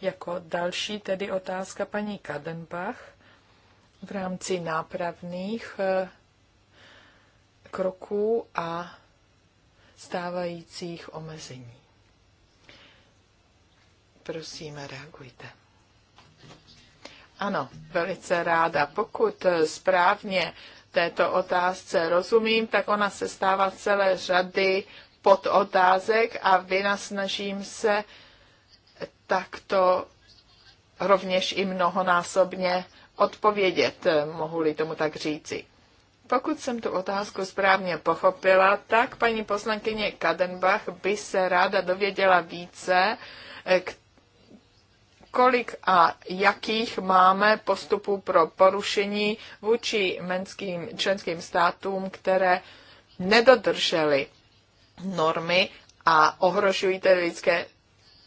Jako další tedy otázka paní Kadenbach v rámci nápravných eh, kroků a stávajících omezení. Prosím, reagujte. Ano, velice ráda. Pokud eh, správně této otázce rozumím, tak ona se stává celé řady podotázek a vynasnažím se takto rovněž i mnohonásobně odpovědět, eh, mohu-li tomu tak říci. Pokud jsem tu otázku správně pochopila, tak paní poslankyně Kadenbach by se ráda dověděla více, eh, kolik a jakých máme postupů pro porušení vůči menským členským státům, které nedodržely normy a ohrožují tedy lidské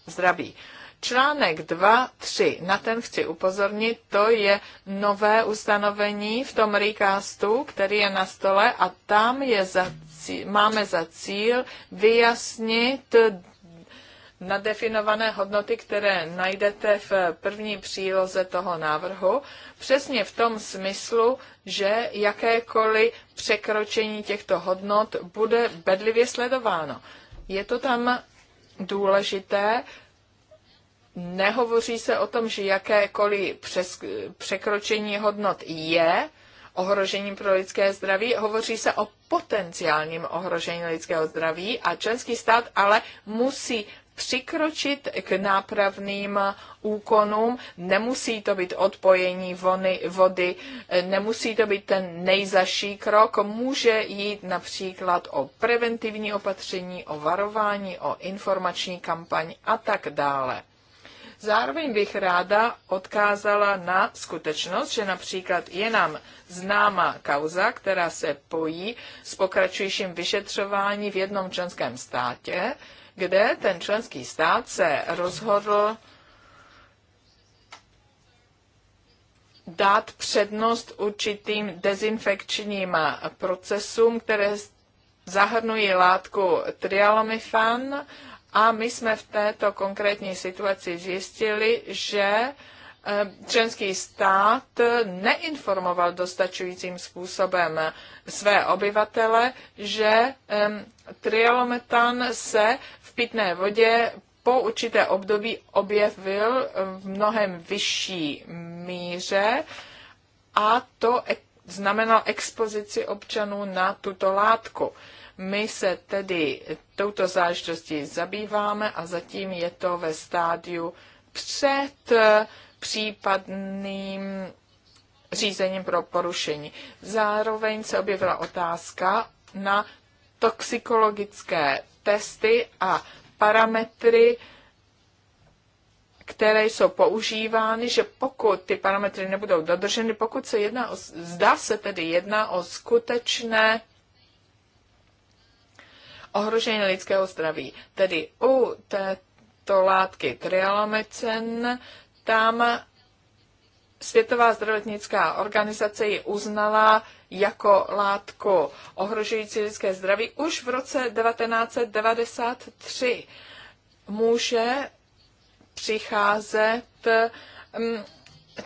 zdraví. Článek 2, 3, na ten chci upozornit, to je nové ustanovení v tom recastu, který je na stole a tam je za cíl, máme za cíl vyjasnit nadefinované hodnoty, které najdete v první příloze toho návrhu, přesně v tom smyslu, že jakékoliv překročení těchto hodnot bude bedlivě sledováno. Je to tam důležité, Nehovoří se o tom, že jakékoliv přes, překročení hodnot je ohrožením pro lidské zdraví, hovoří se o potenciálním ohrožení lidského zdraví a členský stát ale musí přikročit k nápravným úkonům. Nemusí to být odpojení vony, vody, nemusí to být ten nejzaší krok. Může jít například o preventivní opatření, o varování, o informační kampaň a tak dále. Zároveň bych ráda odkázala na skutečnost, že například je nám známa kauza, která se pojí s pokračujícím vyšetřování v jednom členském státě, kde ten členský stát se rozhodl dát přednost určitým dezinfekčním procesům, které zahrnují látku trialomifan a my jsme v této konkrétní situaci zjistili, že eh, členský stát neinformoval dostačujícím způsobem své obyvatele, že triolometan se v pitné vodě po určité období objevil eh, v mnohem vyšší míře a to znamenalo expozici občanů na tuto látku. My se tedy touto záležitostí zabýváme a zatím je to ve stádiu před eh, případným řízením pro porušení. Zároveň se objevila otázka na toxikologické testy a parametry, které jsou používány, že pokud ty parametry nebudou dodrženy, pokud se jedná o, zdá se tedy jedná o skutečné ohrožení lidského zdraví. Tedy u této látky trialomecen tam Světová zdravotnická organizace ji uznala jako látku ohrožující lidské zdraví už v roce 1993. Může přicházet mm,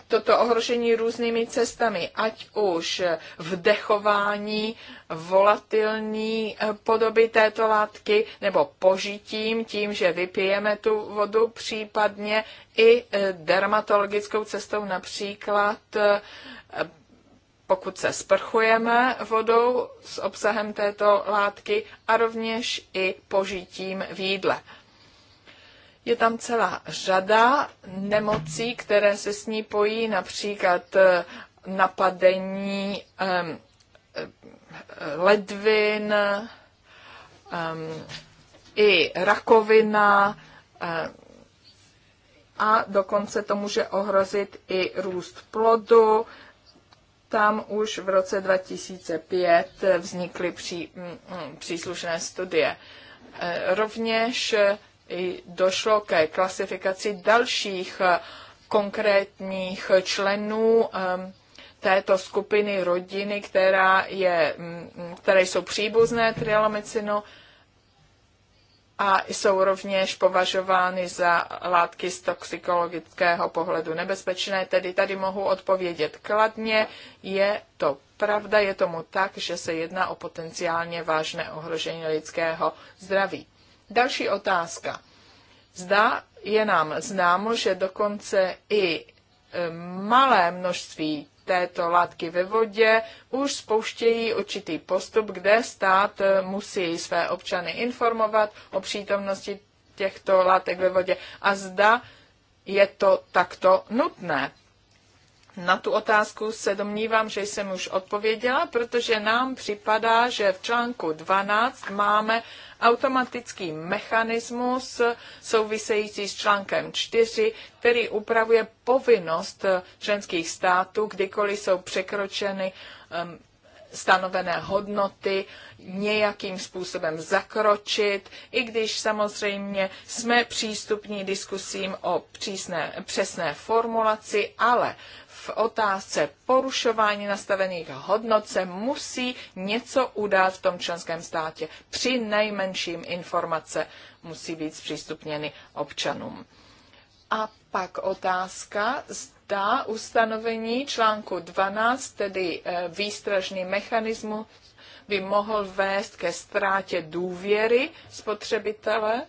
toto ohrožení různými cestami, ať už vdechování volatilní eh, podoby této látky nebo požitím, tím, že vypijeme tu vodu, případně i eh, dermatologickou cestou například eh, pokud se sprchujeme vodou s obsahem této látky a rovněž i požitím v jídle. Je tam celá řada nemocí, které se s ní pojí, například eh, napadení um, ledvin, um, i rakovina um, a dokonce to může ohrozit i růst plodu. Tam už v roce 2005 vznikly pří, mm, mm, příslušné studie. Rovněž i došlo ke klasifikaci dalších eh, konkrétních členů ehm, této skupiny rodiny, která je, mm, mm, které jsou příbuzné trialomicinu a jsou rovněž považovány za látky z toxikologického pohledu nebezpečné. Tedy tady mohu odpovědět kladně, je to pravda, je tomu tak, že se jedná o potenciálně vážné ohrožení lidského zdraví. Další otázka. Zda je nám známo, že dokonce i e, malé množství této látky ve vodě už spouštějí určitý postup, kde stát e, musí své občany informovat o přítomnosti těchto látek ve vodě a zda je to takto nutné. Na tu otázku se domnívám, že jsem už odpověděla, protože nám připadá, že v článku 12 máme automatický mechanismus související s článkem 4, který upravuje povinnost členských států, kdykoliv jsou překročeny um, stanovené hodnoty nějakým způsobem zakročit, i když samozřejmě jsme přístupní diskusím o přísné, přesné formulaci, ale v otázce porušování nastavených hodnot se musí něco udát v tom členském státě. Při nejmenším informace musí být zpřístupněny občanům. A pak otázka, zda ustanovení článku 12, tedy eh, výstražný mechanismus, by mohl vést ke ztrátě důvěry spotřebitele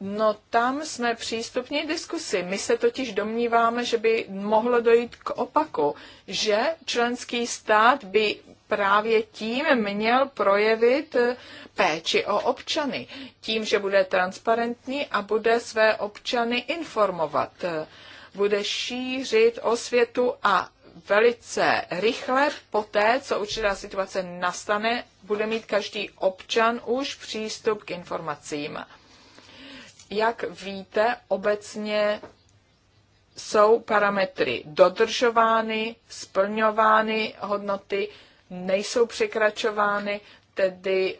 No tam jsme přístupní diskusi. My se totiž domníváme, že by mohlo dojít k opaku, že členský stát by právě tím měl projevit eh, péči o občany. Tím, že bude transparentní a bude své občany informovat. Bude šířit osvětu a velice rychle poté, co určitá situace nastane, bude mít každý občan už přístup k informacím jak víte, obecně jsou parametry dodržovány, splňovány, hodnoty nejsou překračovány, tedy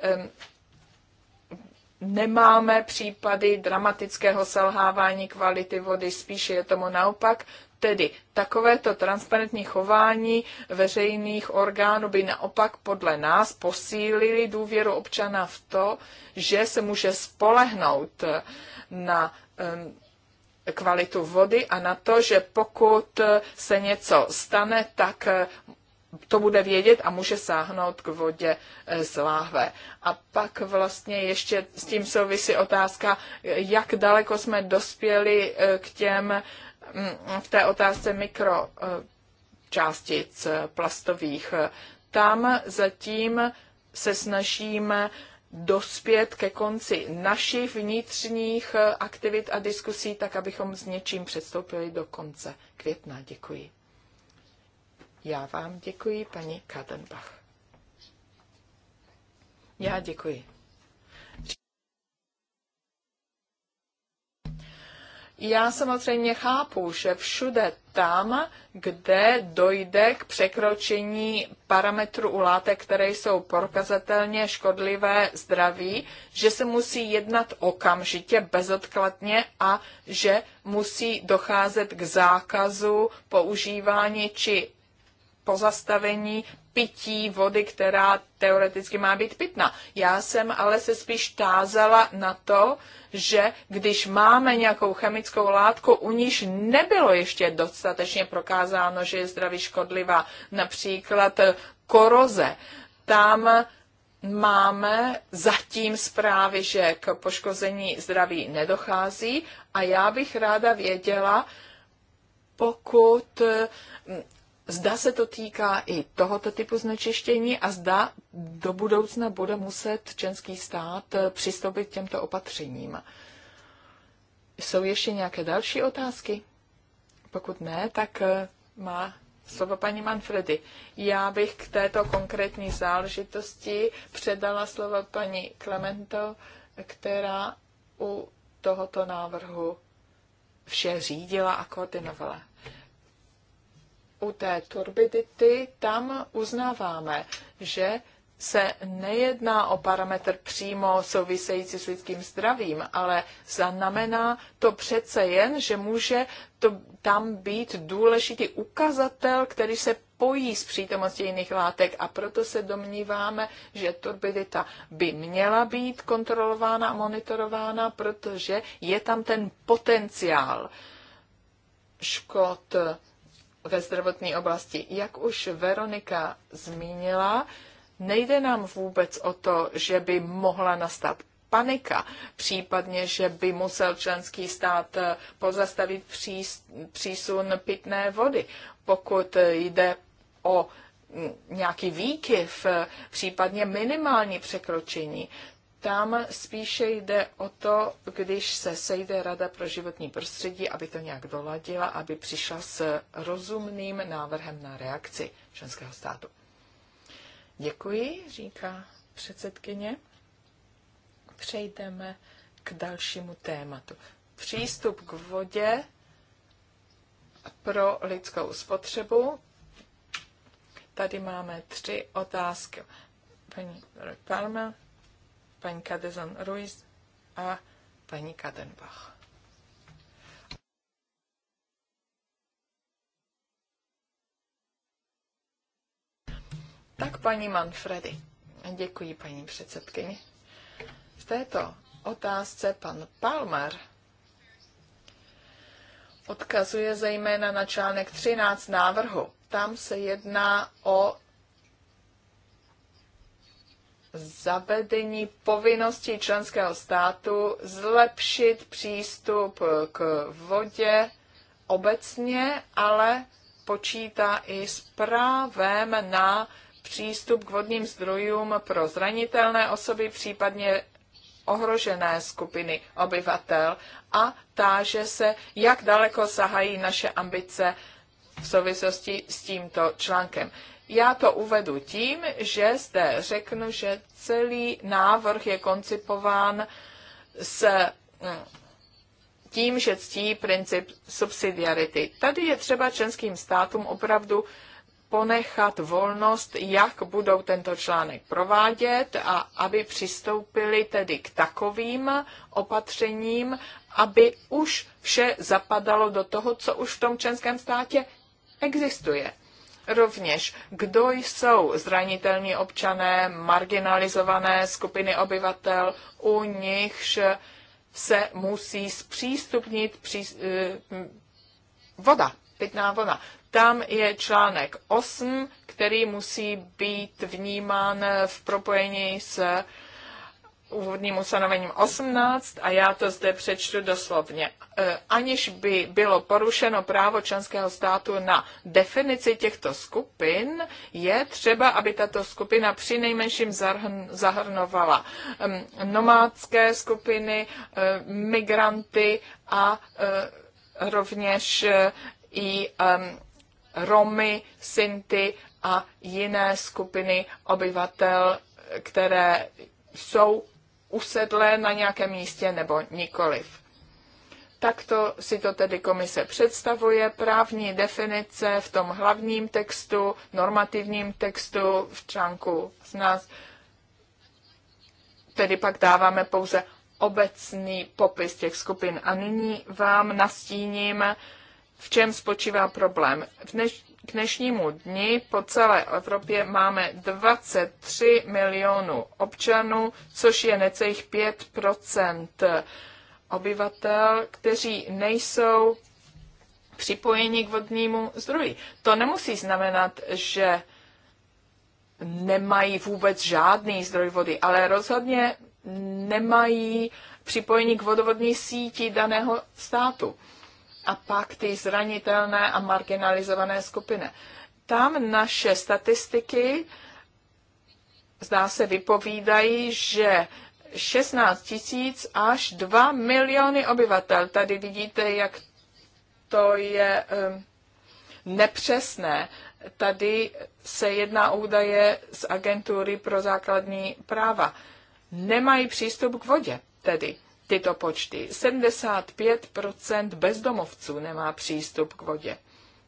nemáme případy dramatického selhávání kvality vody, spíše je tomu naopak. Tedy takovéto transparentní chování veřejných orgánů by naopak podle nás posílili důvěru občana v to, že se může spolehnout na kvalitu vody a na to, že pokud se něco stane, tak eh, to bude vědět a může sáhnout k vodě eh, z láhve. A pak vlastně ještě s tím souvisí otázka, jak daleko jsme dospěli eh, k těm, mm, v té otázce mikročástic plastových. Tam zatím se snažíme dospět ke konci našich vnitřních eh, aktivit a diskusí, tak abychom s něčím předstoupili do konce května. Děkuji. Já vám děkuji, paní Kadenbach. Já děkuji. Já samozřejmě chápu, že všude tam, kde dojde k překročení parametru u látek, které jsou prokazatelně škodlivé zdraví, že se musí jednat okamžitě, bezodkladně a že musí docházet k zákazu používání či pozastavení pití vody, která teoreticky má být pitná. Já jsem ale se spíš tázala na to, že když máme nějakou chemickou látku, u níž nebylo ještě dostatečně prokázáno, že je zdraví škodlivá, například koroze, tam máme zatím zprávy, že k poškození zdraví nedochází a já bych ráda věděla, pokud Zda se to týká i tohoto typu znečištění a zda do budoucna bude muset český stát eh, přistoupit k těmto opatřením. Jsou ještě nějaké další otázky? Pokud ne, tak eh, má slovo paní Manfredy. Já bych k této konkrétní záležitosti předala slovo paní Clemento, která u tohoto návrhu vše řídila a koordinovala u té turbidity tam uznáváme, že se nejedná o parametr přímo související s lidským zdravím, ale znamená to přece jen, že může to tam být důležitý ukazatel, který se pojí s přítomností jiných látek a proto se domníváme, že turbidita by měla být kontrolována a monitorována, protože je tam ten potenciál škod ve zdravotní oblasti. Jak už Veronika zmínila, nejde nám vůbec o to, že by mohla nastat panika, případně, že by musel členský stát eh, pozastavit přísun pitné vody, pokud jde o mm, nějaký výkyv, eh, případně minimální překročení. Tam spíše jde o to, když se sejde Rada pro životní prostředí, aby to nějak doladila, aby přišla s rozumným návrhem na reakci členského státu. Děkuji, říká předsedkyně. Přejdeme k dalšímu tématu. Přístup k vodě pro lidskou spotřebu. Tady máme tři otázky. Paní Palmer, paní Kadezon Ruiz a paní Kadenbach. Tak paní Manfredy. Děkuji, paní předsedkyni. V této otázce pan Palmer odkazuje zejména na článek 13 návrhu. Tam se jedná o zavedení povinností členského státu zlepšit přístup k vodě obecně, ale počítá i s právem na přístup k vodním zdrojům pro zranitelné osoby, případně ohrožené skupiny obyvatel a táže se, jak daleko sahají naše ambice v souvislosti s tímto článkem. Já to uvedu tím, že zde řeknu, že celý návrh je koncipován s hm, tím, že ctí princip subsidiarity. Tady je třeba členským státům opravdu ponechat volnost, jak budou tento článek provádět a aby přistoupili tedy k takovým opatřením, aby už vše zapadalo do toho, co už v tom členském státě existuje. Rovněž, kdo jsou zranitelní občané, marginalizované skupiny obyvatel, u nichž se musí zpřístupnit pří, eh, voda, pitná voda. Tam je článek 8, který musí být vnímán v propojení s úvodním ustanovením 18 a já to zde přečtu doslovně. E, aniž by bylo porušeno právo členského státu na definici těchto skupin, je třeba, aby tato skupina při nejmenším zahrnovala nomádské skupiny, e, migranty a e, rovněž i Romy, Sinty a jiné skupiny obyvatel, které jsou usedlé na nějakém místě nebo nikoliv. Takto si to tedy komise představuje. Právní definice v tom hlavním textu, normativním textu v článku z nás. Tedy pak dáváme pouze obecný popis těch skupin. A nyní vám nastíním, v čem spočívá problém. V dneš- k dnešnímu dni po celé Evropě máme 23 milionů občanů, což je necelých 5 obyvatel, kteří nejsou připojeni k vodnímu zdroji. To nemusí znamenat, že nemají vůbec žádný zdroj vody, ale rozhodně nemají připojení k vodovodní síti daného státu a pak ty zranitelné a marginalizované skupiny. Tam naše statistiky, zdá se, vypovídají, že 16 tisíc až 2 miliony obyvatel. Tady vidíte, jak to je um, nepřesné. Tady se jedná údaje z agentury pro základní práva. Nemají přístup k vodě, tedy tyto počty. 75% bezdomovců nemá přístup k vodě.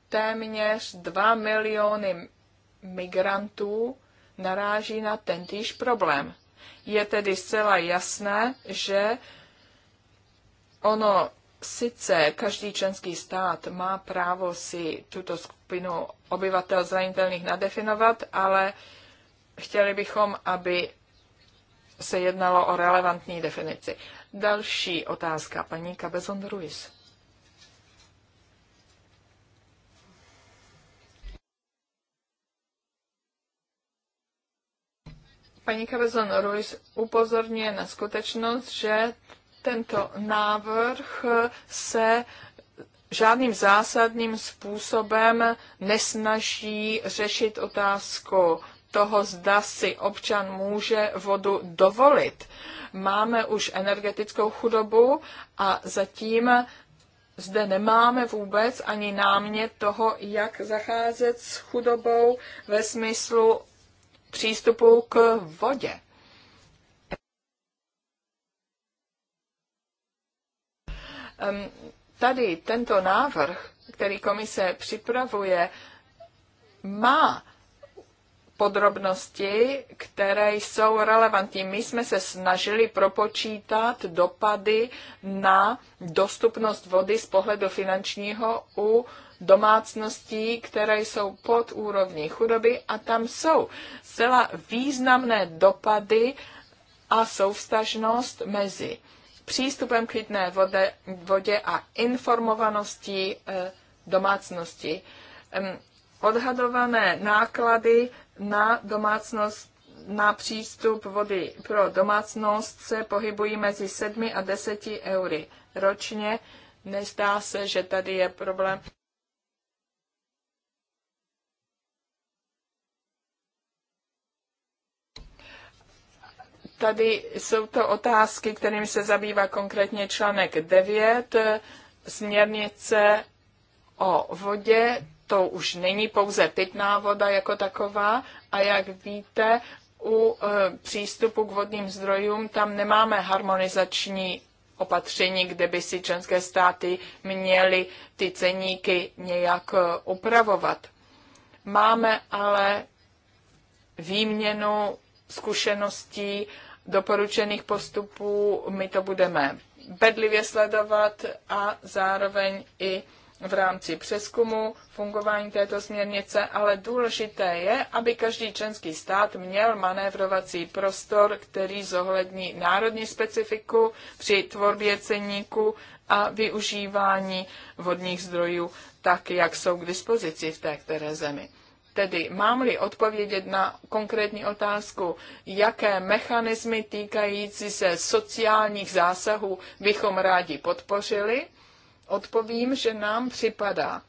Téměř 2 miliony migrantů naráží na tentýž problém. Je tedy zcela jasné, že ono sice každý členský stát má právo si tuto skupinu obyvatel zranitelných nadefinovat, ale chtěli bychom, aby se jednalo o relevantní definici. Další otázka, paní Cabezon Ruiz. Paní Cabezon Ruiz upozorňuje na skutečnost, že tento návrh se žádným zásadním způsobem nesnaží řešit otázku toho, zda si občan může vodu dovolit. Máme už energetickou chudobu a zatím zde nemáme vůbec ani námět toho, jak zacházet s chudobou ve smyslu přístupu k vodě. Tady tento návrh, který komise připravuje, má podrobnosti, které jsou relevantní. My jsme se snažili propočítat dopady na dostupnost vody z pohledu finančního u domácností, které jsou pod úrovní chudoby a tam jsou zcela významné dopady a souvstažnost mezi přístupem k pitné vodě a informovaností eh, domácnosti. Odhadované náklady na domácnost na přístup vody pro domácnost se pohybují mezi 7 a 10 eury ročně. Nezdá se, že tady je problém. Tady jsou to otázky, kterými se zabývá konkrétně článek 9 směrnice o vodě to už není pouze pitná voda jako taková a jak víte, u e, přístupu k vodním zdrojům tam nemáme harmonizační opatření, kde by si členské státy měly ty ceníky nějak e, upravovat. Máme ale výměnu zkušeností, doporučených postupů, my to budeme bedlivě sledovat a zároveň i v rámci přeskumu fungování této směrnice, ale důležité je, aby každý členský stát měl manévrovací prostor, který zohlední národní specifiku při tvorbě ceníku a využívání vodních zdrojů tak, jak jsou k dispozici v té které zemi. Tedy mám-li odpovědět na konkrétní otázku, jaké mechanismy týkající se sociálních zásahů bychom rádi podpořili, odpovím, že nám připadá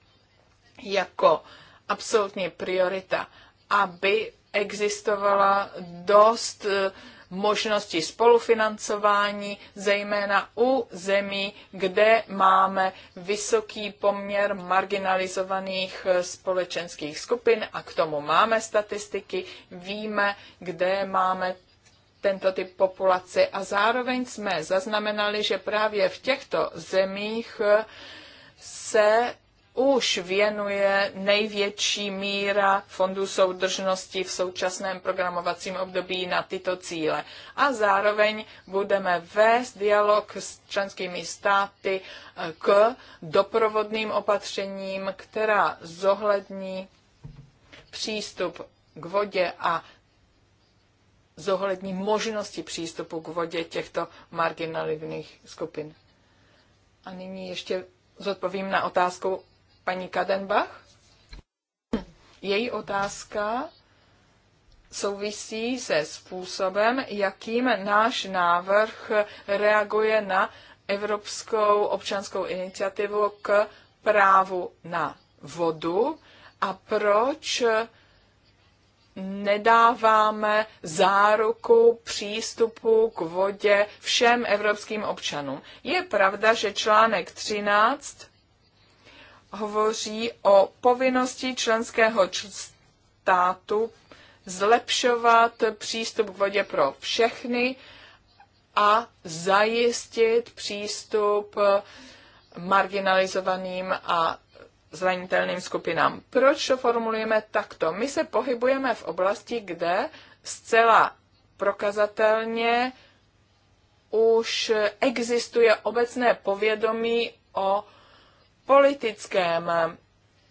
jako absolutně priorita, aby existovala dost eh, možností spolufinancování, zejména u zemí, kde máme vysoký poměr marginalizovaných eh, společenských skupin a k tomu máme statistiky, víme, kde máme tento typ populace a zároveň jsme zaznamenali, že právě v těchto zemích se už věnuje největší míra fondů soudržnosti v současném programovacím období na tyto cíle. A zároveň budeme vést dialog s členskými státy eh, k doprovodným opatřením, která zohlední přístup k vodě a zohlední možnosti přístupu k vodě těchto marginalizovaných skupin. A nyní ještě zodpovím na otázku paní Kadenbach. Její otázka souvisí se způsobem, jakým náš návrh reaguje na Evropskou občanskou iniciativu k právu na vodu a proč nedáváme záruku přístupu k vodě všem evropským občanům. Je pravda, že článek 13 hovoří o povinnosti členského státu zlepšovat přístup k vodě pro všechny a zajistit přístup marginalizovaným a zranitelným skupinám. Proč to formulujeme takto? My se pohybujeme v oblasti, kde zcela prokazatelně už existuje obecné povědomí o politickém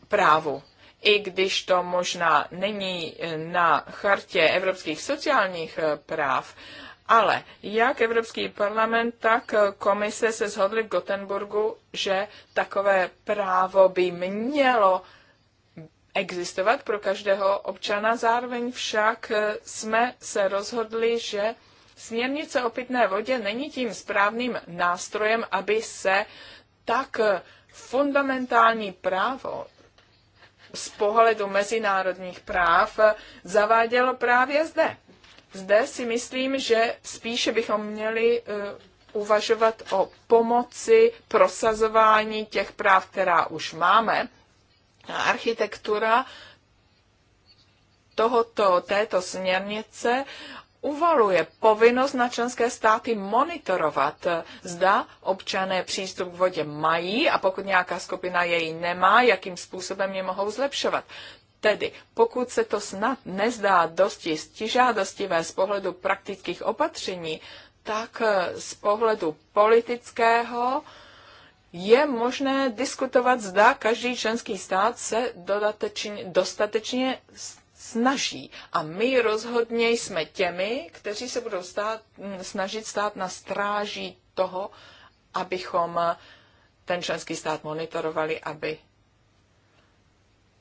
právu. I když to možná není na chartě evropských sociálních práv, ale jak Evropský parlament, tak komise se shodly v Gotenburgu, že takové právo by mělo existovat pro každého občana. Zároveň však jsme se rozhodli, že směrnice o pitné vodě není tím správným nástrojem, aby se tak fundamentální právo z pohledu mezinárodních práv zavádělo právě zde. Zde si myslím, že spíše bychom měli eh, uvažovat o pomoci prosazování těch práv, která už máme. Architektura tohoto, této směrnice uvaluje povinnost na členské státy monitorovat, eh, zda občané přístup k vodě mají a pokud nějaká skupina jej nemá, jakým způsobem je mohou zlepšovat. Tedy pokud se to snad nezdá dosti stižádostivé z pohledu praktických opatření, tak eh, z pohledu politického je možné diskutovat, zda každý členský stát se dodatečně, dostatečně snaží. A my rozhodně jsme těmi, kteří se budou stát, hm, snažit stát na stráží toho, abychom eh, ten členský stát monitorovali, aby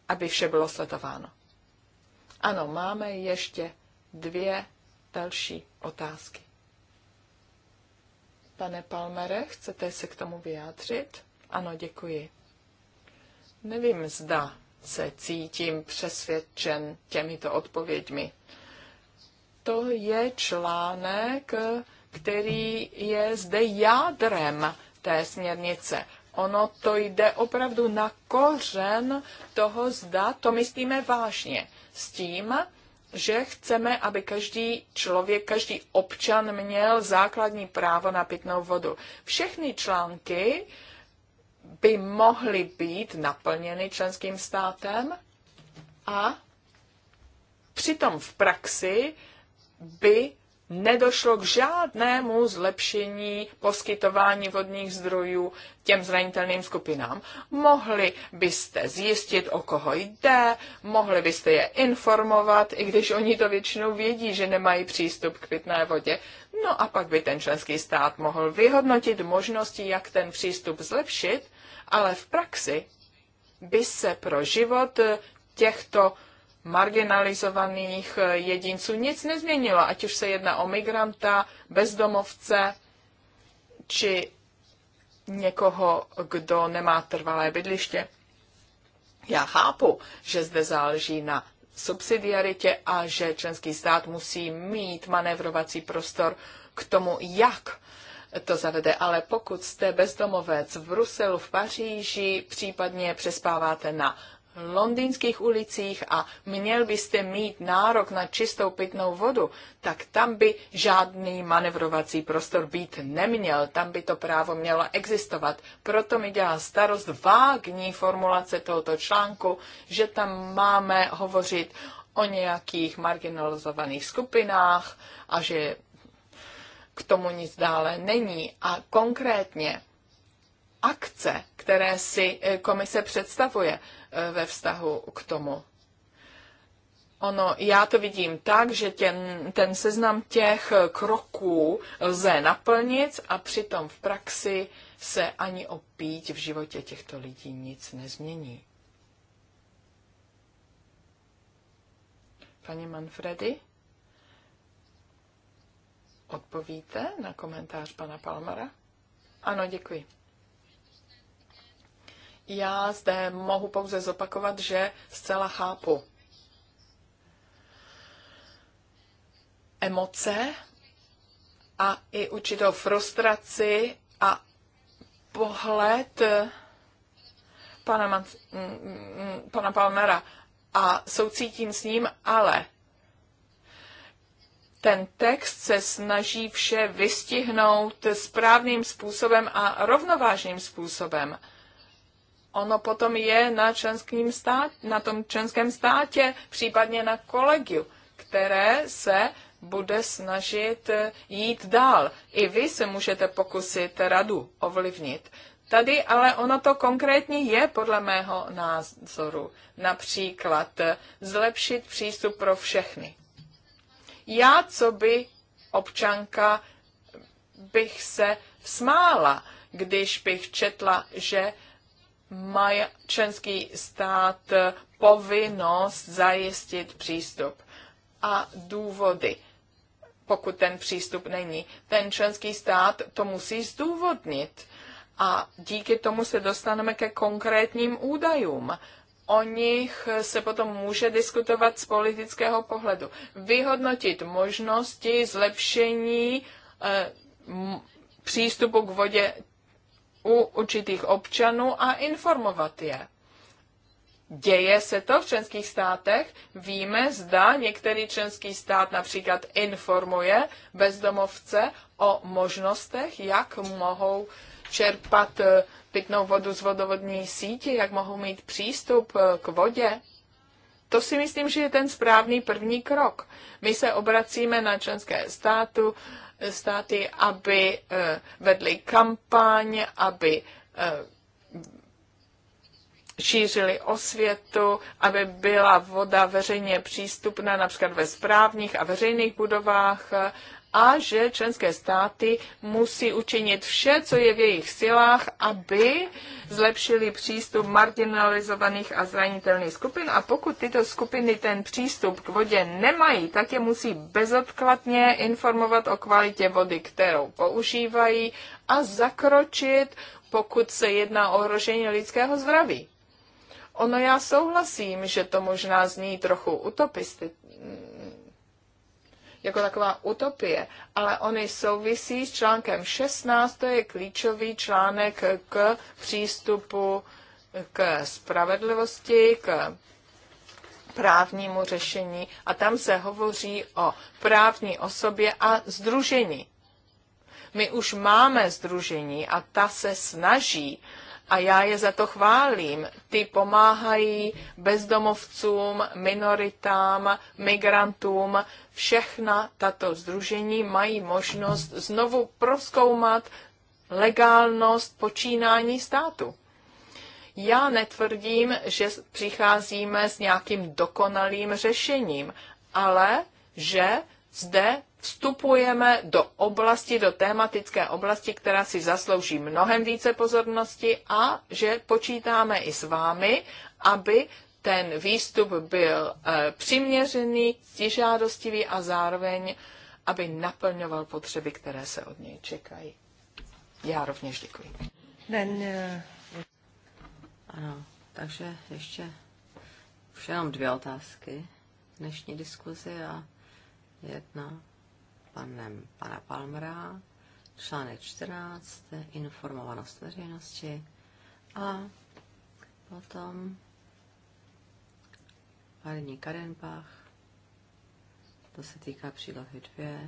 aby vše bylo sledováno. Ano, máme ještě dvě další otázky. Pane Palmere, chcete se k tomu vyjádřit? Ano, děkuji. Nevím, zda se cítím přesvědčen těmito odpověďmi. To je článek, který je zde jádrem té směrnice. Ono to jde opravdu na kořen toho, zda to myslíme vážně. S tím, že chceme, aby každý člověk, každý občan měl základní právo na pitnou vodu. Všechny články by mohly být naplněny členským státem a přitom v praxi by nedošlo k žádnému zlepšení poskytování vodních zdrojů těm zranitelným skupinám. Mohli byste zjistit, o koho jde, mohli byste je informovat, i když oni to většinou vědí, že nemají přístup k pitné vodě. No a pak by ten členský stát mohl vyhodnotit možnosti, jak ten přístup zlepšit, ale v praxi by se pro život těchto marginalizovaných eh, jedinců nic nezměnilo, ať už se jedná o migranta, bezdomovce či někoho, kdo nemá trvalé bydliště. Já chápu, že zde záleží na subsidiaritě a že členský stát musí mít manévrovací prostor k tomu, jak to zavede. Ale pokud jste bezdomovec v Bruselu, v Paříži, případně přespáváte na londýnských ulicích a měl byste mít nárok na čistou pitnou vodu, tak tam by žádný manevrovací prostor být neměl. Tam by to právo mělo existovat. Proto mi dělá starost vágní formulace tohoto článku, že tam máme hovořit o nějakých marginalizovaných skupinách a že k tomu nic dále není. A konkrétně akce, které si eh, komise představuje, ve vztahu k tomu. Ono, já to vidím tak, že ten, ten seznam těch kroků lze naplnit a přitom v praxi se ani opít v životě těchto lidí nic nezmění. Paní Manfredy, odpovíte na komentář pana Palmara? Ano, děkuji. Já zde mohu pouze zopakovat, že zcela chápu emoce a i určitou frustraci a pohled pana, Man- mm, mm, pana Palmera a soucítím s ním, ale ten text se snaží vše vystihnout správným způsobem a rovnovážným způsobem ono potom je na, členským stát, na tom členském státě, případně na kolegiu, které se bude snažit eh, jít dál. I vy se můžete pokusit radu ovlivnit. Tady ale ono to konkrétně je podle mého názoru. Například eh, zlepšit přístup pro všechny. Já, co by občanka, bych se smála, když bych četla, že mají členský stát eh, povinnost zajistit přístup a důvody, pokud ten přístup není. Ten členský stát to musí zdůvodnit a díky tomu se dostaneme ke konkrétním údajům. O nich se potom může diskutovat z politického pohledu. Vyhodnotit možnosti zlepšení e, přístupu k vodě u určitých občanů a informovat je. Děje se to v členských státech? Víme, zda některý členský stát například informuje bezdomovce o možnostech, jak mohou čerpat eh, pitnou vodu z vodovodní sítě, jak mohou mít přístup eh, k vodě. To si myslím, že je ten správný první krok. My se obracíme na členské státu, státy, aby eh, vedli kampaň, aby eh, šířili osvětu, aby byla voda veřejně přístupná například ve správních a veřejných budovách, a že členské státy musí učinit vše, co je v jejich silách, aby zlepšili přístup marginalizovaných a zranitelných skupin a pokud tyto skupiny ten přístup k vodě nemají, tak je musí bezodkladně informovat o kvalitě vody, kterou používají a zakročit, pokud se jedná o ohrožení lidského zdraví. Ono já souhlasím, že to možná zní trochu utopisticky, jako taková utopie, ale oni souvisí s článkem 16, to je klíčový článek k přístupu k spravedlivosti, k právnímu řešení a tam se hovoří o právní osobě a združení. My už máme združení a ta se snaží uh, a já je za to chválím. Ty pomáhají bezdomovcům, minoritám, migrantům. Všechna tato združení mají možnost znovu proskoumat legálnost počínání státu. Já netvrdím, že přicházíme s nějakým dokonalým řešením, ale že zde vstupujeme do oblasti, do tématické oblasti, která si zaslouží mnohem více pozornosti a že počítáme i s vámi, aby ten výstup byl eh, přiměřený, stižádostivý a zároveň, aby naplňoval potřeby, které se od něj čekají. Já rovněž děkuji. Den, eh, ano, takže ještě už jenom dvě otázky dnešní diskuzi a jedna panem, pana Palmera, článek 14, informovanost veřejnosti a potom paní Karenbach, to se týká přílohy 2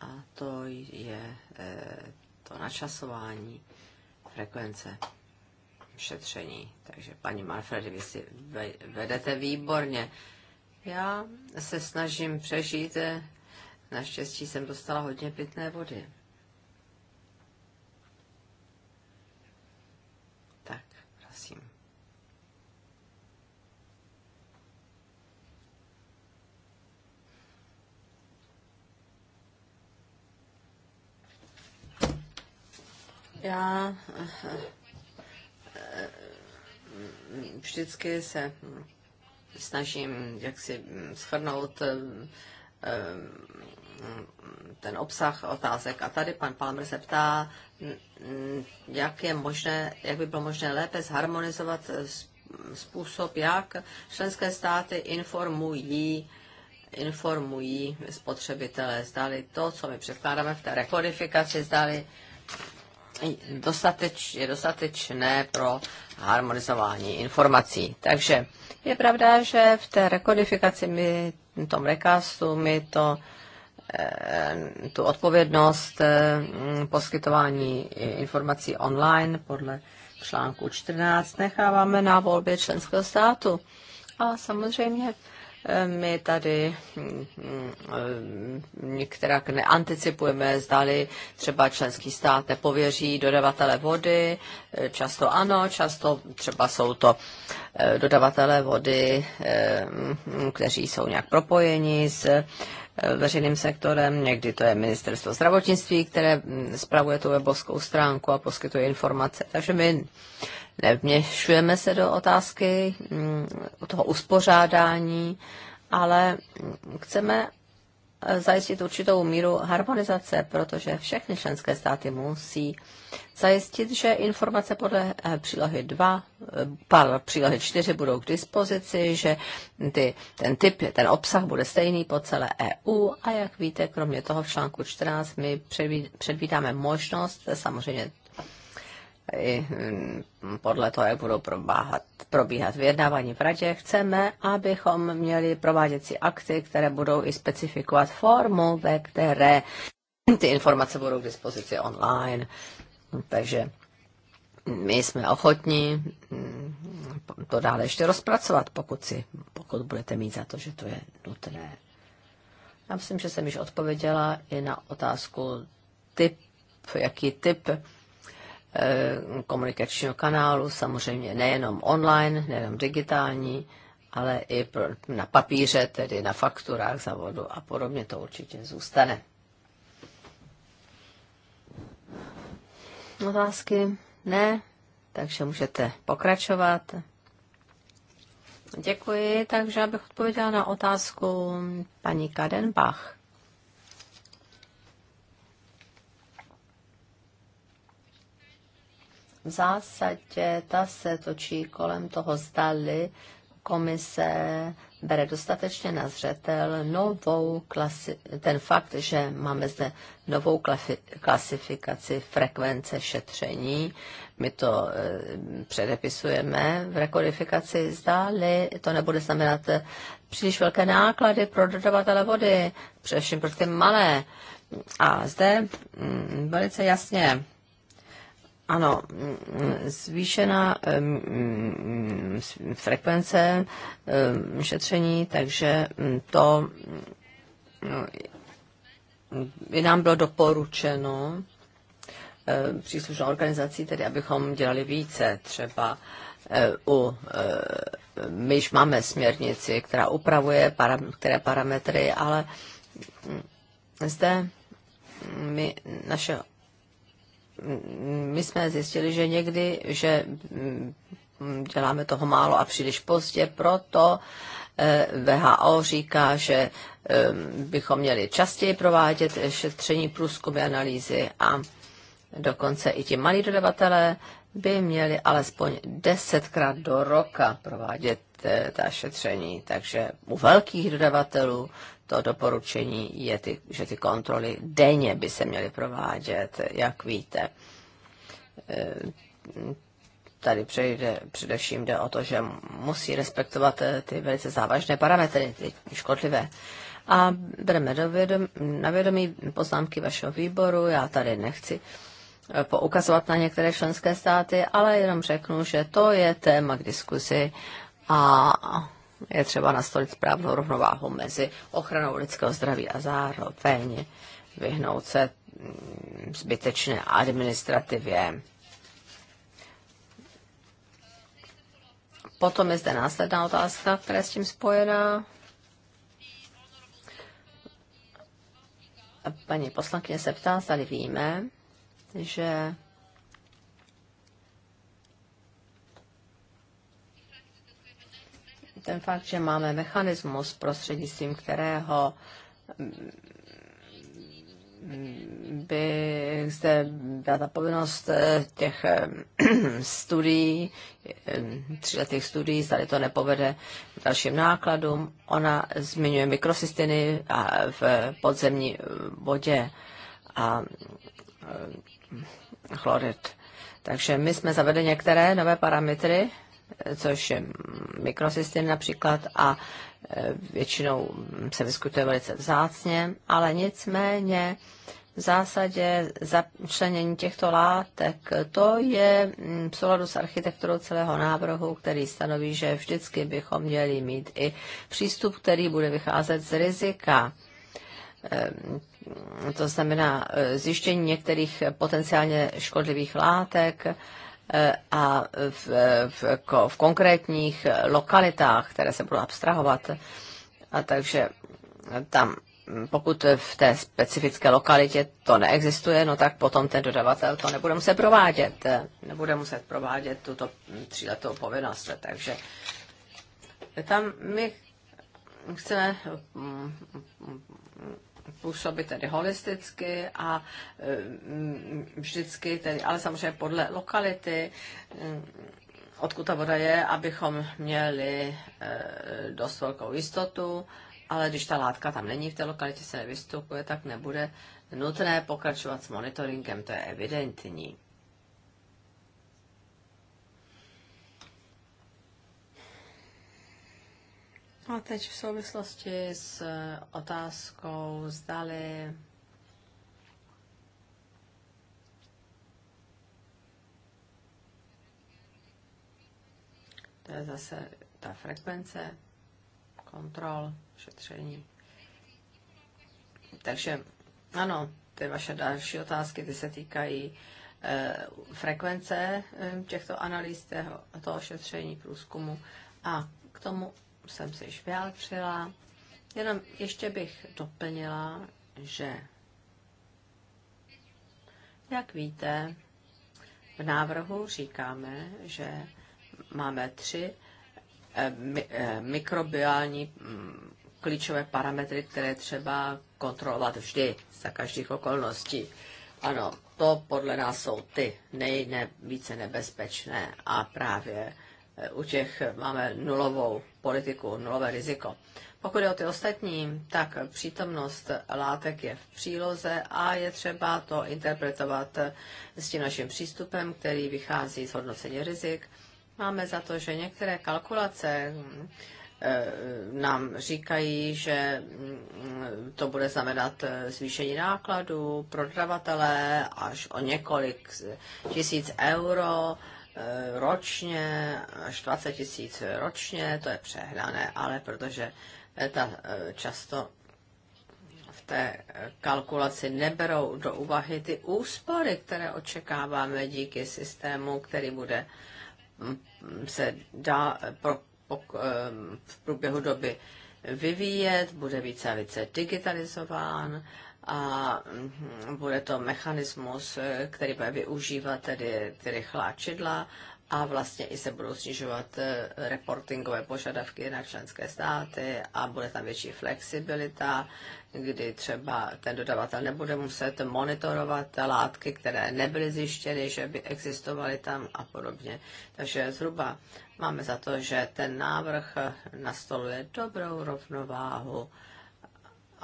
a to je e, to načasování frekvence šetření. Takže paní Manfredy, vy si vedete výborně. Já se snažím přežít eh, Naštěstí jsem dostala hodně pitné vody. Tak, prosím. Já eh, eh, vždycky se snažím jak si Eh, ten obsah otázek. A tady pan Palmer se ptá, jak, je možné, jak by bylo možné lépe zharmonizovat eh, způsob, jak členské státy informují informují spotřebitele, zdali to, co my překládáme v té rekodifikaci, zdali dostateč, je dostatečné pro harmonizování informací. Takže je pravda, že v té rekodifikaci my tom rekastu, my to eh, tu odpovědnost eh, poskytování informací online podle článku 14 necháváme na volbě členského státu. A samozřejmě my tady mm, mm, některá neanticipujeme, zdali třeba členský stát nepověří dodavatele vody, často ano, často třeba jsou to eh, dodavatele vody, eh, mm, kteří jsou nějak propojeni s veřejným sektorem, někdy to je ministerstvo zdravotnictví, které mm, spravuje tu webovskou stránku a poskytuje informace. Takže my nevměšujeme se do otázky mm, toho uspořádání, ale chceme, zajistit určitou míru harmonizace, protože všechny členské státy musí zajistit, že informace podle eh, přílohy 2, eh, pár přílohy 4 budou k dispozici, že ty, ten typ, ten obsah bude stejný po celé EU a jak víte, kromě toho v článku 14 my předvídáme možnost, samozřejmě i hm, podle toho, jak budou probáhat, probíhat vyjednávání v radě, chceme, abychom měli prováděcí akty, které budou i specifikovat formu, ve které ty informace budou k dispozici online. Takže my jsme ochotní hm, to dále ještě rozpracovat, pokud, si, pokud budete mít za to, že to je nutné. Já myslím, že jsem již odpověděla i na otázku typ, jaký typ Eh, komunikačního kanálu, samozřejmě nejenom online, nejenom digitální, ale i na papíře, tedy na fakturách za vodu a podobně to určitě zůstane. Otázky? Ne? Takže můžete pokračovat. Děkuji, takže abych odpověděla na otázku paní Kadenbach. v zásadě ta se točí kolem toho, zdali komise bere dostatečně na zřetel novou klasi- ten fakt, že máme zde novou klasifikaci frekvence šetření. My to e, předepisujeme v rekodifikaci zdáli. To nebude znamenat eh, příliš velké náklady pro dodavatele vody, především pro ty malé. A zde mm, velice jasně ano, mm, zvýšená mm, mm, frekvence šetření, takže to by nám bylo doporučeno eh, příslušnou organizací, tedy abychom dělali více třeba eh, u, eh, my již máme směrnici, která upravuje param, které parametry, ale zde my, naše my jsme zjistili, že někdy, že mm, děláme toho málo a příliš pozdě, proto eh, VHO říká, že eh, bychom měli častěji provádět šetření, průzkumy, analýzy a dokonce i ti malí dodavatelé by měli alespoň desetkrát do roka provádět eh, ta šetření. Takže u velkých dodavatelů to doporučení je, ty, že ty kontroly denně by se měly provádět, jak víte. Eh, tady přejde, především jde o to, že musí respektovat eh, ty velice závažné parametry, ty škodlivé. A bereme do vědom, na vědomí poznámky vašeho výboru. Já tady nechci eh, poukazovat na některé členské státy, ale jenom řeknu, že to je téma k diskuzi. a je třeba nastolit správnou rovnováhu mezi ochranou lidského zdraví a zároveň vyhnout se mm, zbytečné administrativě. Potom je zde následná otázka, která je s tím spojená. Paní poslankyně se ptá, zda víme, že ten fakt, že máme mechanismus, prostřednictvím kterého by zde byla ta povinnost eh, těch eh, *clears throat* studií, eh, tříletých studií, tady to nepovede k dalším nákladům. Ona zmiňuje mikrosysteny v podzemní vodě a chlorid. Takže my jsme zavedli některé nové parametry což je mikrosystém například a e, většinou se vyskutuje velice vzácně, ale nicméně v zásadě začlenění těchto látek, to je mm, v souladu s architekturou celého návrhu, který stanoví, že vždycky bychom měli mít i přístup, který bude vycházet z rizika. E, to znamená e, zjištění některých potenciálně škodlivých látek Eh, a v, eh, v, v konkrétních eh, lokalitách, které se budou abstrahovat. A takže tam, hm, pokud v té specifické lokalitě to neexistuje, no tak potom ten dodavatel to nebude muset provádět. Nebude muset provádět tuto hm, tříletou povinnost. Takže tam my chceme hm, působí tedy holisticky a eh, vždycky tedy, ale samozřejmě podle lokality, eh, odkud ta voda je, abychom měli eh, dost velkou jistotu, ale když ta látka tam není, v té lokalitě se nevystupuje, tak nebude nutné pokračovat s monitoringem, to je evidentní. A teď v souvislosti s eh, otázkou, zdali to je zase ta frekvence kontrol, šetření. Takže ano, ty vaše další otázky, ty se týkají eh, frekvence eh, těchto analýz, tého, toho šetření, průzkumu a k tomu jsem se již vyjádřila. Jenom ještě bych doplnila, že jak víte, v návrhu říkáme, že máme tři eh, eh, mikrobiální mm, klíčové parametry, které třeba kontrolovat vždy, za každých okolností. Ano, to podle nás jsou ty nejvíce nebezpečné a právě u těch máme nulovou politiku, nulové riziko. Pokud je o ty ostatní, tak přítomnost látek je v příloze a je třeba to interpretovat s tím naším přístupem, který vychází z hodnocení rizik. Máme za to, že některé kalkulace eh, nám říkají, že mm, to bude znamenat eh, zvýšení nákladů pro dodavatele až o několik tisíc euro Eh, ročně, až 20 tisíc ročně, to je přehnané, ale protože eh, ta eh, často v té kalkulaci neberou do úvahy ty úspory, které očekáváme díky systému, který bude mm, se dá pro, po, v průběhu doby vyvíjet, bude více a více digitalizován a mm, bude to mechanismus, eh, který bude využívat tedy ty rychlá čidla a vlastně i se budou snižovat eh, reportingové požadavky na členské státy a bude tam větší flexibilita, kdy třeba ten dodavatel nebude muset monitorovat látky, které nebyly zjištěny, že by existovaly tam a podobně. Takže zhruba máme za to, že ten návrh eh, nastoluje dobrou rovnováhu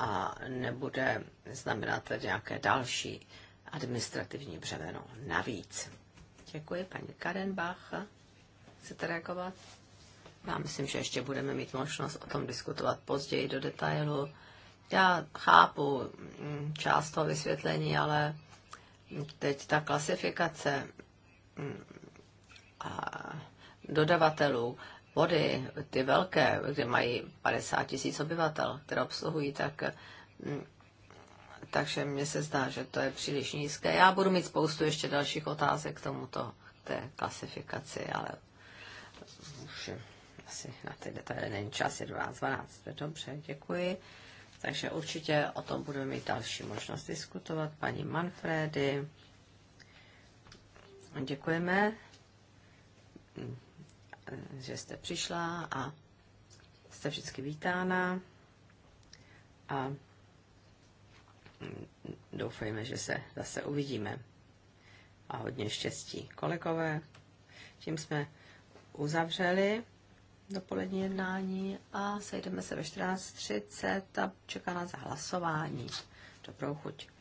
a nebude znamenat nějaké další administrativní břemeno navíc. Děkuji, paní Karenbach. Chcete reagovat? Já myslím, že ještě budeme mít možnost o tom diskutovat později do detailu. Já chápu mm, část toho vysvětlení, ale teď ta klasifikace mm, a dodavatelů vody, ty velké, kde mají 50 tisíc obyvatel, které obsluhují, tak mm, takže mně se zdá, že to je příliš nízké. Já budu mít spoustu ještě dalších otázek k tomuto, k té klasifikaci, ale už asi na ty detaily není čas, je 12.12. Dobře, děkuji. Takže určitě o tom budeme mít další možnost diskutovat. Paní Manfredy, děkujeme že jste přišla a jste vždycky vítána a doufejme, že se zase uvidíme. A hodně štěstí, kolegové. Tím jsme uzavřeli dopolední jednání a sejdeme se ve 14.30 a čeká nás hlasování. Dobrou chuť.